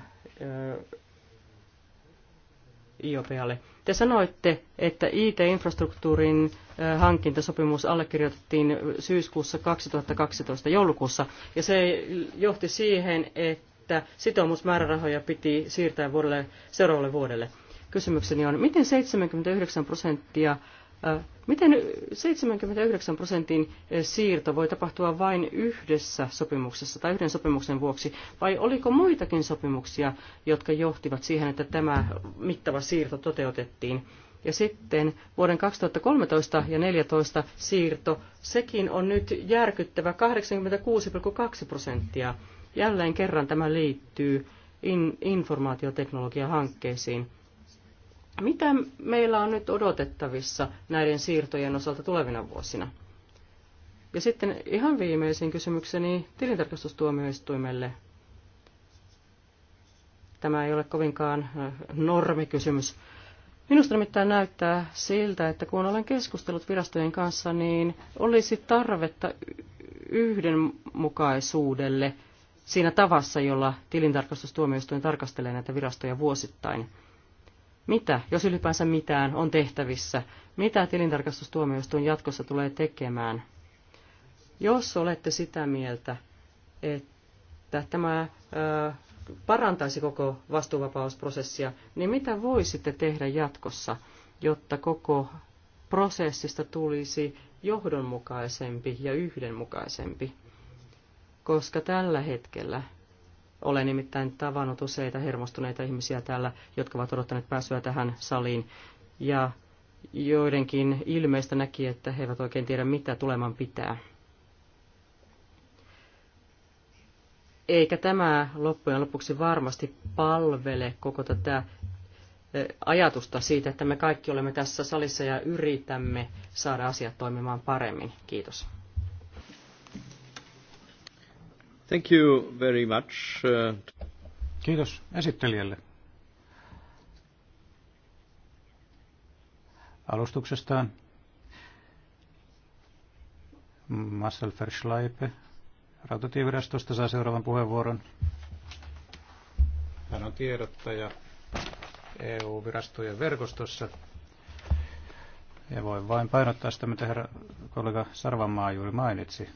IOPalle. Te sanoitte, että IT-infrastruktuurin hankintasopimus allekirjoitettiin syyskuussa 2012 joulukuussa, ja se johti siihen, että sitoumusmäärärahoja piti siirtää vuodelle, seuraavalle vuodelle. Kysymykseni on, miten 79 prosenttia Miten 79 prosentin eh, siirto voi tapahtua vain yhdessä sopimuksessa tai yhden sopimuksen vuoksi, vai oliko muitakin sopimuksia, jotka johtivat siihen, että tämä mittava siirto toteutettiin? Ja sitten vuoden 2013 ja 2014 siirto, sekin on nyt järkyttävä 86,2 prosenttia. Jälleen kerran tämä liittyy in, informaatioteknologiahankkeisiin. hankkeisiin mitä meillä on nyt odotettavissa näiden siirtojen osalta tulevina vuosina? Ja sitten ihan viimeisin kysymykseni tilintarkastustuomioistuimelle. Tämä ei ole kovinkaan äh, normikysymys. Minusta nimittäin näyttää siltä, että kun olen keskustellut virastojen kanssa, niin olisi tarvetta yhdenmukaisuudelle siinä tavassa, jolla tilintarkastustuomioistuin tarkastelee näitä virastoja vuosittain – mitä, jos ylipäänsä mitään, on tehtävissä, mitä tilintarkastustuomioistuin jatkossa tulee tekemään. Jos olette sitä mieltä, että tämä ö, parantaisi koko vastuuvapausprosessia, niin mitä voisitte tehdä jatkossa, jotta koko prosessista tulisi johdonmukaisempi ja yhdenmukaisempi? Koska tällä hetkellä olen nimittäin tavannut useita hermostuneita ihmisiä täällä, jotka ovat odottaneet pääsyä tähän saliin. Ja joidenkin ilmeistä näki, että he eivät oikein tiedä, mitä tuleman pitää. Eikä tämä loppujen lopuksi varmasti palvele koko tätä ajatusta siitä, että me kaikki olemme tässä salissa ja yritämme saada asiat toimimaan paremmin. Kiitos. Thank you very much. Uh, Kiitos esittelijälle. Alustuksestaan Marcel Verschleipe Rautatievirastosta saa seuraavan puheenvuoron. Hän on tiedottaja EU-virastojen verkostossa. Ja voin vain painottaa sitä, mitä herra kollega Sarvamaa juuri mainitsi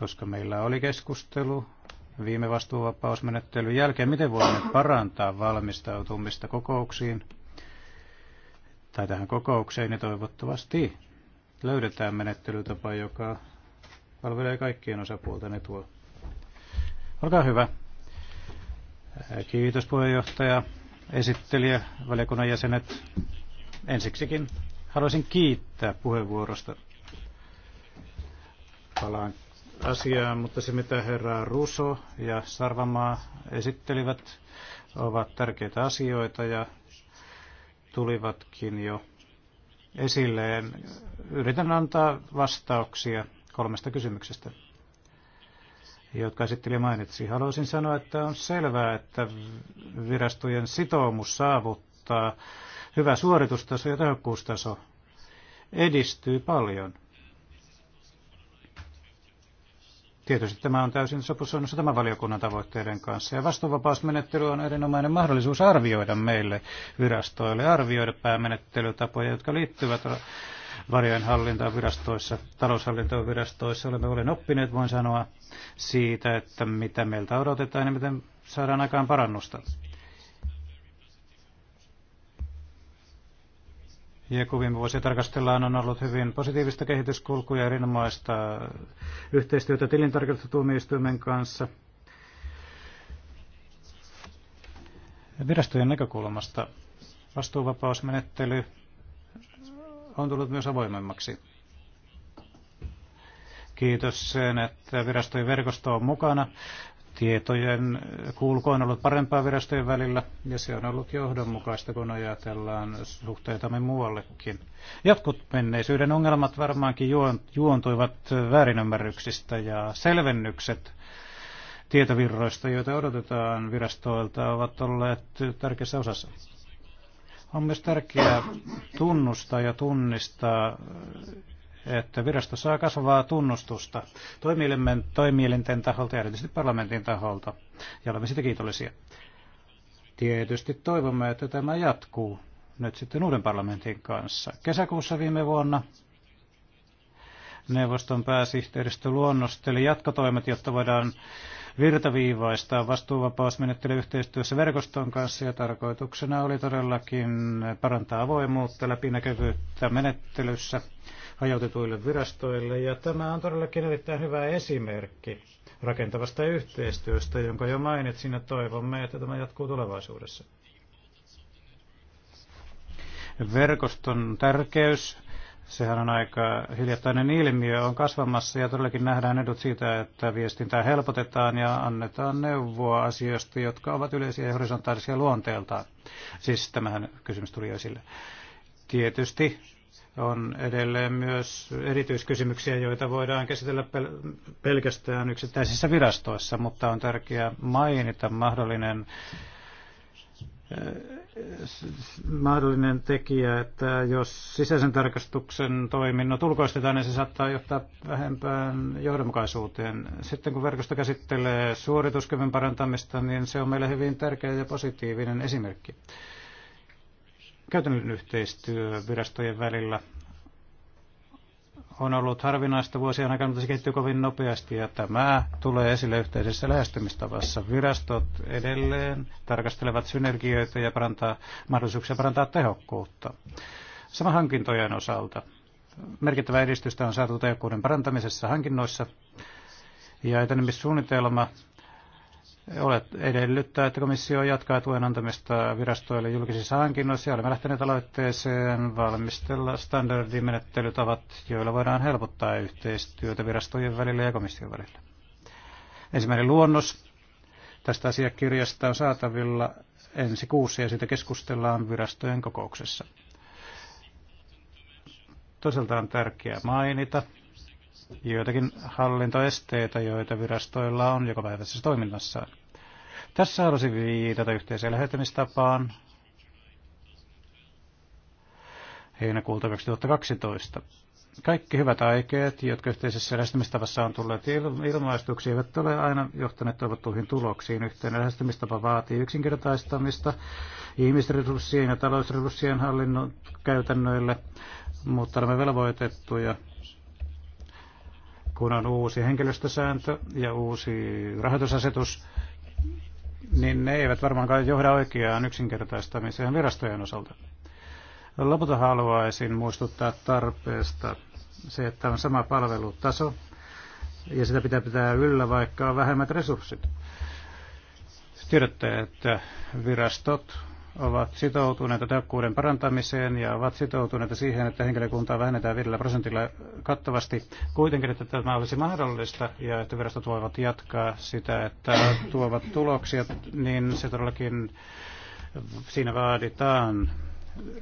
koska meillä oli keskustelu viime vastuuvapausmenettelyn jälkeen, miten voimme parantaa valmistautumista kokouksiin tai tähän kokoukseen, niin toivottavasti löydetään menettelytapa, joka palvelee kaikkien osapuolten etua. Olkaa hyvä. Kiitos puheenjohtaja, esittelijä, valiokunnan jäsenet. Ensiksikin haluaisin kiittää puheenvuorosta. Palaan asiaan, mutta se mitä herra Ruso ja Sarvamaa esittelivät ovat tärkeitä asioita ja tulivatkin jo esilleen. Yritän antaa vastauksia kolmesta kysymyksestä, jotka esitteli mainitsi. Haluaisin sanoa, että on selvää, että virastojen sitoumus saavuttaa hyvä suoritustaso ja tehokkuustaso edistyy paljon – Tietysti tämä on täysin sopusoinnussa tämän valiokunnan tavoitteiden kanssa. Ja vastuuvapausmenettely on erinomainen mahdollisuus arvioida meille virastoille, arvioida päämenettelytapoja, jotka liittyvät hallintaan virastoissa, virastoissa. Olemme olen oppineet, voin sanoa, siitä, että mitä meiltä odotetaan ja miten saadaan aikaan parannusta. ja kun viime vuosia tarkastellaan, on ollut hyvin positiivista ja erinomaista yhteistyötä tilintarkastustuomioistuimen kanssa. Virastojen näkökulmasta vastuuvapausmenettely on tullut myös avoimemmaksi. Kiitos sen, että virastojen verkosto on mukana tietojen kulku on ollut parempaa virastojen välillä ja se on ollut johdonmukaista, kun ajatellaan suhteitamme muuallekin. Jotkut menneisyyden ongelmat varmaankin juontuivat väärinymmärryksistä ja selvennykset tietovirroista, joita odotetaan virastoilta, ovat olleet tärkeässä osassa. On myös tärkeää tunnustaa ja tunnistaa että virasto saa kasvavaa tunnustusta toimielinten taholta ja erityisesti parlamentin taholta, ja olemme siitä kiitollisia. Tietysti toivomme, että tämä jatkuu nyt sitten uuden parlamentin kanssa. Kesäkuussa viime vuonna neuvoston pääsihteeristö luonnosteli jatkotoimet, jotta voidaan virtaviivaistaa vastuuvapausmenettely yhteistyössä verkoston kanssa ja tarkoituksena oli todellakin parantaa avoimuutta, läpinäkyvyyttä menettelyssä hajautetuille virastoille. Ja tämä on todellakin erittäin hyvä esimerkki rakentavasta yhteistyöstä, jonka jo mainitsin ja toivomme, että tämä jatkuu tulevaisuudessa. Verkoston tärkeys, sehän on aika hiljattainen ilmiö, on kasvamassa ja todellakin nähdään edut siitä, että viestintää helpotetaan ja annetaan neuvoa asioista, jotka ovat yleisiä ja horisontaalisia luonteeltaan. Siis tämähän kysymys tuli esille. Tietysti on edelleen myös erityiskysymyksiä, joita voidaan käsitellä pel- pelkästään yksittäisissä virastoissa, mutta on tärkeää mainita mahdollinen eh, mahdollinen tekijä, että jos sisäisen tarkastuksen toiminnot ulkoistetaan, niin se saattaa johtaa vähempään johdonmukaisuuteen. Sitten kun verkosto käsittelee suorituskyvyn parantamista, niin se on meille hyvin tärkeä ja positiivinen esimerkki käytännön yhteistyö virastojen välillä on ollut harvinaista vuosien aikana, mutta se kehittyy kovin nopeasti ja tämä tulee esille yhteisessä lähestymistavassa. Virastot edelleen tarkastelevat synergioita ja parantaa, mahdollisuuksia parantaa tehokkuutta. Sama hankintojen osalta. Merkittävää edistystä on saatu tehokkuuden parantamisessa hankinnoissa ja etenemissuunnitelma olet edellyttää, että komissio jatkaa tuen antamista virastoille julkisissa hankinnoissa ja olemme lähteneet aloitteeseen valmistella standardimenettelytavat, joilla voidaan helpottaa yhteistyötä virastojen välillä ja komission välillä. Ensimmäinen luonnos tästä asiakirjasta on saatavilla ensi kuussa ja siitä keskustellaan virastojen kokouksessa. Toisaalta on tärkeää mainita, joitakin hallintoesteitä, joita virastoilla on jokapäiväisessä toiminnassaan. Tässä halusin viitata yhteiseen lähettämistapaan heinäkuulta 2012. Kaikki hyvät aikeet, jotka yhteisessä lähestymistavassa on tulleet ilmaistuksi, eivät ole aina johtaneet toivottuihin tuloksiin. Yhteinen lähestymistapa vaatii yksinkertaistamista ihmisresurssien ja talousresurssien hallinnon käytännöille, mutta olemme velvoitettuja kun on uusi henkilöstösääntö ja uusi rahoitusasetus, niin ne eivät varmaankaan johda oikeaan yksinkertaistamiseen virastojen osalta. Lopulta haluaisin muistuttaa tarpeesta se, että on sama palvelutaso ja sitä pitää pitää yllä, vaikka on vähemmät resurssit. Tiedätte, että virastot ovat sitoutuneita tehokkuuden parantamiseen ja ovat sitoutuneita siihen, että henkilökuntaa vähennetään 5 prosentilla kattavasti. Kuitenkin, että tämä olisi mahdollista ja että virastot voivat jatkaa sitä, että tuovat tuloksia, niin se todellakin siinä vaaditaan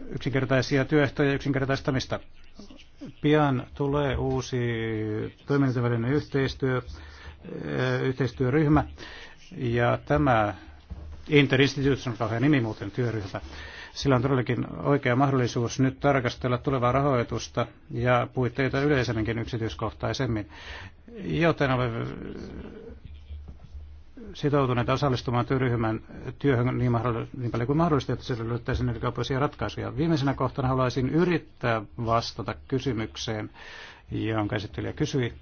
yksinkertaisia työehtoja ja yksinkertaistamista. Pian tulee uusi toimintavälinen yhteistyö, yhteistyöryhmä ja tämä Interinstitutionaalinen nimi muuten työryhmä. Sillä on todellakin oikea mahdollisuus nyt tarkastella tulevaa rahoitusta ja puitteita yleisemminkin yksityiskohtaisemmin, joten olemme sitoutuneita osallistumaan työryhmän työhön niin, niin paljon kuin mahdollista, että sillä löytäisiin erikaupallisia ratkaisuja. Viimeisenä kohtana haluaisin yrittää vastata kysymykseen, jonka esittelijä kysyi,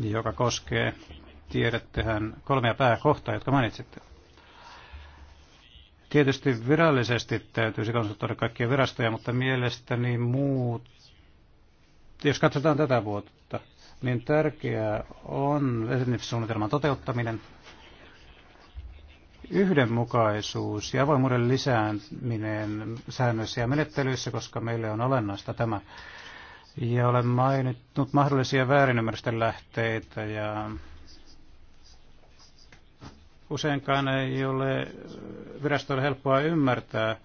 joka koskee tiedättehän kolmea pääkohtaa, jotka mainitsitte. Tietysti virallisesti täytyisi konsultoida kaikkia virastoja, mutta mielestäni muut, jos katsotaan tätä vuotta, niin tärkeää on esimerkiksi toteuttaminen, yhdenmukaisuus ja avoimuuden lisääminen säännöissä ja menettelyissä, koska meille on olennaista tämä. Ja olen maininnut mahdollisia väärinymmärrysten lähteitä ja Useinkaan ei ole äh, virastolle helppoa ymmärtää,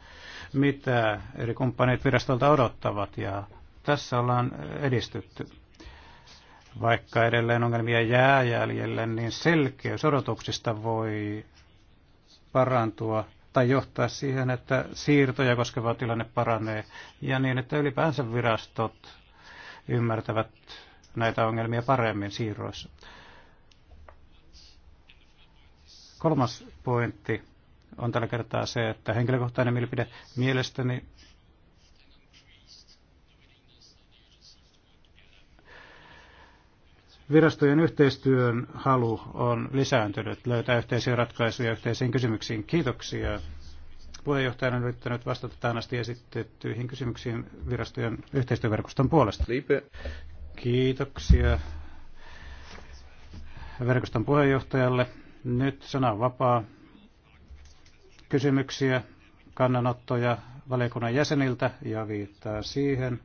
mitä eri kumppanit virastolta odottavat, ja tässä ollaan edistytty. Vaikka edelleen ongelmia jää jäljelle, niin selkeys odotuksista voi parantua tai johtaa siihen, että siirtoja koskeva tilanne paranee ja niin, että ylipäänsä virastot ymmärtävät näitä ongelmia paremmin siirroissa. Kolmas pointti on tällä kertaa se, että henkilökohtainen mielipide mielestäni virastojen yhteistyön halu on lisääntynyt löytää yhteisiä ratkaisuja yhteisiin kysymyksiin. Kiitoksia. Puheenjohtajana on yrittänyt vastata tähän asti esitettyihin kysymyksiin virastojen yhteistyöverkoston puolesta. Liipe. Kiitoksia verkoston puheenjohtajalle. Nyt sana on vapaa. Kysymyksiä, kannanottoja valiokunnan jäseniltä ja viittaa siihen,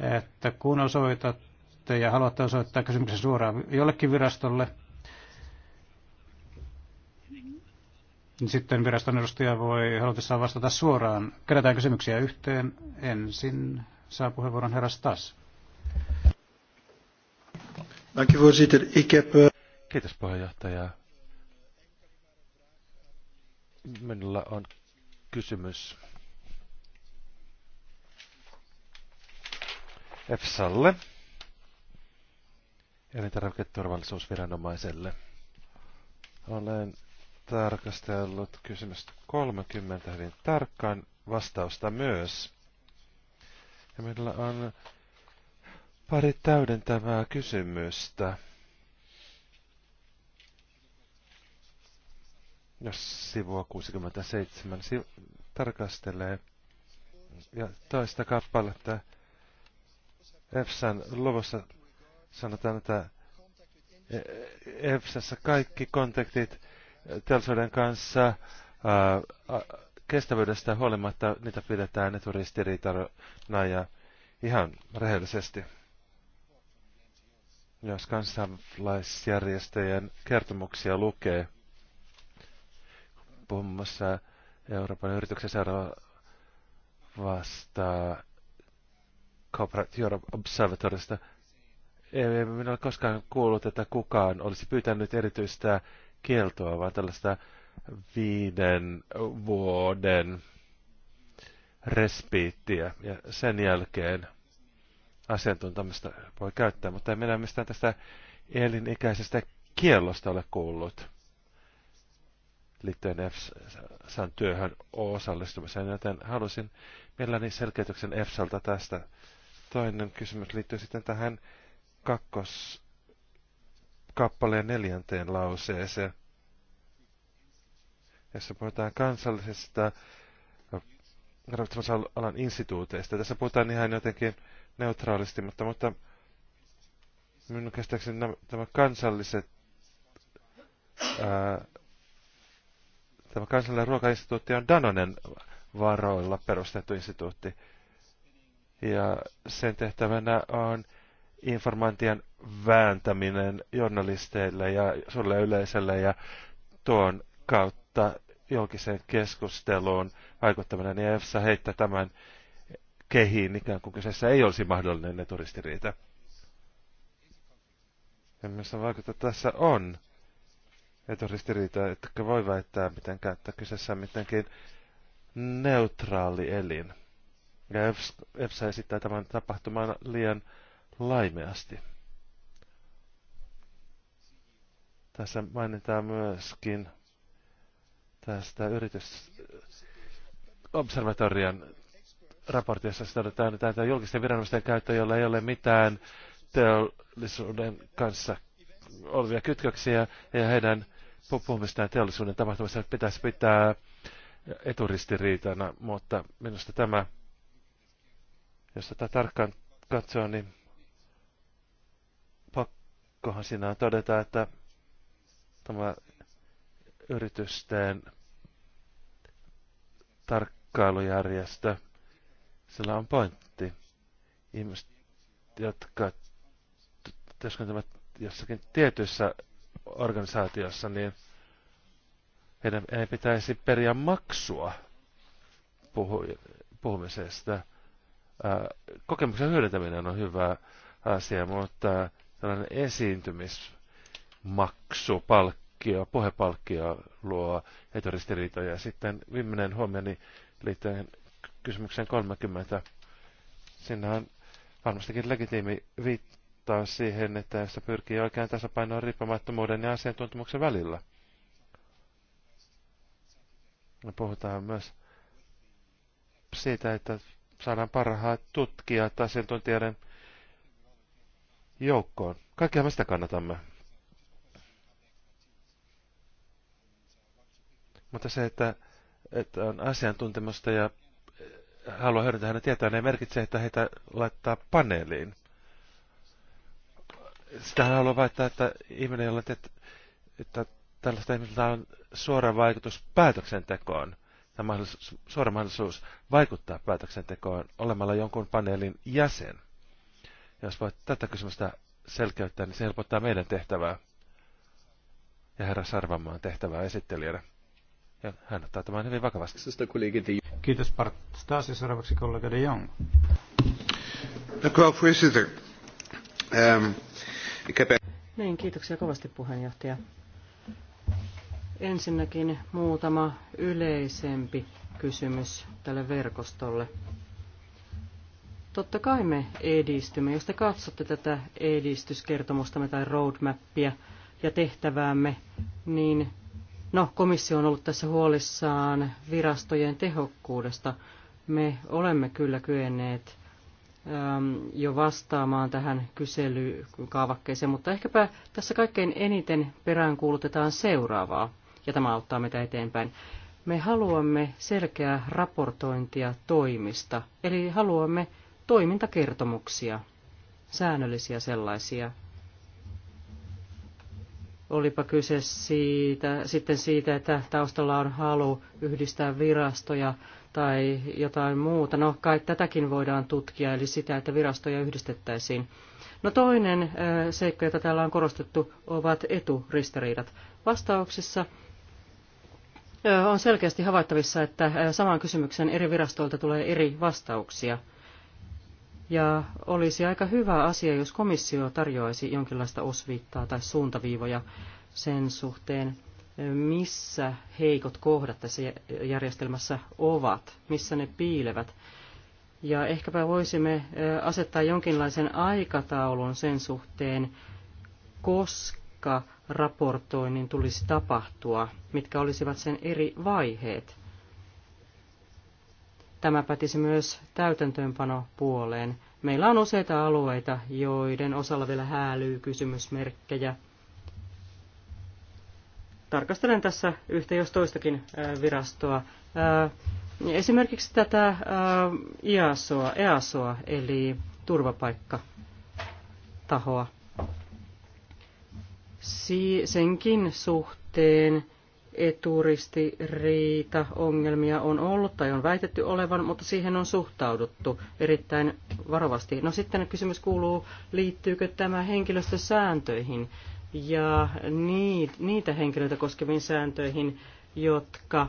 että kun osoitatte ja haluatte osoittaa kysymyksen suoraan jollekin virastolle, niin sitten viraston edustaja voi halutessaan vastata suoraan. Kerätään kysymyksiä yhteen. Ensin saa puheenvuoron herra Stas. Eh, Kiitos puheenjohtaja. Minulla on kysymys EFSAlle, elintarviketurvallisuusviranomaiselle. Olen tarkastellut kysymys 30 hyvin tarkkaan, vastausta myös. Ja meillä on pari täydentävää kysymystä. jos sivua 67 si tarkastelee ja toista kappaletta EFSAn luvussa sanotaan, että e- e- EFSAssa kaikki kontaktit teollisuuden kanssa ää, kestävyydestä huolimatta niitä pidetään eturistiriitana ja ihan rehellisesti. Jos kansalaisjärjestöjen kertomuksia lukee, puhumassa Euroopan yrityksen vastaa Corporate Europe Observatorista. Ei minä ole koskaan kuullut, että kukaan olisi pyytänyt erityistä kieltoa, vaan tällaista viiden vuoden respiittiä ja sen jälkeen asiantuntamista voi käyttää, mutta ei minä mistään tästä elinikäisestä kiellosta ole kuullut liittyen EFSAn työhön osallistumiseen, joten halusin mielelläni selkeytyksen EFSAlta tästä. Toinen kysymys liittyy sitten tähän kakkoskappaleen neljänteen lauseeseen, jossa puhutaan kansallisesta ravitsemisalan instituuteista. Tässä puhutaan ihan jotenkin neutraalisti, mutta, mutta minun käsittääkseni nämä, tämä kansalliset ää, Tämä kansallinen ruokainstituutti on Danonen varoilla perustettu instituutti. Ja sen tehtävänä on informantien vääntäminen journalisteille ja sulle yleisölle ja tuon kautta julkiseen keskusteluun vaikuttaminen. Niin ja EFSA heittää tämän kehiin ikään kuin kyseessä ei olisi mahdollinen turistiriitä. Ja minusta vaikuttaa tässä on eturistiriitoja, että voi väittää miten käyttää kyseessä mitenkin neutraali elin. Ja EFSA esittää tämän tapahtuman liian laimeasti. Tässä mainitaan myöskin tästä yritysobservatorian raportissa todetaan, että tämä julkisten viranomaisten käyttö, jolla ei ole mitään teollisuuden kanssa olevia kytköksiä ja heidän puhumistaan teollisuuden tapahtumista pitäisi pitää eturistiriitana, mutta minusta tämä, jos tätä tarkkaan katsoo, niin pakkohan siinä on todeta, että tämä yritysten tarkkailujärjestö, sillä on pointti. Ihmiset, jotka työskentelevät jossakin tietyissä organisaatiossa, niin heidän ei pitäisi periä maksua puhu, puhumisesta. Äh, kokemuksen hyödyntäminen on hyvä asia, mutta tällainen esiintymismaksu, palkkio, puhepalkkio luo eturistiriitoja. Sitten viimeinen huomioni liittyen kysymykseen 30. Siinä on varmastikin legitiimi viittaus johtaa siihen, että se pyrkii oikein tasapainoon riippumattomuuden ja asiantuntemuksen välillä. Me puhutaan myös siitä, että saadaan parhaat tutkijat asiantuntijoiden joukkoon. Kaikkihan me sitä kannatamme. Mutta se, että, että on asiantuntemusta ja haluaa hyödyntää hänen tietoaan, ne merkitsee, että heitä laittaa paneeliin sitä haluan väittää, että ihminen, jolla teet, että tällaista ihmisellä on suora vaikutus päätöksentekoon ja mahdollisuus, suora mahdollisuus vaikuttaa päätöksentekoon olemalla jonkun paneelin jäsen. Jos voit tätä kysymystä selkeyttää, niin se helpottaa meidän tehtävää ja herra Sarvamaan tehtävää esittelijänä. Ja hän ottaa tämän hyvin vakavasti. Kiitos Bart Taas ja seuraavaksi kollega De Jong. Dank Um, niin, kiitoksia kovasti puheenjohtaja. Ensinnäkin muutama yleisempi kysymys tälle verkostolle. Totta kai me edistymme. Jos te katsotte tätä edistyskertomustamme tai roadmappia ja tehtäväämme, niin no, komissio on ollut tässä huolissaan virastojen tehokkuudesta. Me olemme kyllä kyenneet Ähm, jo vastaamaan tähän kyselykaavakkeeseen, mutta ehkäpä tässä kaikkein eniten peräänkuulutetaan seuraavaa, ja tämä auttaa meitä eteenpäin. Me haluamme selkeää raportointia toimista, eli haluamme toimintakertomuksia, säännöllisiä sellaisia. Olipa kyse siitä, sitten siitä, että taustalla on halu yhdistää virastoja tai jotain muuta. No kai tätäkin voidaan tutkia, eli sitä, että virastoja yhdistettäisiin. No toinen seikka, jota täällä on korostettu, ovat eturistariidat. Vastauksissa on selkeästi havaittavissa, että samaan kysymykseen eri virastoilta tulee eri vastauksia. Ja olisi aika hyvä asia, jos komissio tarjoaisi jonkinlaista osviittaa tai suuntaviivoja sen suhteen, missä heikot kohdat tässä järjestelmässä ovat, missä ne piilevät. Ja ehkäpä voisimme asettaa jonkinlaisen aikataulun sen suhteen, koska raportoinnin tulisi tapahtua, mitkä olisivat sen eri vaiheet. Tämä pätisi myös täytäntöönpanopuoleen. Meillä on useita alueita, joiden osalla vielä häälyy kysymysmerkkejä – tarkastelen tässä yhtä jos toistakin virastoa. Esimerkiksi tätä IASOa, EASOa, eli turvapaikkatahoa. Senkin suhteen eturistiriita ongelmia on ollut tai on väitetty olevan, mutta siihen on suhtauduttu erittäin varovasti. No sitten kysymys kuuluu, liittyykö tämä henkilöstösääntöihin? ja niitä henkilöitä koskeviin sääntöihin, jotka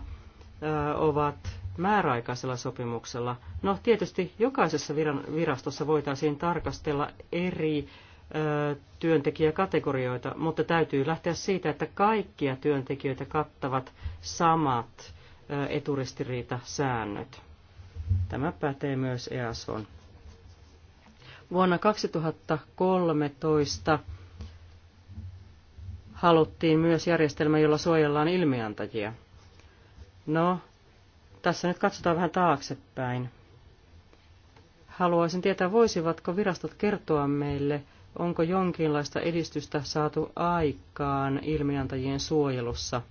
ovat määräaikaisella sopimuksella. No tietysti jokaisessa virastossa voitaisiin tarkastella eri työntekijäkategorioita, mutta täytyy lähteä siitä, että kaikkia työntekijöitä kattavat samat eturistiriitasäännöt. Tämä pätee myös EASOn. Vuonna 2013 haluttiin myös järjestelmä, jolla suojellaan ilmiantajia. No, tässä nyt katsotaan vähän taaksepäin. Haluaisin tietää, voisivatko virastot kertoa meille, onko jonkinlaista edistystä saatu aikaan ilmiantajien suojelussa.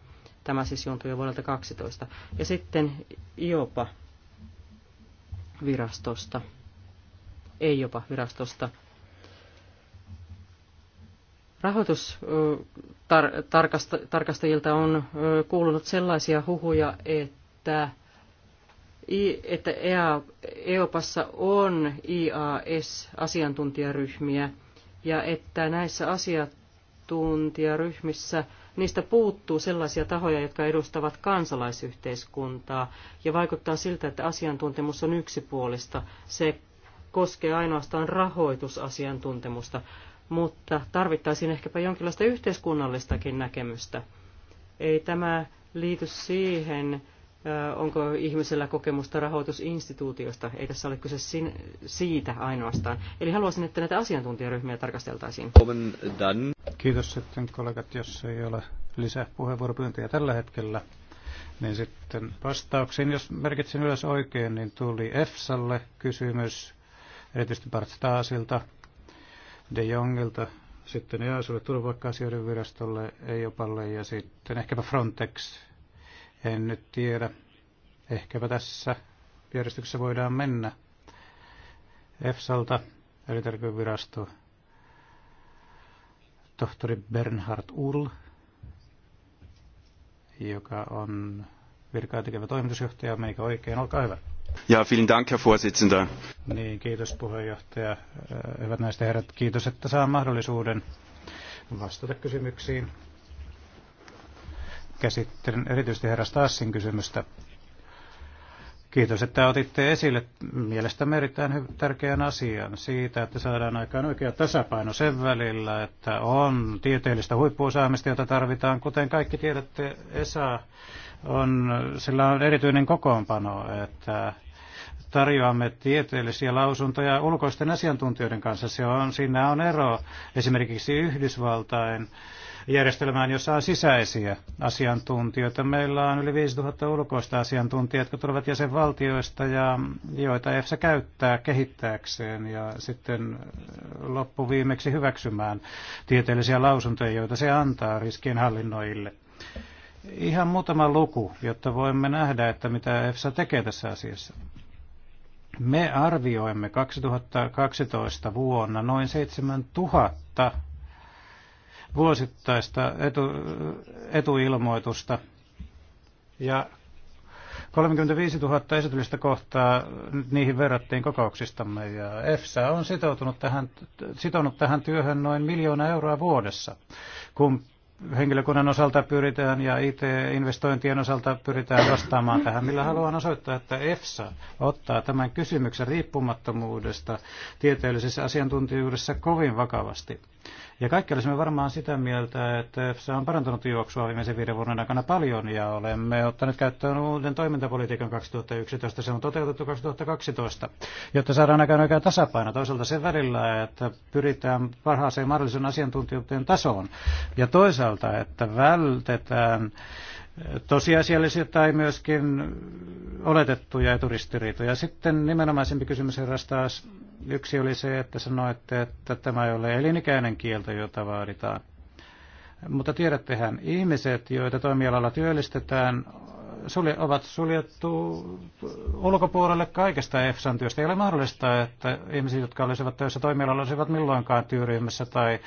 Tämä siis juontui jo vuodelta 12. Ja sitten IOPA virastosta. Ei jopa virastosta rahoitustarkastajilta on kuulunut sellaisia huhuja, että että EOPassa on IAS-asiantuntijaryhmiä ja että näissä asiantuntijaryhmissä niistä puuttuu sellaisia tahoja, jotka edustavat kansalaisyhteiskuntaa ja vaikuttaa siltä, että asiantuntemus on yksipuolista. Se koskee ainoastaan rahoitusasiantuntemusta mutta tarvittaisiin ehkäpä jonkinlaista yhteiskunnallistakin näkemystä. Ei tämä liity siihen, onko ihmisellä kokemusta rahoitusinstituutiosta. Ei tässä ole kyse siitä ainoastaan. Eli haluaisin, että näitä asiantuntijaryhmiä tarkasteltaisiin. Kiitos sitten kollegat, jos ei ole lisää puheenvuoropyyntöjä tällä hetkellä. Niin sitten vastauksiin, jos merkitsin ylös oikein, niin tuli EFSAlle kysymys, erityisesti Bart Staasilta, De Jongilta, sitten EASUlle, turvapaikka-asioiden virastolle, EIOPalle ja sitten ehkäpä Frontex. En nyt tiedä. Ehkäpä tässä järjestyksessä voidaan mennä. EFSALta, elintarvikevirasto, tohtori Bernhard Ull joka on virkaa tekevä toimitusjohtaja, meikä oikein, olkaa hyvä. Ja, vielen Dank, Herr Vorsitzender. Niin, kiitos puheenjohtaja. Äh, hyvät naiset ja herrat, kiitos, että saan mahdollisuuden vastata kysymyksiin. Käsittelen erityisesti herra Stassin kysymystä. Kiitos, että otitte esille mielestäni erittäin tärkeän asian siitä, että saadaan aikaan oikea tasapaino sen välillä, että on tieteellistä huippuosaamista, jota tarvitaan. Kuten kaikki tiedätte, ESA on, sillä on erityinen kokoonpano, että tarjoamme tieteellisiä lausuntoja ulkoisten asiantuntijoiden kanssa. Se on, siinä on ero esimerkiksi Yhdysvaltain järjestelmään, jossa on sisäisiä asiantuntijoita. Meillä on yli 5000 ulkoista asiantuntijaa, jotka tulevat jäsenvaltioista ja joita EFSA käyttää kehittääkseen ja sitten loppuviimeksi hyväksymään tieteellisiä lausuntoja, joita se antaa riskienhallinnoille. Ihan muutama luku, jotta voimme nähdä, että mitä EFSA tekee tässä asiassa. Me arvioimme 2012 vuonna noin 7000 vuosittaista etu, etuilmoitusta ja 35 000 esitystä kohtaa niihin verrattiin kokouksistamme ja EFSA on sitoutunut tähän, sitonut tähän työhön noin miljoona euroa vuodessa, kun henkilökunnan osalta pyritään ja IT-investointien osalta pyritään vastaamaan tähän, millä haluan osoittaa, että EFSA ottaa tämän kysymyksen riippumattomuudesta tieteellisessä asiantuntijuudessa kovin vakavasti. Ja kaikki olisimme varmaan sitä mieltä, että EFSA on parantanut juoksua viimeisen viiden vuoden aikana paljon ja olemme ottaneet käyttöön uuden toimintapolitiikan 2011. Se on toteutettu 2012, jotta saadaan aikaan oikea tasapaino toisaalta sen välillä, että pyritään parhaaseen mahdollisen asiantuntijuuteen tasoon ja toisaalta, että vältetään tosiasiallisia tai myöskin oletettuja eturistiriitoja. Sitten nimenomaisempi kysymys herras taas yksi oli se, että sanoitte, että tämä ei ole elinikäinen kielto, jota vaaditaan. Mutta tiedättehän, ihmiset, joita toimialalla työllistetään, sulje, ovat suljettu ulkopuolelle kaikesta EFSAn työstä. Ei ole mahdollista, että ihmiset, jotka olisivat töissä toimialalla, olisivat milloinkaan työryhmässä tai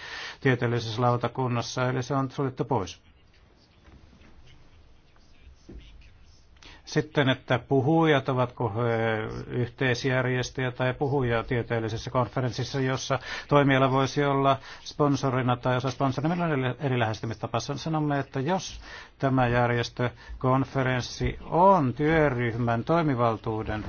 tieteellisessä lautakunnassa, eli se on suljettu pois. Sitten, että puhujat, ovatko he yhteisjärjestäjä tai puhuja tieteellisessä konferenssissa, jossa toimiala voisi olla sponsorina tai osa sponsorina. Meillä on eri lähestymistapassa. Sanomme, että jos tämä järjestökonferenssi on työryhmän toimivaltuuden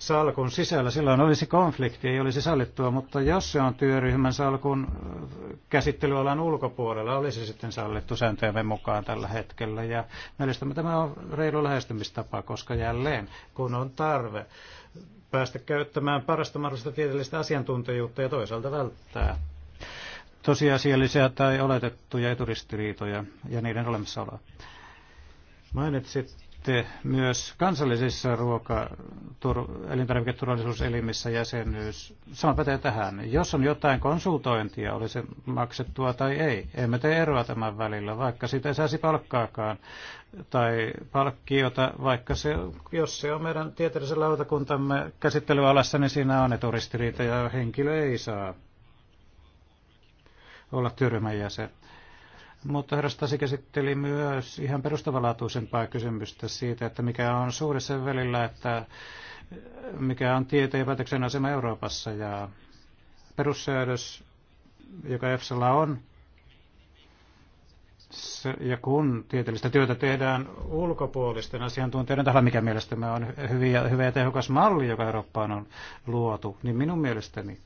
salkun sisällä. Silloin olisi konflikti, ei olisi sallittua, mutta jos se on työryhmän salkun äh, käsittelyalan ulkopuolella, olisi sitten sallittu sääntöjemme mukaan tällä hetkellä. Ja mielestäni tämä on reilu lähestymistapa, koska jälleen, kun on tarve päästä käyttämään parasta mahdollista tieteellistä asiantuntijuutta ja toisaalta välttää tosiasiallisia tai oletettuja eturistiriitoja ja niiden olemassaoloa. Mainitsit olette myös kansallisissa ruoka- elintarviketurvallisuuselimissä jäsenyys. Sama pätee tähän. Jos on jotain konsultointia, oli se maksettua tai ei, emme tee eroa tämän välillä, vaikka siitä ei saisi palkkaakaan tai palkkiota, vaikka se, jos se on meidän tieteellisen lautakuntamme käsittelyalassa, niin siinä on eturistiriita ja henkilö ei saa olla työryhmän jäsen. Mutta herra Stasi käsitteli myös ihan perustavanlaatuisempaa kysymystä siitä, että mikä on suuri sen välillä, että mikä on tieteen ja päätöksen asema Euroopassa ja perussäädös, joka EFSAlla on, ja kun tieteellistä työtä tehdään ulkopuolisten asiantuntijoiden tahalla, mikä mielestäni on hyvin ja, hyvä ja tehokas malli, joka Eurooppaan on luotu, niin minun mielestäni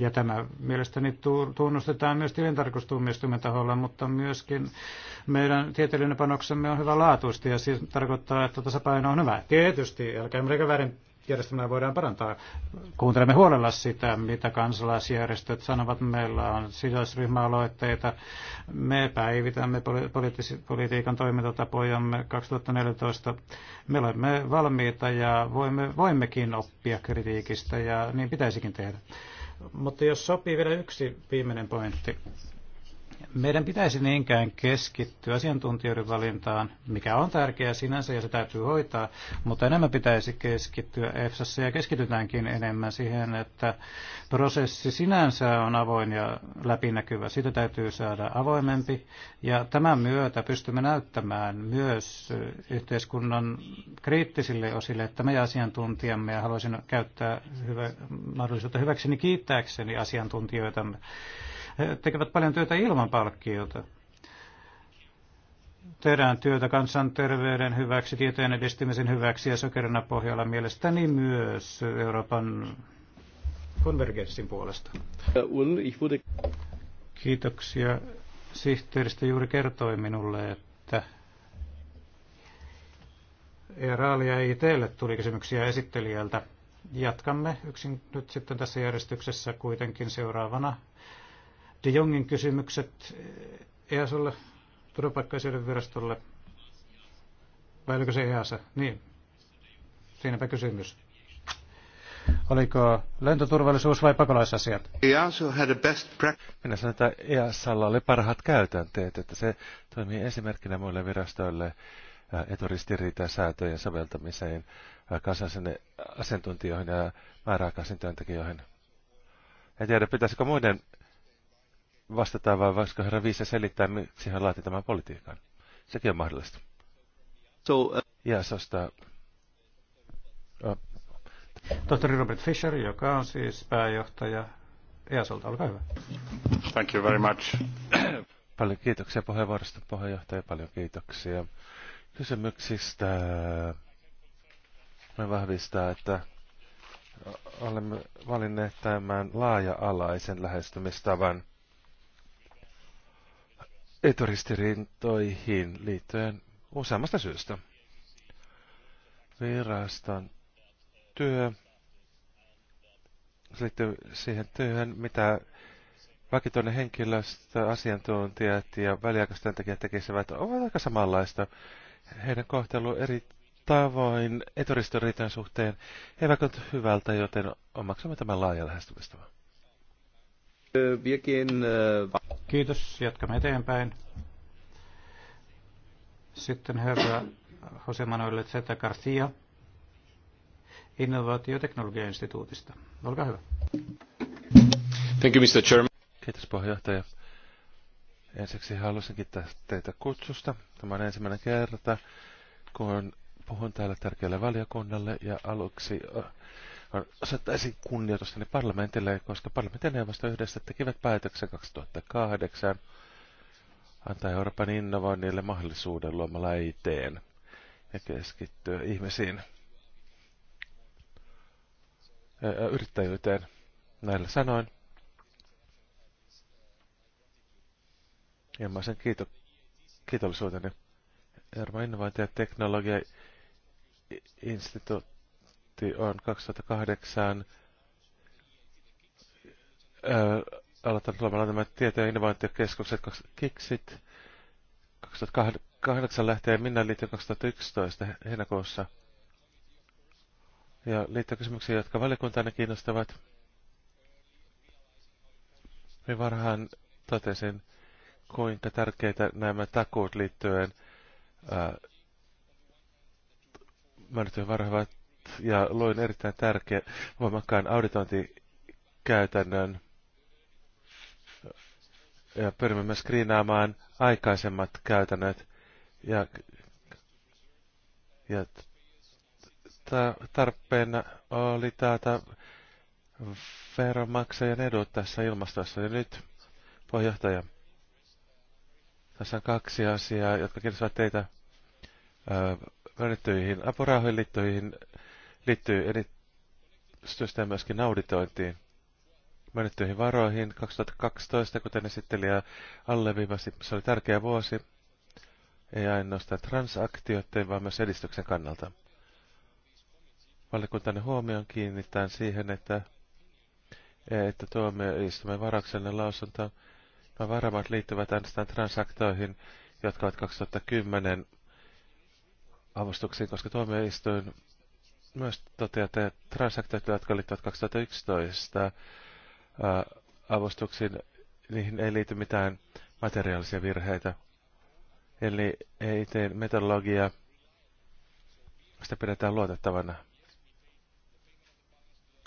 ja tämä mielestäni tunnustetaan myös tilintarkastustuomioistuimen taholla, mutta myöskin meidän tieteellinen panoksemme on hyvä laatuista ja se siis tarkoittaa, että tasapaino on hyvä. Tietysti, älkää merkä väärin järjestelmää voidaan parantaa. Kuuntelemme huolella sitä, mitä kansalaisjärjestöt sanovat. Meillä on sidosryhmäaloitteita. Me päivitämme politiikan toimintatapojamme 2014. Me olemme valmiita ja voimme, voimmekin oppia kritiikistä ja niin pitäisikin tehdä. Mutta jos sopii vielä yksi viimeinen pointti meidän pitäisi niinkään keskittyä asiantuntijoiden valintaan, mikä on tärkeää sinänsä ja se täytyy hoitaa, mutta enemmän pitäisi keskittyä EFSassa ja keskitytäänkin enemmän siihen, että prosessi sinänsä on avoin ja läpinäkyvä. Sitä täytyy saada avoimempi ja tämän myötä pystymme näyttämään myös yhteiskunnan kriittisille osille, että me asiantuntijamme ja haluaisin käyttää hyvä, mahdollisuutta hyväkseni kiittääkseni asiantuntijoitamme he tekevät paljon työtä ilman palkkiota. Tehdään työtä kansanterveyden hyväksi, tieteen edistymisen hyväksi ja sokerina pohjalla mielestäni myös Euroopan konvergenssin puolesta. Kiitoksia. Sihteeristä juuri kertoi minulle, että Raalia ei teille tuli kysymyksiä esittelijältä. Jatkamme yksin nyt sitten tässä järjestyksessä kuitenkin seuraavana De Jongin kysymykset EASolle, eh, e turvapaikkaisuuden virastolle, vai oliko se EASA? Niin, siinäpä kysymys. Oliko lentoturvallisuus vai pakolaisasiat? E Minä sanon, että EASalla oli parhaat käytänteet, että se toimii esimerkkinä muille virastoille eh, säätöjen soveltamiseen eh, kansallisen asiantuntijoihin ja määräaikaisiin työntekijöihin. En tiedä, pitäisikö muiden vastataan, vai voisiko herra Viisa selittää, miksi hän laati tämän politiikan? Sekin on mahdollista. So, uh... Ja sosta... Uh. Tohtori Robert Fisher, joka on siis pääjohtaja EASolta, olkaa hyvä. Thank you very much. Paljon kiitoksia puheenvuorosta, puheenjohtaja. Paljon kiitoksia kysymyksistä. Me vahvistaa, että olemme valinneet tämän laaja-alaisen lähestymistavan eturistiriintoihin liittyen useammasta syystä. Viraston työ se liittyy siihen työhön, mitä vakitoinen henkilöstö, asiantuntijat ja tekijät tekisivät, ovat aika samanlaista. Heidän kohtelu eri tavoin eturistoriitojen suhteen eivät hyvältä, joten omaksumme tämän laajan lähestymistavan. Kiitos, jatkamme eteenpäin. Sitten herra Jose Manuel Zeta Garcia innovaatioteknologiainstituutista. Olkaa hyvä. Thank you, Mr. Chairman. Kiitos puheenjohtaja. Ensiksi haluaisin kiittää teitä kutsusta. Tämä on ensimmäinen kerta, kun puhun täällä tärkeälle valiokunnalle ja aluksi osoittaisin kunnioitustani parlamentille, koska parlamentin neuvosto yhdessä tekivät päätöksen 2008 antaa Euroopan innovoinnille mahdollisuuden luomalla eteen ja keskittyä ihmisiin ja yrittäjyyteen. Näillä sanoin. Ilmaisen kiito kiitollisuuteni Euroopan innovointi- ja teknologia instituutti budjetti on 2008 aloittanut luomalla nämä tieto- ja innovaatiokeskukset, KIKSit, 2008 lähtee minä liittyen 2011 heinäkuussa. Ja kysymyksiä, jotka valiokuntaanne kiinnostavat. Minä niin varhaan totesin, kuinka tärkeitä nämä takuut liittyen ää, mä nyt varhavat ja loin erittäin tärkeä voimakkaan auditointikäytännön. Ja pyrimme myös skriinaamaan aikaisemmat käytännöt ja, ja tarpeena oli taata veronmaksajan edut tässä ilmastossa. Ja nyt, puheenjohtaja, tässä on kaksi asiaa, jotka kiinnostavat teitä myönnettyihin apurahoihin liittyihin liittyy erityisesti myöskin auditointiin. Myönnettyihin varoihin 2012, kuten esittelijä alleviivasi, se oli tärkeä vuosi, ei ainoastaan transaktioiden, vaan myös edistyksen kannalta. Valiokuntanne huomioon kiinnittää siihen, että, että tuomioistuimen varauksellinen lausunto Nämä varamat liittyvät ainoastaan transaktioihin, jotka ovat 2010 avustuksiin, koska tuomioistuin myös toteatte, transaktioita, jotka liittyvät 2011 ää, avustuksiin, niihin ei liity mitään materiaalisia virheitä. Eli ei tee metodologia, sitä pidetään luotettavana.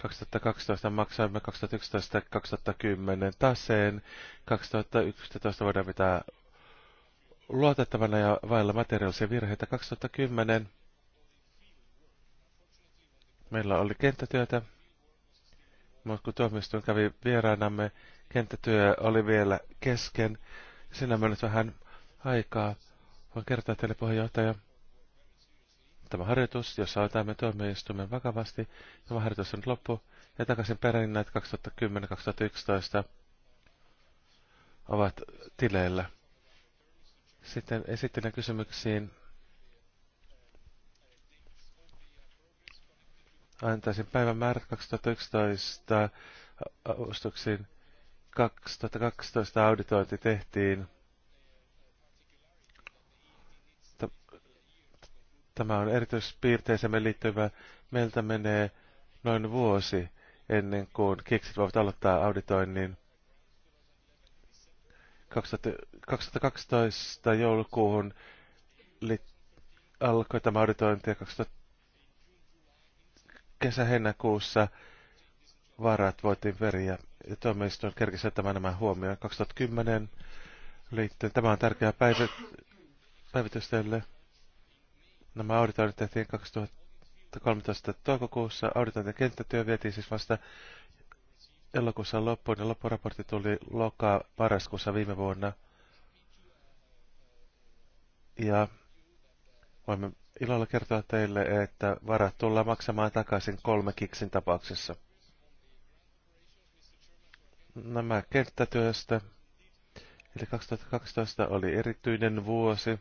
2012 maksoimme 2011 2010 taseen. 2011 voidaan pitää luotettavana ja vailla materiaalisia virheitä. 2010 Meillä oli kenttätyötä, mutta kun tuomioistuin kävi vieraanamme, kenttätyö oli vielä kesken. Siinä meni vähän aikaa. Voin kertoa teille puheenjohtaja. Tämä harjoitus, jossa otamme tuomioistuimen vakavasti, tämä harjoitus on nyt loppu. Ja takaisin näitä 2010-2011 ovat tileillä. Sitten esittelen kysymyksiin antaisin päivämäärät 2011 avustuksiin 2012 auditointi tehtiin. Tämä on erityispiirteisemme liittyvä. Meiltä menee noin vuosi ennen kuin keksit voivat aloittaa auditoinnin. 2012 joulukuuhun li- alkoi tämä auditointi ja 2012 kesä-heinäkuussa varat voitiin veriä ja toimistoon kerkisi ottamaan nämä huomioon 2010 liittyen. Tämä on tärkeä päivä, päivitystöille. Nämä auditoinnit tehtiin 2013 toukokuussa. Auditointi ja kenttätyö vietiin siis vasta elokuussa loppuun ja loppuraportti tuli lokaa marraskuussa viime vuonna. Ja voimme ilolla kertoa teille, että varat tullaan maksamaan takaisin kolme kiksin tapauksessa. Nämä kenttätyöstä, eli 2012 oli erityinen vuosi,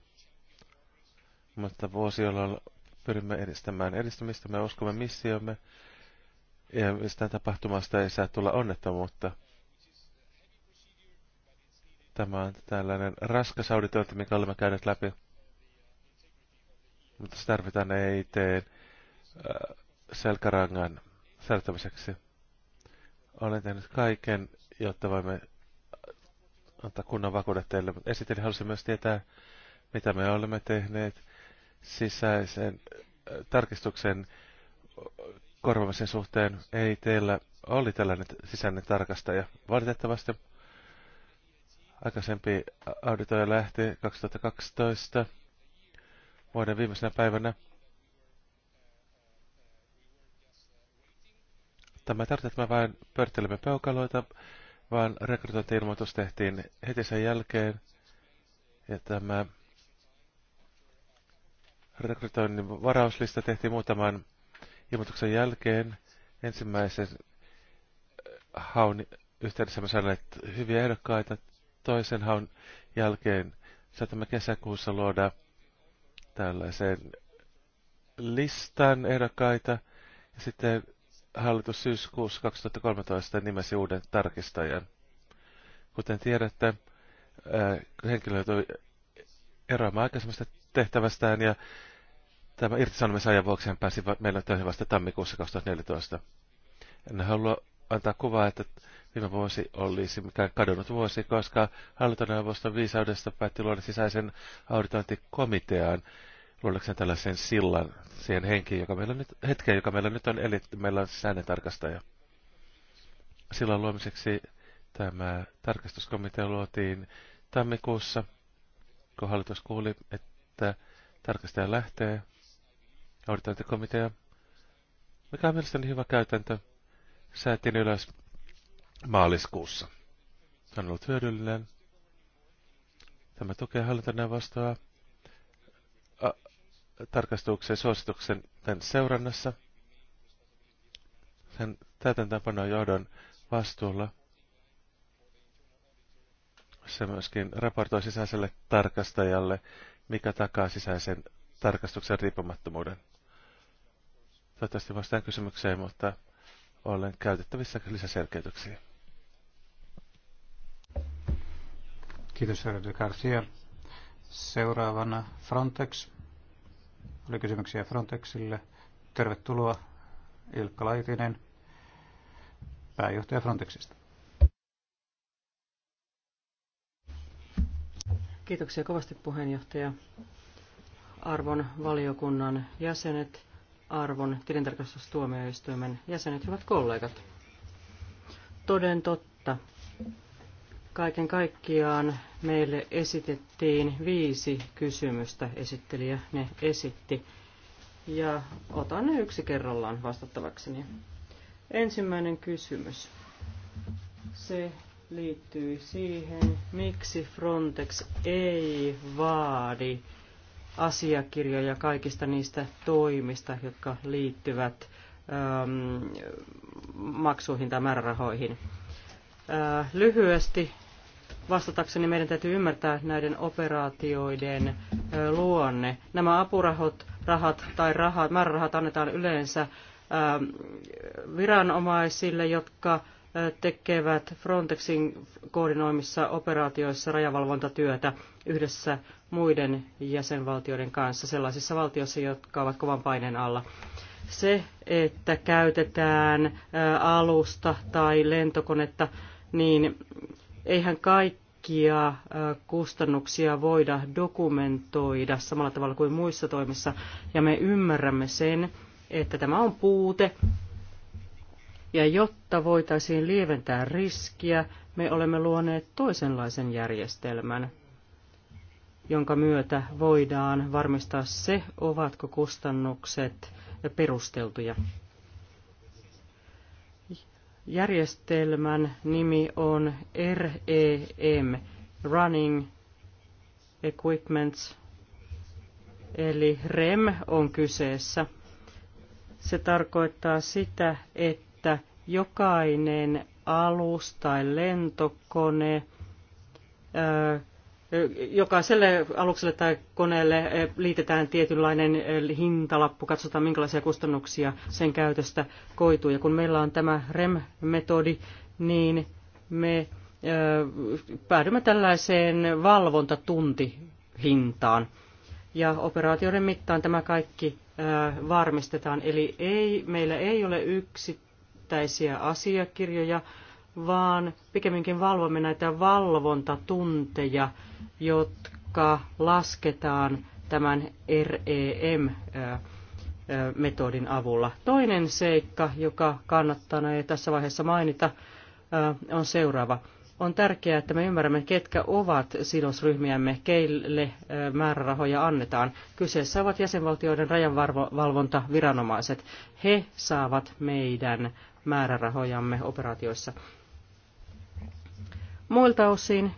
mutta vuosi, jolloin pyrimme edistämään edistämistä, me uskomme missiomme, ja mistään tapahtumasta ei saa tulla onnettomuutta. Tämä on tällainen raskas auditointi, mikä olemme käyneet läpi mutta se tarvitaan EIT äh, selkärangan säilyttämiseksi. Olen tehnyt kaiken, jotta voimme antaa kunnan vakuudet teille, mutta esitteli halusin myös tietää, mitä me olemme tehneet sisäisen äh, tarkistuksen korvaamisen suhteen. Ei teillä oli tällainen sisäinen tarkastaja. Valitettavasti aikaisempi auditoija lähti 2012 vuoden viimeisenä päivänä. Tämä ei tarvitse, että me vain pörttelemme peukaloita, vaan rekrytointi-ilmoitus tehtiin heti sen jälkeen. Ja tämä rekrytoinnin varauslista tehtiin muutaman ilmoituksen jälkeen. Ensimmäisen äh, haun yhteydessä me saaneet hyviä ehdokkaita. Toisen haun jälkeen saatamme kesäkuussa luoda tällaiseen listan ehdokkaita. Ja sitten hallitus syyskuussa 2013 nimesi uuden tarkistajan. Kuten tiedätte, äh, henkilö joutui eroamaan aikaisemmasta tehtävästään ja tämä irtisanomisajan vuoksi hän pääsi meillä töihin vasta tammikuussa 2014. En halua antaa kuvaa, että viime vuosi olisi mikään kadonnut vuosi, koska hallintoneuvoston viisaudesta päätti luoda sisäisen auditointikomitean luodakseen tällaisen sillan siihen henkiin, joka meillä nyt, hetkeen, joka meillä nyt on, eli meillä on säännön tarkastaja. Sillan luomiseksi tämä tarkastuskomitea luotiin tammikuussa, kun hallitus kuuli, että tarkastaja lähtee, auditointikomitea, mikä on mielestäni hyvä käytäntö säätin ylös maaliskuussa. Se on ollut hyödyllinen. Tämä tukee hallintoneuvostoa tarkastuksen suosituksen tämän seurannassa. Sen täytäntöönpanon johdon vastuulla. Se myöskin raportoi sisäiselle tarkastajalle, mikä takaa sisäisen tarkastuksen riippumattomuuden. Toivottavasti vastaan kysymykseen, mutta olen käytettävissä lisäselkeytyksiä. Kiitos, herra Garcia. Seuraavana Frontex. Oli kysymyksiä Frontexille. Tervetuloa Ilkka Laitinen, pääjohtaja Frontexista. Kiitoksia kovasti puheenjohtaja. Arvon valiokunnan jäsenet, arvon tilintarkastustuomioistuimen jäsenet, hyvät kollegat. Toden totta. Kaiken kaikkiaan meille esitettiin viisi kysymystä, esittelijä ne esitti. Ja otan ne yksi kerrallaan vastattavakseni. Ensimmäinen kysymys. Se liittyy siihen, miksi Frontex ei vaadi asiakirjoja kaikista niistä toimista, jotka liittyvät ähm, maksuihin tai määrärahoihin. Äh, lyhyesti vastatakseni meidän täytyy ymmärtää näiden operaatioiden äh, luonne. Nämä apurahot, rahat tai rahat, määrärahat annetaan yleensä äh, viranomaisille, jotka äh, tekevät Frontexin koordinoimissa operaatioissa rajavalvontatyötä yhdessä muiden jäsenvaltioiden kanssa sellaisissa valtioissa, jotka ovat kovan paineen alla. Se, että käytetään alusta tai lentokonetta, niin eihän kaikkia kustannuksia voida dokumentoida samalla tavalla kuin muissa toimissa. Ja me ymmärrämme sen, että tämä on puute. Ja jotta voitaisiin lieventää riskiä, me olemme luoneet toisenlaisen järjestelmän – jonka myötä voidaan varmistaa se, ovatko kustannukset perusteltuja. Järjestelmän nimi on REM, Running Equipments, eli REM on kyseessä. Se tarkoittaa sitä, että jokainen alus tai lentokone jokaiselle alukselle tai koneelle eh, liitetään tietynlainen eh, hintalappu, katsotaan minkälaisia kustannuksia sen käytöstä koituu. Ja kun meillä on tämä REM-metodi, niin me eh, päädymme tällaiseen valvontatuntihintaan. Ja operaatioiden mittaan tämä kaikki varmistetaan. Eli ei, meillä ei ole yksittäisiä asiakirjoja, vaan pikemminkin valvomme näitä valvontatunteja, jotka lasketaan tämän REM-metodin avulla. Toinen seikka, joka kannattaa tässä vaiheessa mainita, on seuraava. On tärkeää, että me ymmärrämme, ketkä ovat sidosryhmiämme, keille määrärahoja annetaan. Kyseessä ovat jäsenvaltioiden rajanvalvontaviranomaiset. He saavat meidän määrärahojamme operaatioissa. Muilta osin,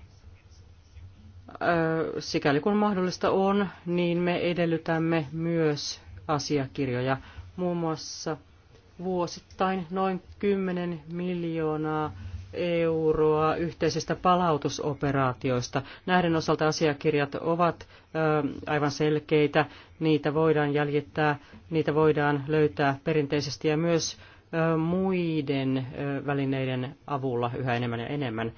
sikäli kun mahdollista on, niin me edellytämme myös asiakirjoja, muun muassa vuosittain noin 10 miljoonaa euroa yhteisistä palautusoperaatioista. Näiden osalta asiakirjat ovat aivan selkeitä, niitä voidaan jäljittää, niitä voidaan löytää perinteisesti ja myös muiden välineiden avulla yhä enemmän ja enemmän.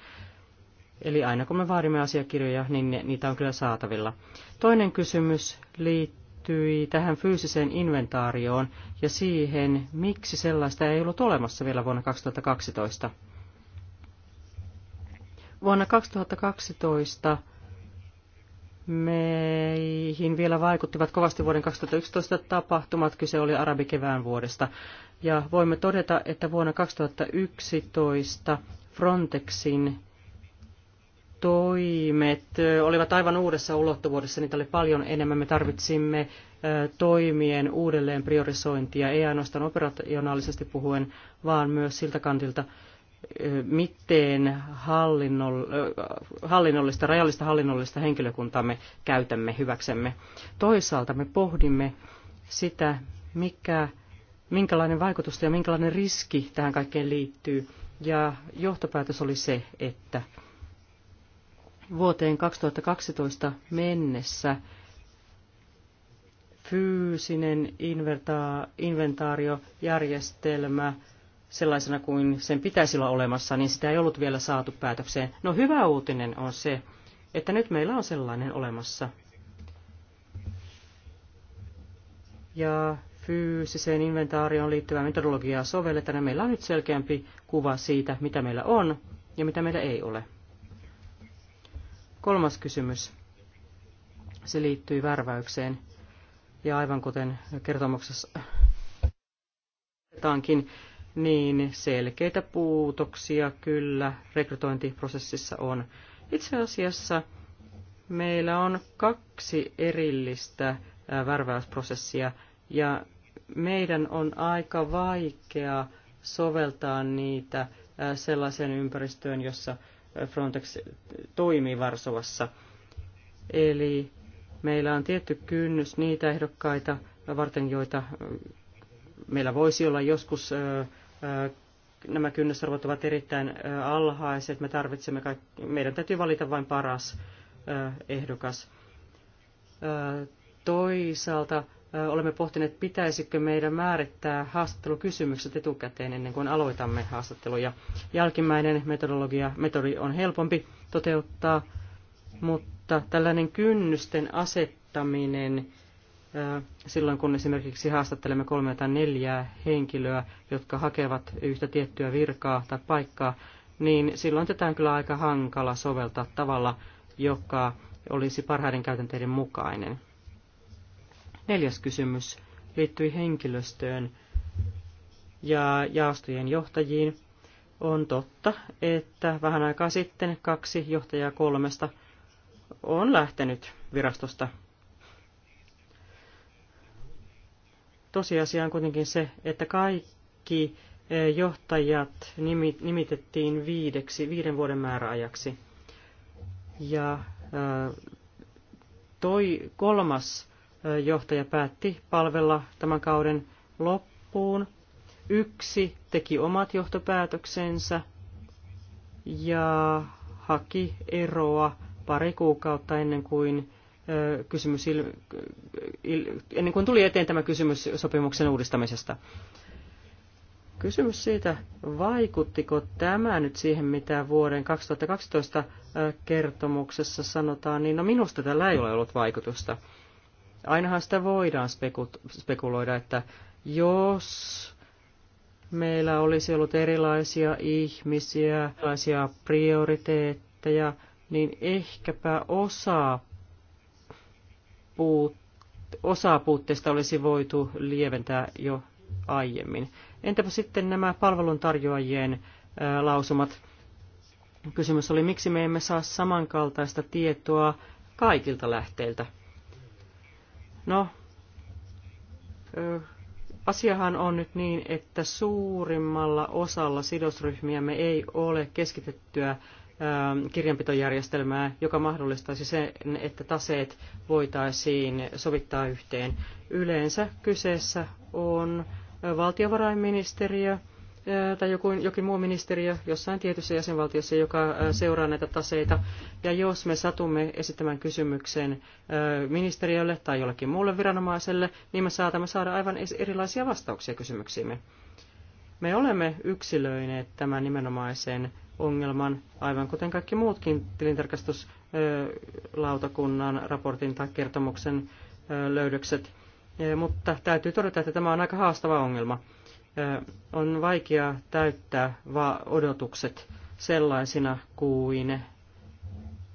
Eli aina kun me vaadimme asiakirjoja, niin niitä on kyllä saatavilla. Toinen kysymys liittyi tähän fyysiseen inventaarioon ja siihen, miksi sellaista ei ollut olemassa vielä vuonna 2012. Vuonna 2012 meihin vielä vaikuttivat kovasti vuoden 2011 tapahtumat, kyse oli arabikevään vuodesta. Ja voimme todeta, että vuonna 2011 Frontexin toimet olivat aivan uudessa ulottuvuudessa, niitä oli paljon enemmän. Me tarvitsimme toimien uudelleen priorisointia, ei ainoastaan operationaalisesti puhuen, vaan myös siltä kantilta, miten hallinnollista, rajallista hallinnollista me käytämme hyväksemme. Toisaalta me pohdimme sitä, mikä, minkälainen vaikutus ja minkälainen riski tähän kaikkeen liittyy. Ja johtopäätös oli se, että vuoteen 2012 mennessä fyysinen inventaariojärjestelmä sellaisena kuin sen pitäisi olla olemassa, niin sitä ei ollut vielä saatu päätökseen. No hyvä uutinen on se, että nyt meillä on sellainen olemassa. Ja fyysiseen inventaarioon liittyvää metodologiaa sovelletaan. Meillä on nyt selkeämpi kuva siitä, mitä meillä on ja mitä meillä ei ole. Kolmas kysymys. Se liittyy värväykseen. Ja aivan kuten kertomuksessa niin selkeitä puutoksia kyllä rekrytointiprosessissa on. Itse asiassa meillä on kaksi erillistä värväysprosessia ja meidän on aika vaikea soveltaa niitä sellaiseen ympäristöön, jossa Frontex toimii Varsovassa. Eli meillä on tietty kynnys niitä ehdokkaita varten, joita meillä voisi olla joskus nämä kynnysarvot ovat erittäin alhaiset. Me tarvitsemme kaikki, meidän täytyy valita vain paras ehdokas. Toisaalta olemme pohtineet, pitäisikö meidän määrittää haastattelukysymykset etukäteen ennen kuin aloitamme haastatteluja. Jälkimmäinen metodologia, metodi on helpompi toteuttaa, mutta tällainen kynnysten asettaminen silloin, kun esimerkiksi haastattelemme kolme tai neljää henkilöä, jotka hakevat yhtä tiettyä virkaa tai paikkaa, niin silloin tätä on kyllä aika hankala soveltaa tavalla, joka olisi parhaiden käytänteiden mukainen. Neljäs kysymys liittyi henkilöstöön ja jaostojen johtajiin. On totta, että vähän aikaa sitten kaksi johtajaa kolmesta on lähtenyt virastosta. Tosiasia on kuitenkin se, että kaikki e, johtajat nimitettiin viideksi, viiden vuoden määräajaksi. Ja toi kolmas johtaja päätti palvella tämän kauden loppuun. Yksi teki omat johtopäätöksensä ja haki eroa pari kuukautta ennen kuin kysymys ennen kuin tuli eteen tämä kysymys sopimuksen uudistamisesta. Kysymys siitä, vaikuttiko tämä nyt siihen, mitä vuoden 2012 kertomuksessa sanotaan, niin no minusta tällä ei ole ollut vaikutusta. Ainahan sitä voidaan spekuloida, että jos meillä olisi ollut erilaisia ihmisiä, erilaisia prioriteetteja, niin ehkäpä osa, puut, osa puutteista olisi voitu lieventää jo aiemmin. Entäpä sitten nämä palveluntarjoajien ää, lausumat? Kysymys oli, miksi me emme saa samankaltaista tietoa kaikilta lähteiltä. No, asiahan on nyt niin, että suurimmalla osalla sidosryhmiämme ei ole keskitettyä kirjanpitojärjestelmää, joka mahdollistaisi sen, että taseet voitaisiin sovittaa yhteen. Yleensä kyseessä on valtiovarainministeriö, tai joku, jokin muu ministeriö jossain tietyssä jäsenvaltiossa, joka seuraa näitä taseita. Ja jos me satumme esittämään kysymyksen ministeriölle tai jollekin muulle viranomaiselle, niin me saatamme saada aivan erilaisia vastauksia kysymyksiimme. Me olemme yksilöineet tämän nimenomaisen ongelman, aivan kuten kaikki muutkin tilintarkastuslautakunnan raportin tai kertomuksen löydökset. Mutta täytyy todeta, että tämä on aika haastava ongelma on vaikea täyttää odotukset sellaisina kuin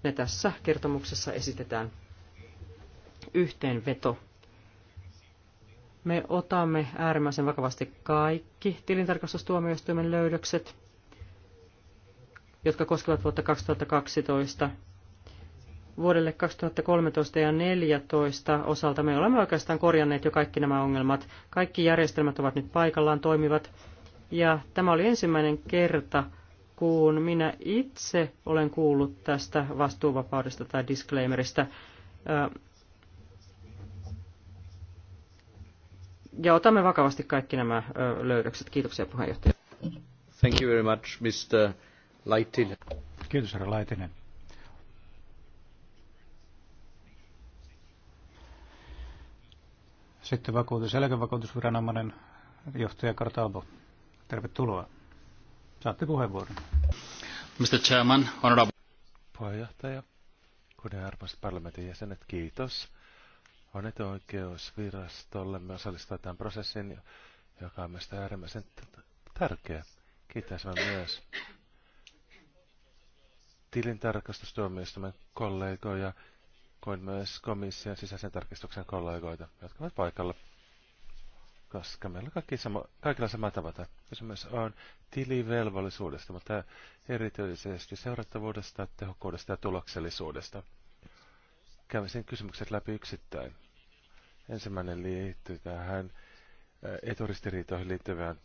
ne tässä kertomuksessa esitetään. Yhteenveto. Me otamme äärimmäisen vakavasti kaikki tilintarkastustuomioistuimen löydökset, jotka koskevat vuotta 2012 vuodelle 2013 ja 2014 osalta me olemme oikeastaan korjanneet jo kaikki nämä ongelmat. Kaikki järjestelmät ovat nyt paikallaan, toimivat. Ja tämä oli ensimmäinen kerta, kun minä itse olen kuullut tästä vastuuvapaudesta tai disclaimerista. Ja otamme vakavasti kaikki nämä löydökset. Kiitoksia puheenjohtaja. Thank you very much, Mr. Laitinen. Kiitos, herra Laitinen. Sitten vakuutus- ja eläkevakuutusviranomainen johtaja Kartalbo. Tervetuloa. Saatte puheenvuoron. Mr. Chairman, honorable... Puheenjohtaja, arvoisat parlamentin jäsenet, kiitos. On me osallistua tämän prosessin, joka on mielestäni äärimmäisen tärkeä. Kiitäisimme myös tilintarkastustuomioistuimen kollegoja kuin myös komission sisäisen tarkistuksen kollegoita, jotka ovat paikalla. Koska meillä on kaikki sama, kaikilla sama tavata. Kysymys on tilivelvollisuudesta, mutta erityisesti seurattavuudesta, tehokkuudesta ja tuloksellisuudesta. Kävisin kysymykset läpi yksittäin. Ensimmäinen liittyy tähän äh, eturistiriitoihin liittyvään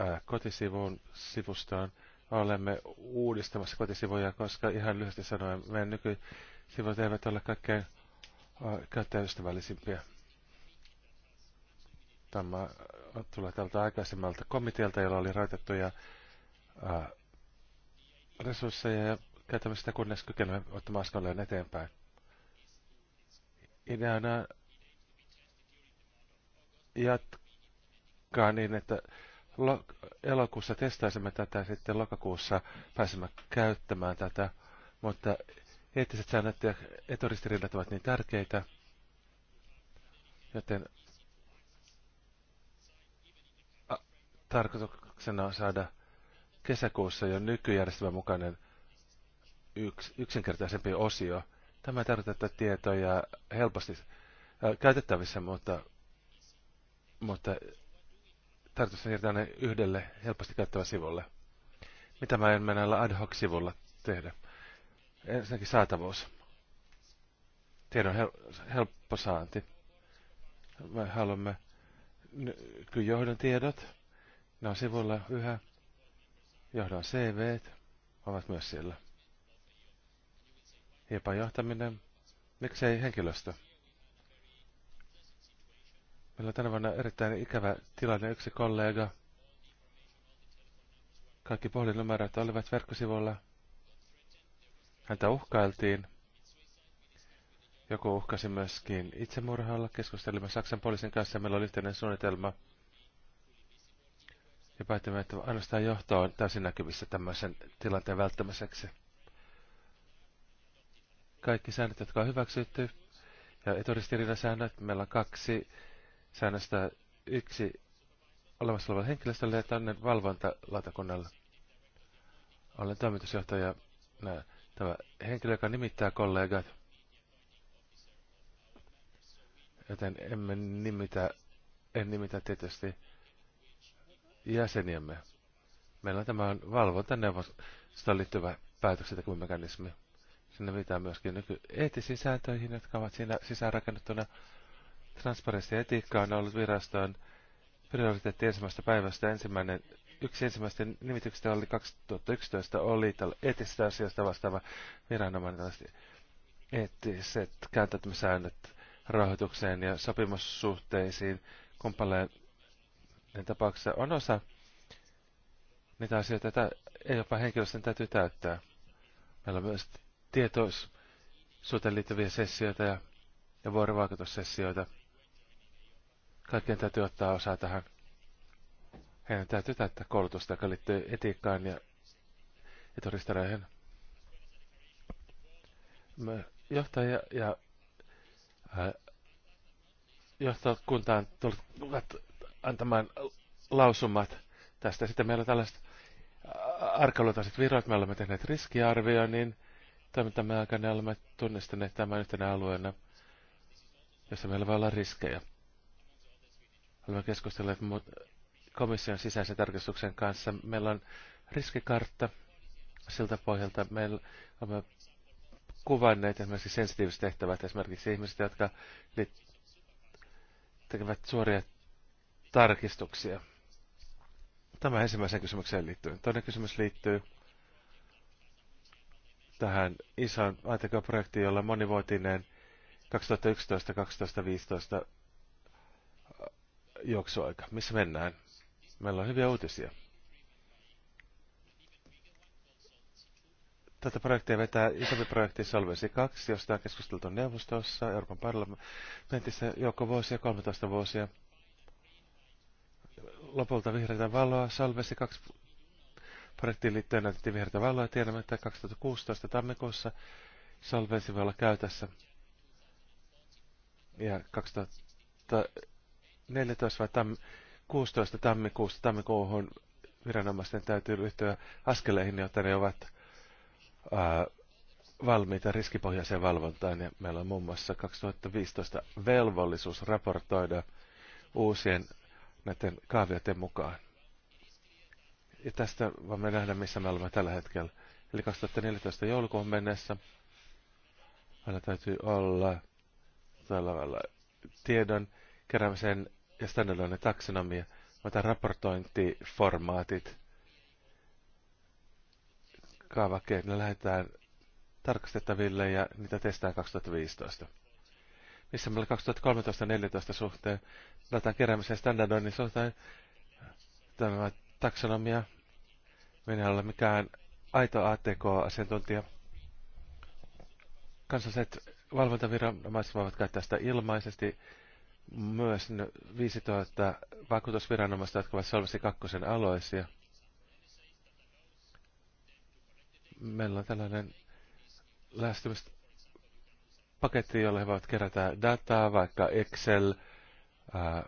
äh, kotisivuun sivustaan. Olemme uudistamassa kotisivuja, koska ihan lyhyesti sanoen meidän nykyään sivut eivät ole kaikkein käyttäjäystävällisimpiä. Tämä tulee tältä aikaisemmalta komitealta, jolla oli raitettuja resursseja ja käytämme sitä kunnes kykenemme ottamaan askeleen eteenpäin. Ideana jatkaa niin, että elokuussa testaisimme tätä ja sitten lokakuussa pääsemme käyttämään tätä, mutta Eettiset säännöt ja etoristiriidat ovat niin tärkeitä, joten tarkoituksena on saada kesäkuussa jo nykyjärjestelmän mukainen yks, yksinkertaisempi osio. Tämä tarkoittaa, että tietoja helposti ää, äh, käytettävissä, mutta, mutta tarkoitus siirtää ne yhdelle helposti käyttävä sivulle. Mitä mä en mennä ad hoc-sivulla tehdä? Ensinnäkin saatavuus. Tiedon hel helppo saanti. Me haluamme nykyjohdon tiedot. Ne on sivulla yhä. Johdon CV ovat myös siellä. Jopa johtaminen. Miksei henkilöstö? Meillä on tänä vuonna erittäin ikävä tilanne. Yksi kollega. Kaikki puhelinnumerot olivat verkkosivulla. Häntä uhkailtiin. Joku uhkasi myöskin itsemurhalla. Keskustelimme Saksan poliisin kanssa ja meillä oli yhteinen suunnitelma. Ja päätimme, että ainoastaan johto on täysin näkyvissä tämmöisen tilanteen välttämiseksi. Kaikki säännöt, jotka on hyväksytty, ja eturistiriidasäännöt, meillä on kaksi säännöstä. Yksi olemassa olevalle henkilöstölle ja toinen valvontalautakunnalle. Olen toimitusjohtaja nämä Tämä henkilö, joka nimittää kollegat, joten emme nimitä, en nimitä tietysti jäseniämme. Meillä on tämä valvontaneuvosta liittyvä päätöksentekomekanismi. Sinne viitaa myöskin nykyeettisiin sääntöihin, jotka ovat siinä sisäänrakennettuna. Transparenssi etiikka on ollut viraston prioriteetti ensimmäisestä päivästä. Ensimmäinen yksi ensimmäistä nimityksistä oli 2011 oli tällä eettisestä asiasta vastaava viranomainen tällaiset eettiset käyttäytymisäännöt rahoitukseen ja sopimussuhteisiin kumpaleen tapauksessa on osa niitä asioita, joita jopa henkilöstön täytyy täyttää. Meillä on myös tietoisuuteen liittyviä sessioita ja, ja vuorovaikutussessioita. Kaikkien täytyy ottaa osaa tähän. Heidän täytyy täyttää koulutusta, joka liittyy etiikkaan ja eturistiriihin. Johtaja ja ää, äh, johtokuntaan tulivat antamaan lausumat tästä. Sitten meillä on tällaiset äh, arkaluotaiset virrat, me olemme tehneet riskiarvioinnin, toimintamme aikana olemme tunnistaneet tämän yhtenä alueena, jossa meillä voi olla riskejä. Olemme keskustelleet komission sisäisen tarkistuksen kanssa. Meillä on riskikartta siltä pohjalta. Meillä olemme kuvanneet esimerkiksi sensitiiviset tehtävät, esimerkiksi ihmiset, jotka tekevät suoria tarkistuksia. Tämä ensimmäiseen kysymykseen liittyy. Toinen kysymys liittyy tähän isoon ATK-projektiin, jolla monivuotinen 2011-2015 juoksuaika. Missä mennään? Meillä on hyviä uutisia. Tätä projektia vetää isompi projekti Solvensi 2, josta on keskusteltu neuvostossa, Euroopan parlamentissa joukko vuosia, 13 vuosia. Lopulta vihreitä valoa, Solvensi 2 projektiin liittyen näytettiin vihreitä valoa tiedämme, että 2016 tammikuussa Solvensi voi olla käytössä. Ja 2014 vai tammikuussa 16. tammikuusta tammikuuhun viranomaisten täytyy ryhtyä askeleihin, jotta ne ovat ää, valmiita riskipohjaiseen valvontaan. Ja meillä on muun mm. muassa 2015 velvollisuus raportoida uusien näiden kaavioiden mukaan. Ja tästä voimme nähdä, missä me olemme tällä hetkellä. Eli 2014 joulukuun mennessä meillä täytyy olla tällä tavalla tiedon keräämisen ja standardoinen taksonomia, mutta raportointiformaatit kaavakkeet, ne lähdetään tarkastettaville ja niitä testaa 2015. Missä meillä 2013-2014 suhteen datan keräämisen standardoinnin suhteen tämä taksonomia, minä en ole mikään aito ATK-asiantuntija. Kansalliset valvontaviranomaiset voivat käyttää sitä ilmaisesti myös 5000 vakuutusviranomaista, jotka ovat Solvesi kakkosen aloisia. Meillä on tällainen lähestymispaketti, jolla he voivat kerätä dataa, vaikka Excel, äh,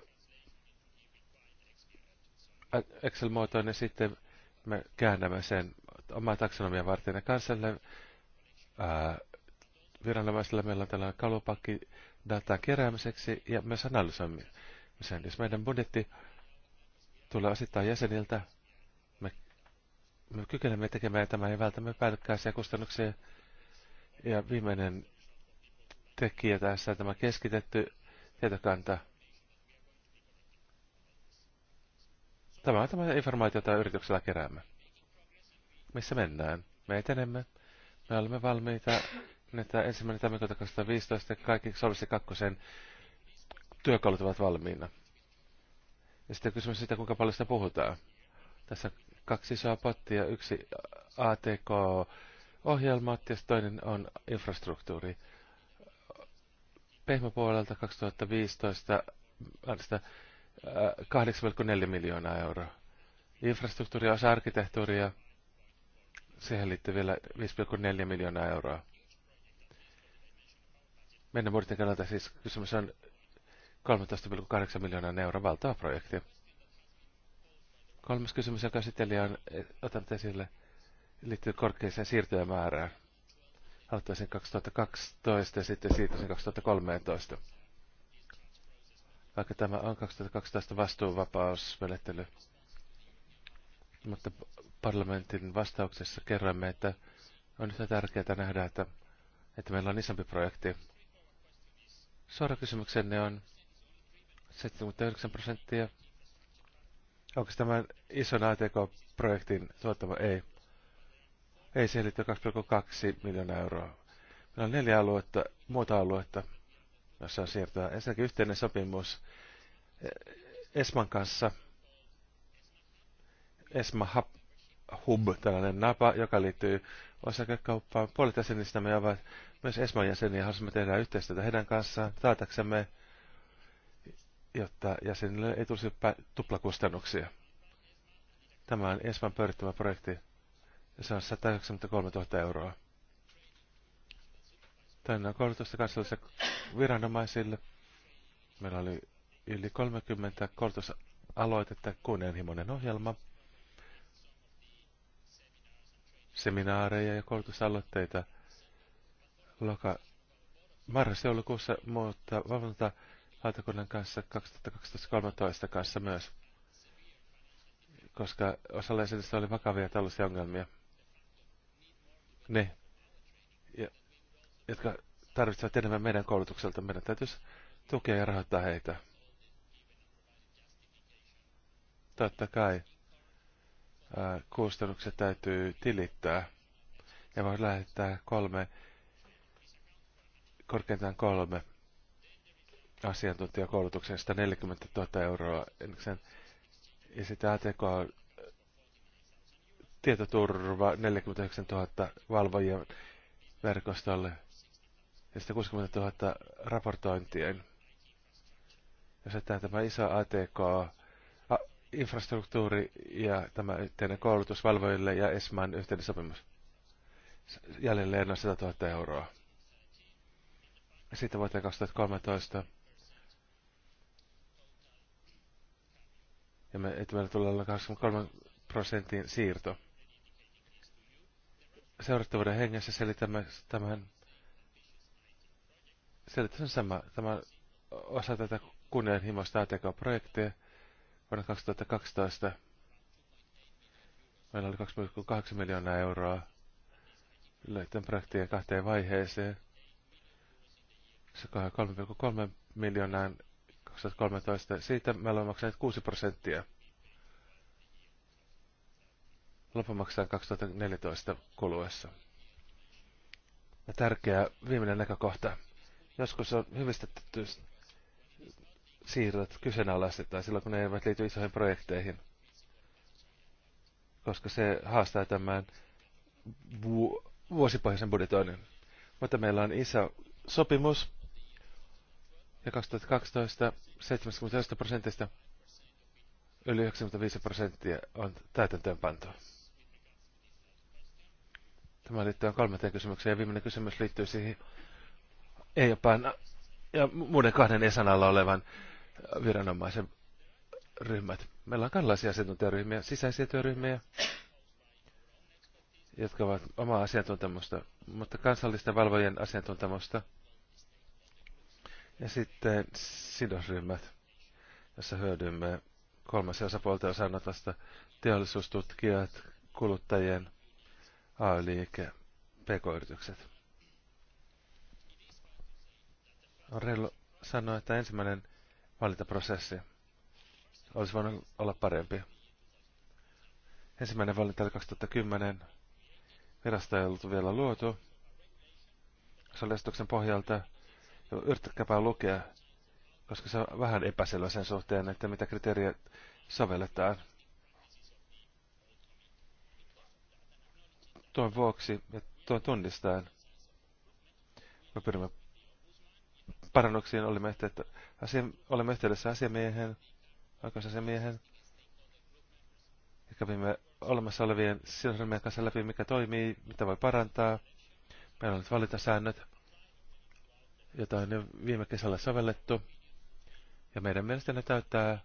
Excel-muotoinen, sitten me käännämme sen omaa taksonomian varten ja kansalle. äh, viranomaisilla meillä on tällainen kalupakki, dataa keräämiseksi ja myös analysoimiseen. Jos meidän budjetti tulee osittain jäseniltä, me, me kykenemme tekemään tämän ja vältämme päällekkäisiä kustannuksia. Ja viimeinen tekijä tässä tämä keskitetty tietokanta. Tämä on tämä informaatio, jota yrityksellä keräämme. Missä mennään? Me etenemme. Me olemme valmiita että ensimmäinen tammikuuta 2015 kaikki Solvissa kakkosen työkalut ovat valmiina. Ja sitten kysymys siitä, kuinka paljon sitä puhutaan. Tässä kaksi isoa pottia, yksi ATK-ohjelmat ja toinen on infrastruktuuri. Pehmäpuolelta 2015 8,4 miljoonaa euroa. Infrastruktuuri osa arkkitehtuuria, siihen liittyy vielä 5,4 miljoonaa euroa. Meidän muiden kannalta siis kysymys on 13,8 miljoonaa euroa valtava projekti. Kolmas kysymys, joka käsittelijä on eh, otanut esille, liittyy korkeiseen siirtymämäärään. Aloittaisin 2012 ja sitten siirtyisin 2013. Vaikka tämä on 2012 vastuuvapausmenettely. Mutta parlamentin vastauksessa kerroimme, että on yhtä tärkeää nähdä, että, että meillä on isompi projekti, Suora kysymyksenne on 79 prosenttia. Onko tämä ison ATK-projektin tuottava? Ei. Ei, se liittyy 2,2 miljoonaa euroa. Meillä on neljä aluetta, muuta aluetta, jossa on siirtoa. Ensinnäkin yhteinen sopimus Esman kanssa. Esma Hub, tällainen napa, joka liittyy osakekauppaan. Puolet me ovat myös Esman jäseniä. Haluaisimme tehdä yhteistyötä heidän kanssaan taataksemme, jotta jäsenille ei tulisi tuplakustannuksia. Tämä on Esman pyörittämä projekti ja se on 193 000 euroa. Tänne on koulutusta kansallisille viranomaisille. Meillä oli yli 30 koulutusaloitetta, kunnianhimoinen ohjelma – seminaareja ja koulutusaloitteita loka marras-joulukuussa, mutta valvonta lautakunnan kanssa 2012-2013 kanssa myös, koska osalla jäsenistä oli vakavia tällaisia ongelmia. Ne, ja, jotka tarvitsevat enemmän meidän koulutukselta, meidän täytyisi tukea ja rahoittaa heitä. Totta kai. Äh, kustannukset täytyy tilittää ja voi lähettää kolme, korkeintaan kolme asiantuntijakoulutuksen 140 000 euroa. Ja sitten ATK tietoturva 49 000 valvojien verkostolle ja sitten 60 000 raportointien. Jos tämä iso ATK infrastruktuuri ja tämä yhteinen koulutus valvojille ja ESMAn yhteinen sopimus. Jäljelle enää 100 000 euroa. Sitten vuoteen 2013. Ja me, että meillä tulee olla 23 prosentin siirto. Seurattavuuden hengessä selitämme tämän selitys on sama. Tämä osa tätä kunnianhimoista ATK-projektia projekteja. Vuonna 2012 meillä oli 2,8 miljoonaa euroa näiden projektien kahteen vaiheeseen. Se 3,3 miljoonaa 2013. Siitä me olemme maksaneet 6 prosenttia. Lopu maksaa 2014 kuluessa. Ja tärkeä viimeinen näkökohta. Joskus on hyvistetetty siirrot kyseenalaistetaan silloin, kun ne eivät liity isoihin projekteihin. Koska se haastaa tämän vu- vuosipohjaisen budjetoinnin. Mutta meillä on iso sopimus, ja 2012 70 prosentista yli 95 prosenttia on täytäntöönpantoa. Tämä liittyy kolmanteen kysymykseen ja viimeinen kysymys liittyy siihen ei jopa ja muiden kahden esanalla olevan viranomaisen ryhmät. Meillä on kaikenlaisia asiantuntijaryhmiä, sisäisiä työryhmiä, jotka ovat omaa asiantuntemusta, mutta kansallisten valvojen asiantuntemusta. Ja sitten sidosryhmät, jossa hyödymme kolmas osapuolten osanotosta, teollisuustutkijat, kuluttajien, AY-liike, pk-yritykset. On reilu sanoa, että ensimmäinen valintaprosessi olisi voinut olla parempi. Ensimmäinen valinta oli 2010. Virasta ei ollut vielä luotu. esityksen pohjalta yrittäkääpä lukea, koska se on vähän epäselvä sen suhteen, että mitä kriteeriä sovelletaan. Tuon vuoksi ja tuon tunnistaen me pyrimme parannuksiin olimme, yhteyttä, asia, olemme yhteydessä asiamiehen, oikeusasiamiehen, ja kävimme olemassa olevien sidosryhmien kanssa läpi, mikä toimii, mitä voi parantaa. Meillä on nyt valintasäännöt, joita on jo viime kesällä sovellettu, ja meidän mielestä ne täyttää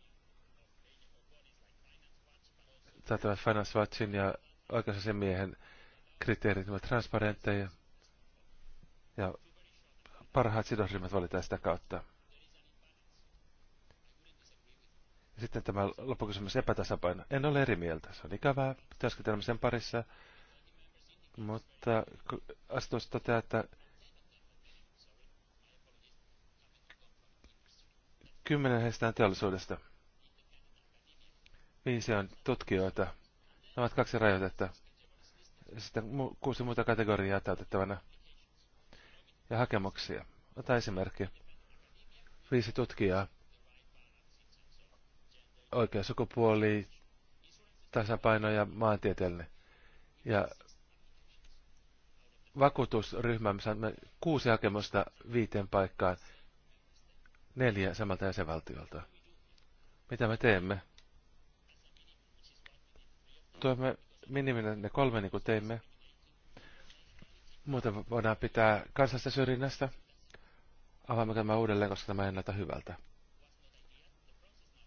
täyttävät Finance Watchin ja oikeusasiamiehen kriteerit ovat transparentteja ja parhaat sidosryhmät valitaan sitä kautta. Ja sitten tämä loppukysymys epätasapaino. En ole eri mieltä. Se on ikävää työskentelemisen sen parissa. Mutta asetus toteaa, että 10 heistä on teollisuudesta. Viisi on tutkijoita. Ne ovat kaksi rajoitetta. Sitten kuusi muuta kategoriaa täytettävänä ja hakemuksia. Otetaan esimerkki. Viisi tutkijaa. Oikea sukupuoli, tasapaino ja maantieteellinen. Ja vakuutusryhmämme saamme kuusi hakemusta viiteen paikkaan, neljä samalta jäsenvaltiolta. Mitä me teemme? Tuomme miniminen ne kolme niin kuin teimme. Muuten voidaan pitää kansallista syrjinnästä. Avaamme tämä uudelleen, koska tämä ei näytä hyvältä.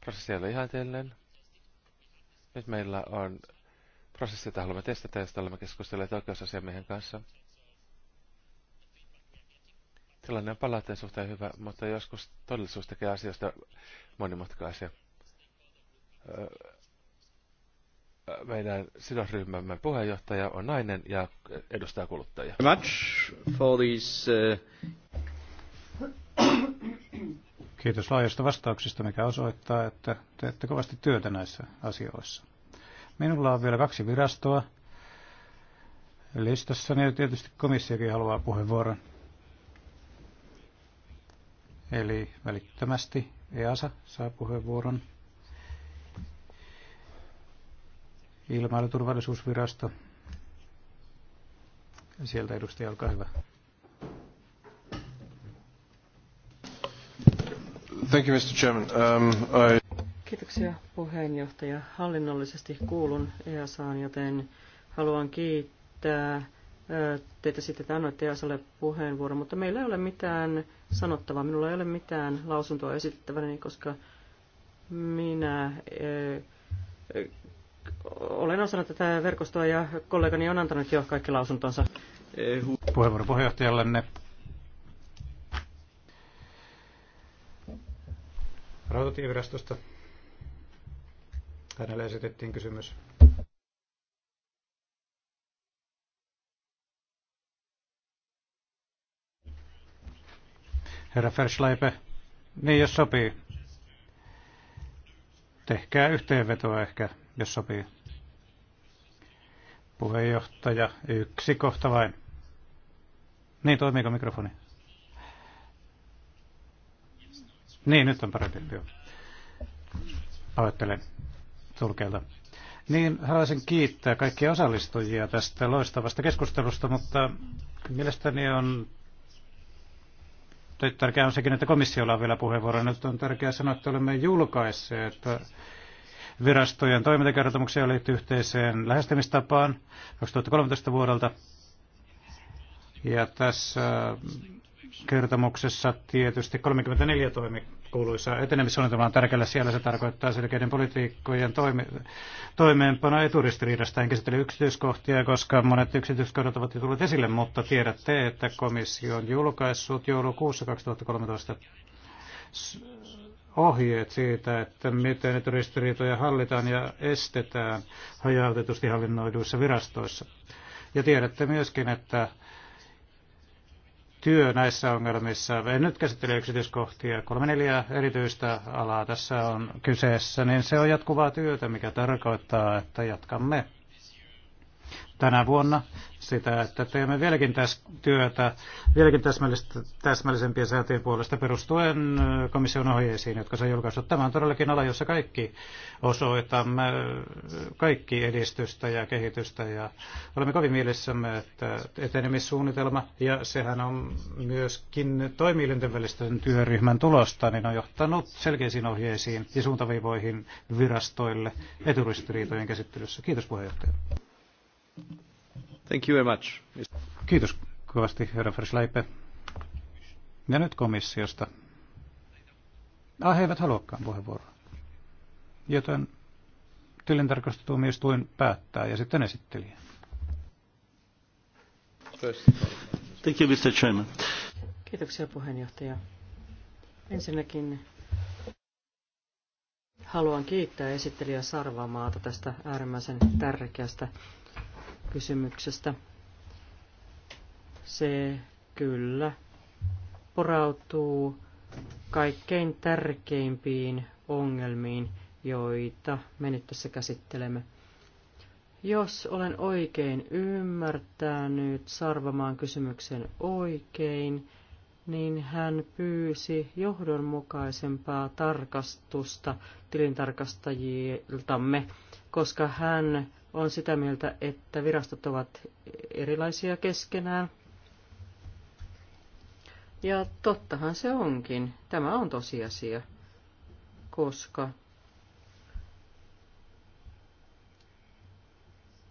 Prosessi ei ole teilleen. Nyt meillä on prosessi, jota haluamme testata, josta olemme keskustelleet oikeusasiamiehen kanssa. Tilanne on palautteen suhteen hyvä, mutta joskus todellisuus tekee asioista monimutkaisia meidän sidosryhmämme puheenjohtaja on nainen ja edustaa kuluttajia. Much for these, uh, Kiitos laajasta vastauksista, mikä osoittaa, että teette kovasti työtä näissä asioissa. Minulla on vielä kaksi virastoa listassani ja tietysti komissiokin haluaa puheenvuoron. Eli välittömästi EASA saa puheenvuoron. ilmailuturvallisuusvirasto. Sieltä edustaja, olkaa hyvä. Thank you, Mr. Chairman. Um, I... Kiitoksia puheenjohtaja. Hallinnollisesti kuulun EASAan, joten haluan kiittää teitä sitten, että annoitte EASAlle puheenvuoron, mutta meillä ei ole mitään sanottavaa. Minulla ei ole mitään lausuntoa esittävänä, koska minä olen osana tätä verkostoa ja kollegani on antanut jo kaikki lausuntonsa. Puheenvuoro puheenjohtajallenne. Rautatievirastosta. Hänelle esitettiin kysymys. Herra Ferschleipe, niin jos sopii. Tehkää yhteenvetoa ehkä, jos sopii. Puheenjohtaja, yksi kohta vain. Niin, toimiiko mikrofoni? Niin, nyt on parempi. Joo. Pahoittelen sulkeelta. Niin, haluaisin kiittää kaikkia osallistujia tästä loistavasta keskustelusta, mutta mielestäni on tärkeää on sekin, että komissiolla on vielä puheenvuoro. Nyt on tärkeää sanoa, että olemme julkaisseet virastojen toimintakertomuksia liittyy yhteiseen lähestymistapaan 2013 vuodelta. Ja tässä kertomuksessa tietysti 34 toimi kuuluisa etenemissuunnitelma on tärkeällä siellä. Se tarkoittaa selkeiden politiikkojen toimi, toimeenpanoa eturistiriidasta. En käsittele yksityiskohtia, koska monet yksityiskohdat ovat jo tulleet esille, mutta tiedätte, että komissio on julkaissut joulukuussa 2013 ohjeet siitä, että miten nyt ristiriitoja hallitaan ja estetään hajautetusti hallinnoiduissa virastoissa. Ja tiedätte myöskin, että työ näissä ongelmissa, en nyt käsittele yksityiskohtia, kolme neljä erityistä alaa tässä on kyseessä, niin se on jatkuvaa työtä, mikä tarkoittaa, että jatkamme tänä vuonna sitä, että teemme vieläkin täs työtä, vieläkin täsmällisempien säätöjen puolesta perustuen komission ohjeisiin, jotka se on julkaissut. Tämä on todellakin ala, jossa kaikki osoitamme kaikki edistystä ja kehitystä ja olemme kovin mielessämme, että etenemissuunnitelma ja sehän on myöskin toimielinten välisten työryhmän tulosta, niin on johtanut selkeisiin ohjeisiin ja suuntaviivoihin virastoille eturistiriitojen käsittelyssä. Kiitos puheenjohtaja. Thank you very much. Kiitos kovasti, herra Verschleipe. Ja nyt komissiosta. Ah, he eivät haluakaan puheenvuoroa. Joten tilintarkastustuomioistuin päättää ja sitten esittelijä. Thank you, Mr. Chairman. Kiitoksia puheenjohtaja. Ensinnäkin haluan kiittää esittelijä Sarvamaata tästä äärimmäisen tärkeästä kysymyksestä. Se kyllä porautuu kaikkein tärkeimpiin ongelmiin, joita me nyt tässä käsittelemme. Jos olen oikein ymmärtänyt Sarvamaan kysymyksen oikein, niin hän pyysi johdonmukaisempaa tarkastusta tilintarkastajiltamme, koska hän on sitä mieltä, että virastot ovat erilaisia keskenään. Ja tottahan se onkin. Tämä on tosiasia, koska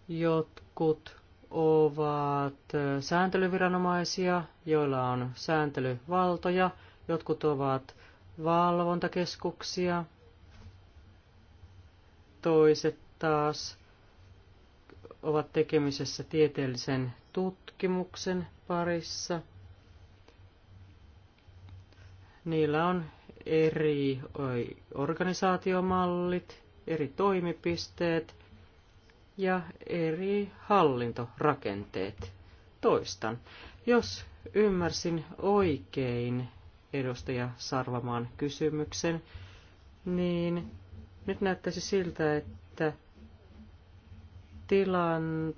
jotkut ovat sääntelyviranomaisia, joilla on sääntelyvaltoja, jotkut ovat valvontakeskuksia, toiset taas ovat tekemisessä tieteellisen tutkimuksen parissa. Niillä on eri organisaatiomallit, eri toimipisteet ja eri hallintorakenteet. Toistan, jos ymmärsin oikein edustaja Sarvamaan kysymyksen, niin nyt näyttäisi siltä, että tilan,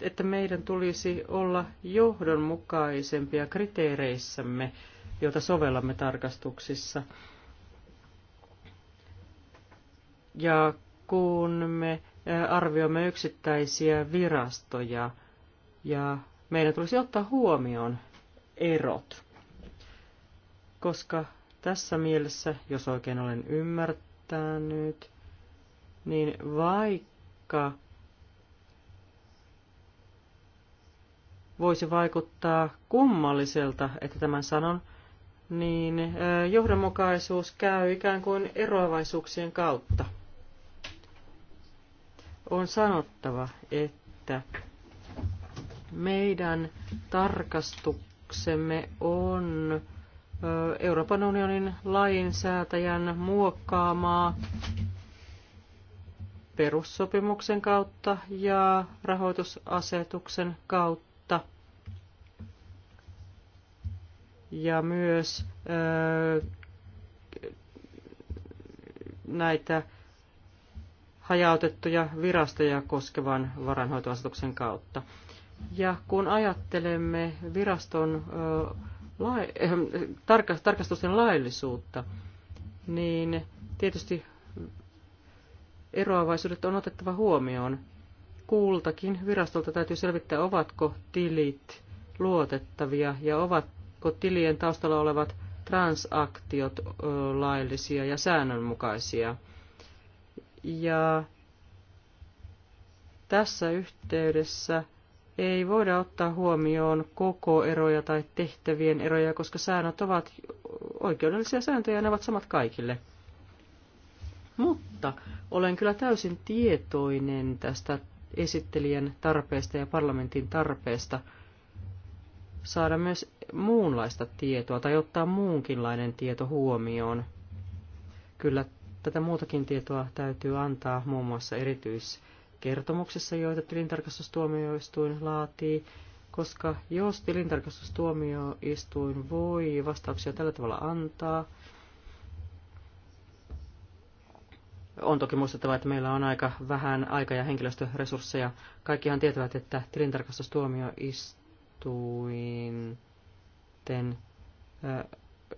että meidän tulisi olla johdonmukaisempia kriteereissämme, joita sovellamme tarkastuksissa. Ja kun me arvioimme yksittäisiä virastoja, ja meidän tulisi ottaa huomioon erot, koska tässä mielessä, jos oikein olen ymmärtänyt, niin vaikka voisi vaikuttaa kummalliselta, että tämän sanon, niin johdonmukaisuus käy ikään kuin eroavaisuuksien kautta. On sanottava, että meidän tarkastuksemme on Euroopan unionin lainsäätäjän muokkaamaa perussopimuksen kautta ja rahoitusasetuksen kautta ja myös näitä hajautettuja virastoja koskevan varainhoitoasetuksen kautta. Ja kun ajattelemme viraston äh, tarka, tarkastusten laillisuutta, niin tietysti eroavaisuudet on otettava huomioon. Kuultakin virastolta täytyy selvittää, ovatko tilit luotettavia ja ovat, tilien taustalla olevat transaktiot laillisia ja säännönmukaisia. Ja tässä yhteydessä ei voida ottaa huomioon koko eroja tai tehtävien eroja, koska säännöt ovat oikeudellisia sääntöjä ja ne ovat samat kaikille. Mutta olen kyllä täysin tietoinen tästä esittelijän tarpeesta ja parlamentin tarpeesta saada myös muunlaista tietoa tai ottaa muunkinlainen tieto huomioon. Kyllä tätä muutakin tietoa täytyy antaa muun muassa erityiskertomuksissa, joita tilintarkastustuomioistuin laatii, koska jos tilintarkastustuomioistuin voi vastauksia tällä tavalla antaa, on toki muistettava, että meillä on aika vähän aika- ja henkilöstöresursseja. Kaikkihan tietävät, että tilintarkastustuomioistuin sitten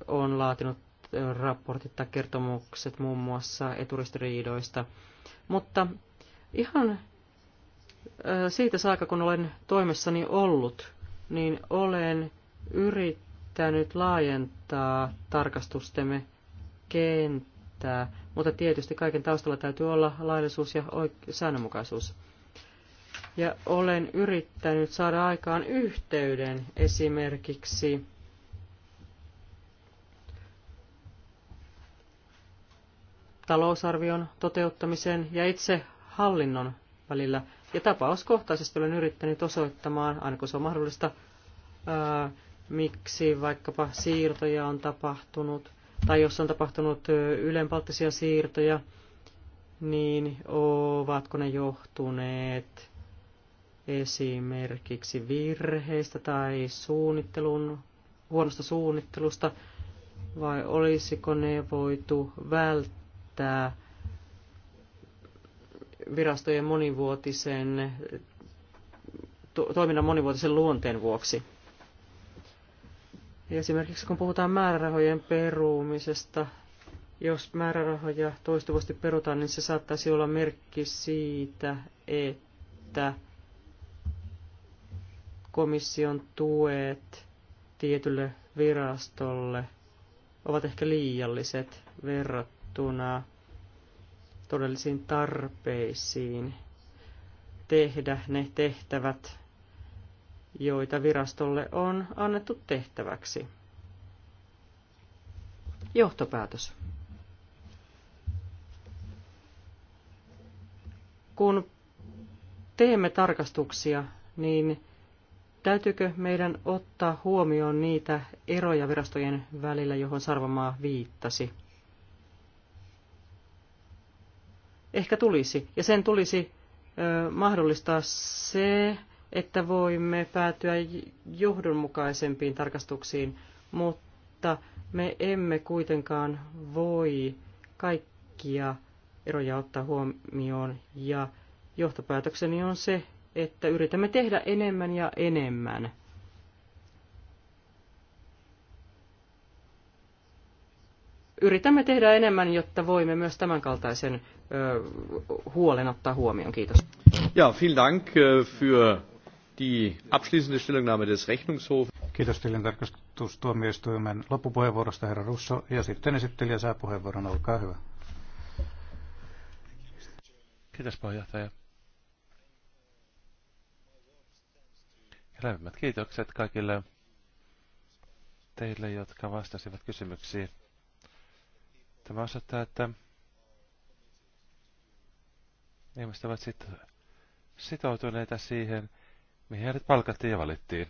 on laatinut raportit tai kertomukset muun muassa eturistiriidoista. Mutta ihan siitä saakka, kun olen toimessani ollut, niin olen yrittänyt laajentaa tarkastustemme kenttää, mutta tietysti kaiken taustalla täytyy olla laillisuus ja säännönmukaisuus. Ja olen yrittänyt saada aikaan yhteyden esimerkiksi talousarvion toteuttamisen ja itse hallinnon välillä. Ja tapauskohtaisesti olen yrittänyt osoittamaan, aina kun se on mahdollista, ää, miksi vaikkapa siirtoja on tapahtunut, tai jos on tapahtunut ylenpalttisia siirtoja, niin ovatko ne johtuneet esimerkiksi virheistä tai suunnittelun, huonosta suunnittelusta, vai olisiko ne voitu välttää? päättää virastojen monivuotisen, to, toiminnan monivuotisen luonteen vuoksi. Esimerkiksi kun puhutaan määrärahojen peruumisesta, jos määrärahoja toistuvasti perutaan, niin se saattaisi olla merkki siitä, että komission tuet tietylle virastolle ovat ehkä liialliset verrat, verrattuna todellisiin tarpeisiin tehdä ne tehtävät, joita virastolle on annettu tehtäväksi. Johtopäätös. Kun teemme tarkastuksia, niin täytyykö meidän ottaa huomioon niitä eroja virastojen välillä, johon Sarvamaa viittasi? ehkä tulisi. Ja sen tulisi mahdollistaa se, että voimme päätyä johdonmukaisempiin tarkastuksiin, mutta me emme kuitenkaan voi kaikkia eroja ottaa huomioon. Ja johtopäätökseni on se, että yritämme tehdä enemmän ja enemmän – yritämme tehdä enemmän, jotta voimme myös tämänkaltaisen huolen ottaa huomioon. Kiitos. Ja, vielen Dank äh, für die abschließende Stellungnahme des Rechnungshofs. Kiitos tilintarkastustuomioistuimen loppupuheenvuorosta, herra Russo. Ja sitten esittelijä saa puheenvuoron. Olkaa hyvä. Kiitos puheenjohtaja. Ja lämpimät kiitokset kaikille teille, jotka vastasivat kysymyksiin. Tämä vastataan, että ihmiset ovat sit sitoutuneita siihen, mihin heidät palkattiin ja valittiin.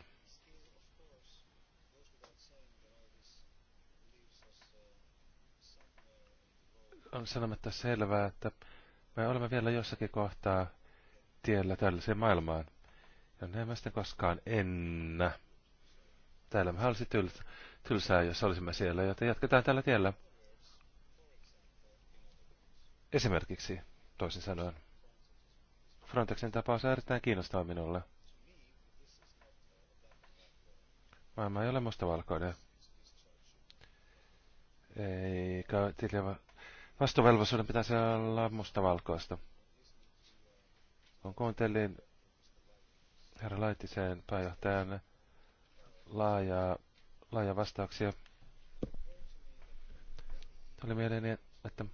On sanomatta selvää, että me olemme vielä jossakin kohtaa tiellä tällaiseen maailmaan, jonne emme sitten koskaan ennä. Täällä me olisi tylsää, jos olisimme siellä, joten jatketaan tällä tiellä. Esimerkiksi, toisin sanoen, Frontexin tapaus on erittäin kiinnostava minulle. Maailma ei ole mustavalkoinen. Eikä vastuvelvollisuuden pitäisi olla mustavalkoista. Kun kuuntelin herra Laittiseen pääjohtajan laaja laaja vastauksia, tuli mieleeni, että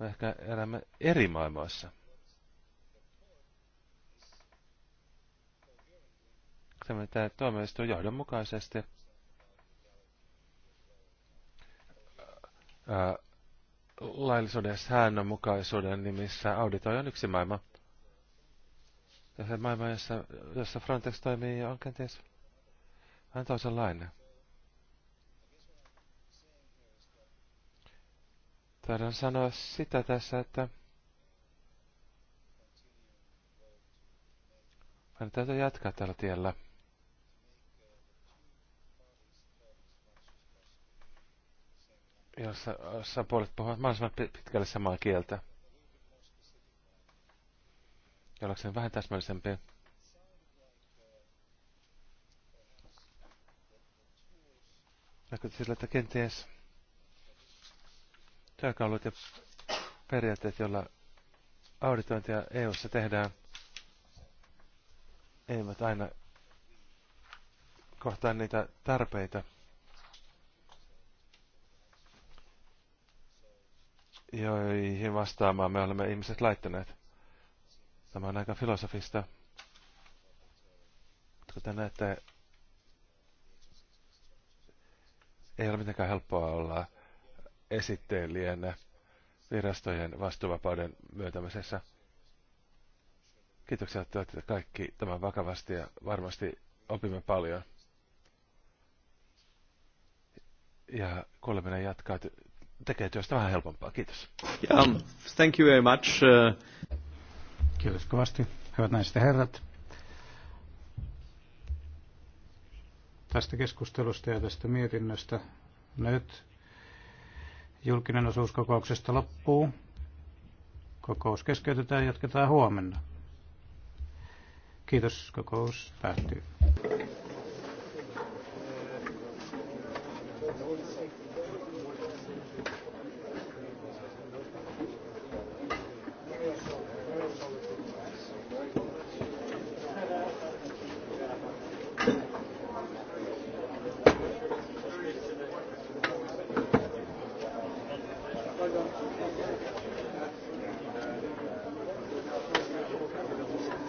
me no ehkä elämme eri maailmoissa. tämä tämä tuomioistuin johdonmukaisesti ää, laillisuuden ja säännönmukaisuuden nimissä auditoi on yksi maailma. Ja se maailma, jossa, jossa Frontex toimii, on kenties vähän toisenlainen. Taidan sanoa sitä tässä, että meidän täytyy jatkaa tällä tiellä. Jossa, sä puolet puhuvat mahdollisimman pitkälle samaa kieltä. Jollakseen vähän täsmällisempi. Näkyy sillä, että kenties työkalut ja periaatteet, joilla auditointia EU-ssa tehdään, eivät aina kohtaa niitä tarpeita, joihin vastaamaan me olemme ihmiset laittaneet. Tämä on aika filosofista. Kuten näette, ei ole mitenkään helppoa olla esittelijänä virastojen vastuuvapauden myöntämisessä. Kiitoksia, että olette kaikki tämän vakavasti ja varmasti opimme paljon. Ja kuuleminen jatkaa, tekee työstä vähän helpompaa. Kiitos. Yeah, um, thank you very much. Uh... Kiitos kovasti, hyvät naiset ja herrat. Tästä keskustelusta ja tästä mietinnöstä nyt Julkinen osuus kokouksesta loppuu. Kokous keskeytetään ja jatketaan huomenna. Kiitos, kokous päättyy.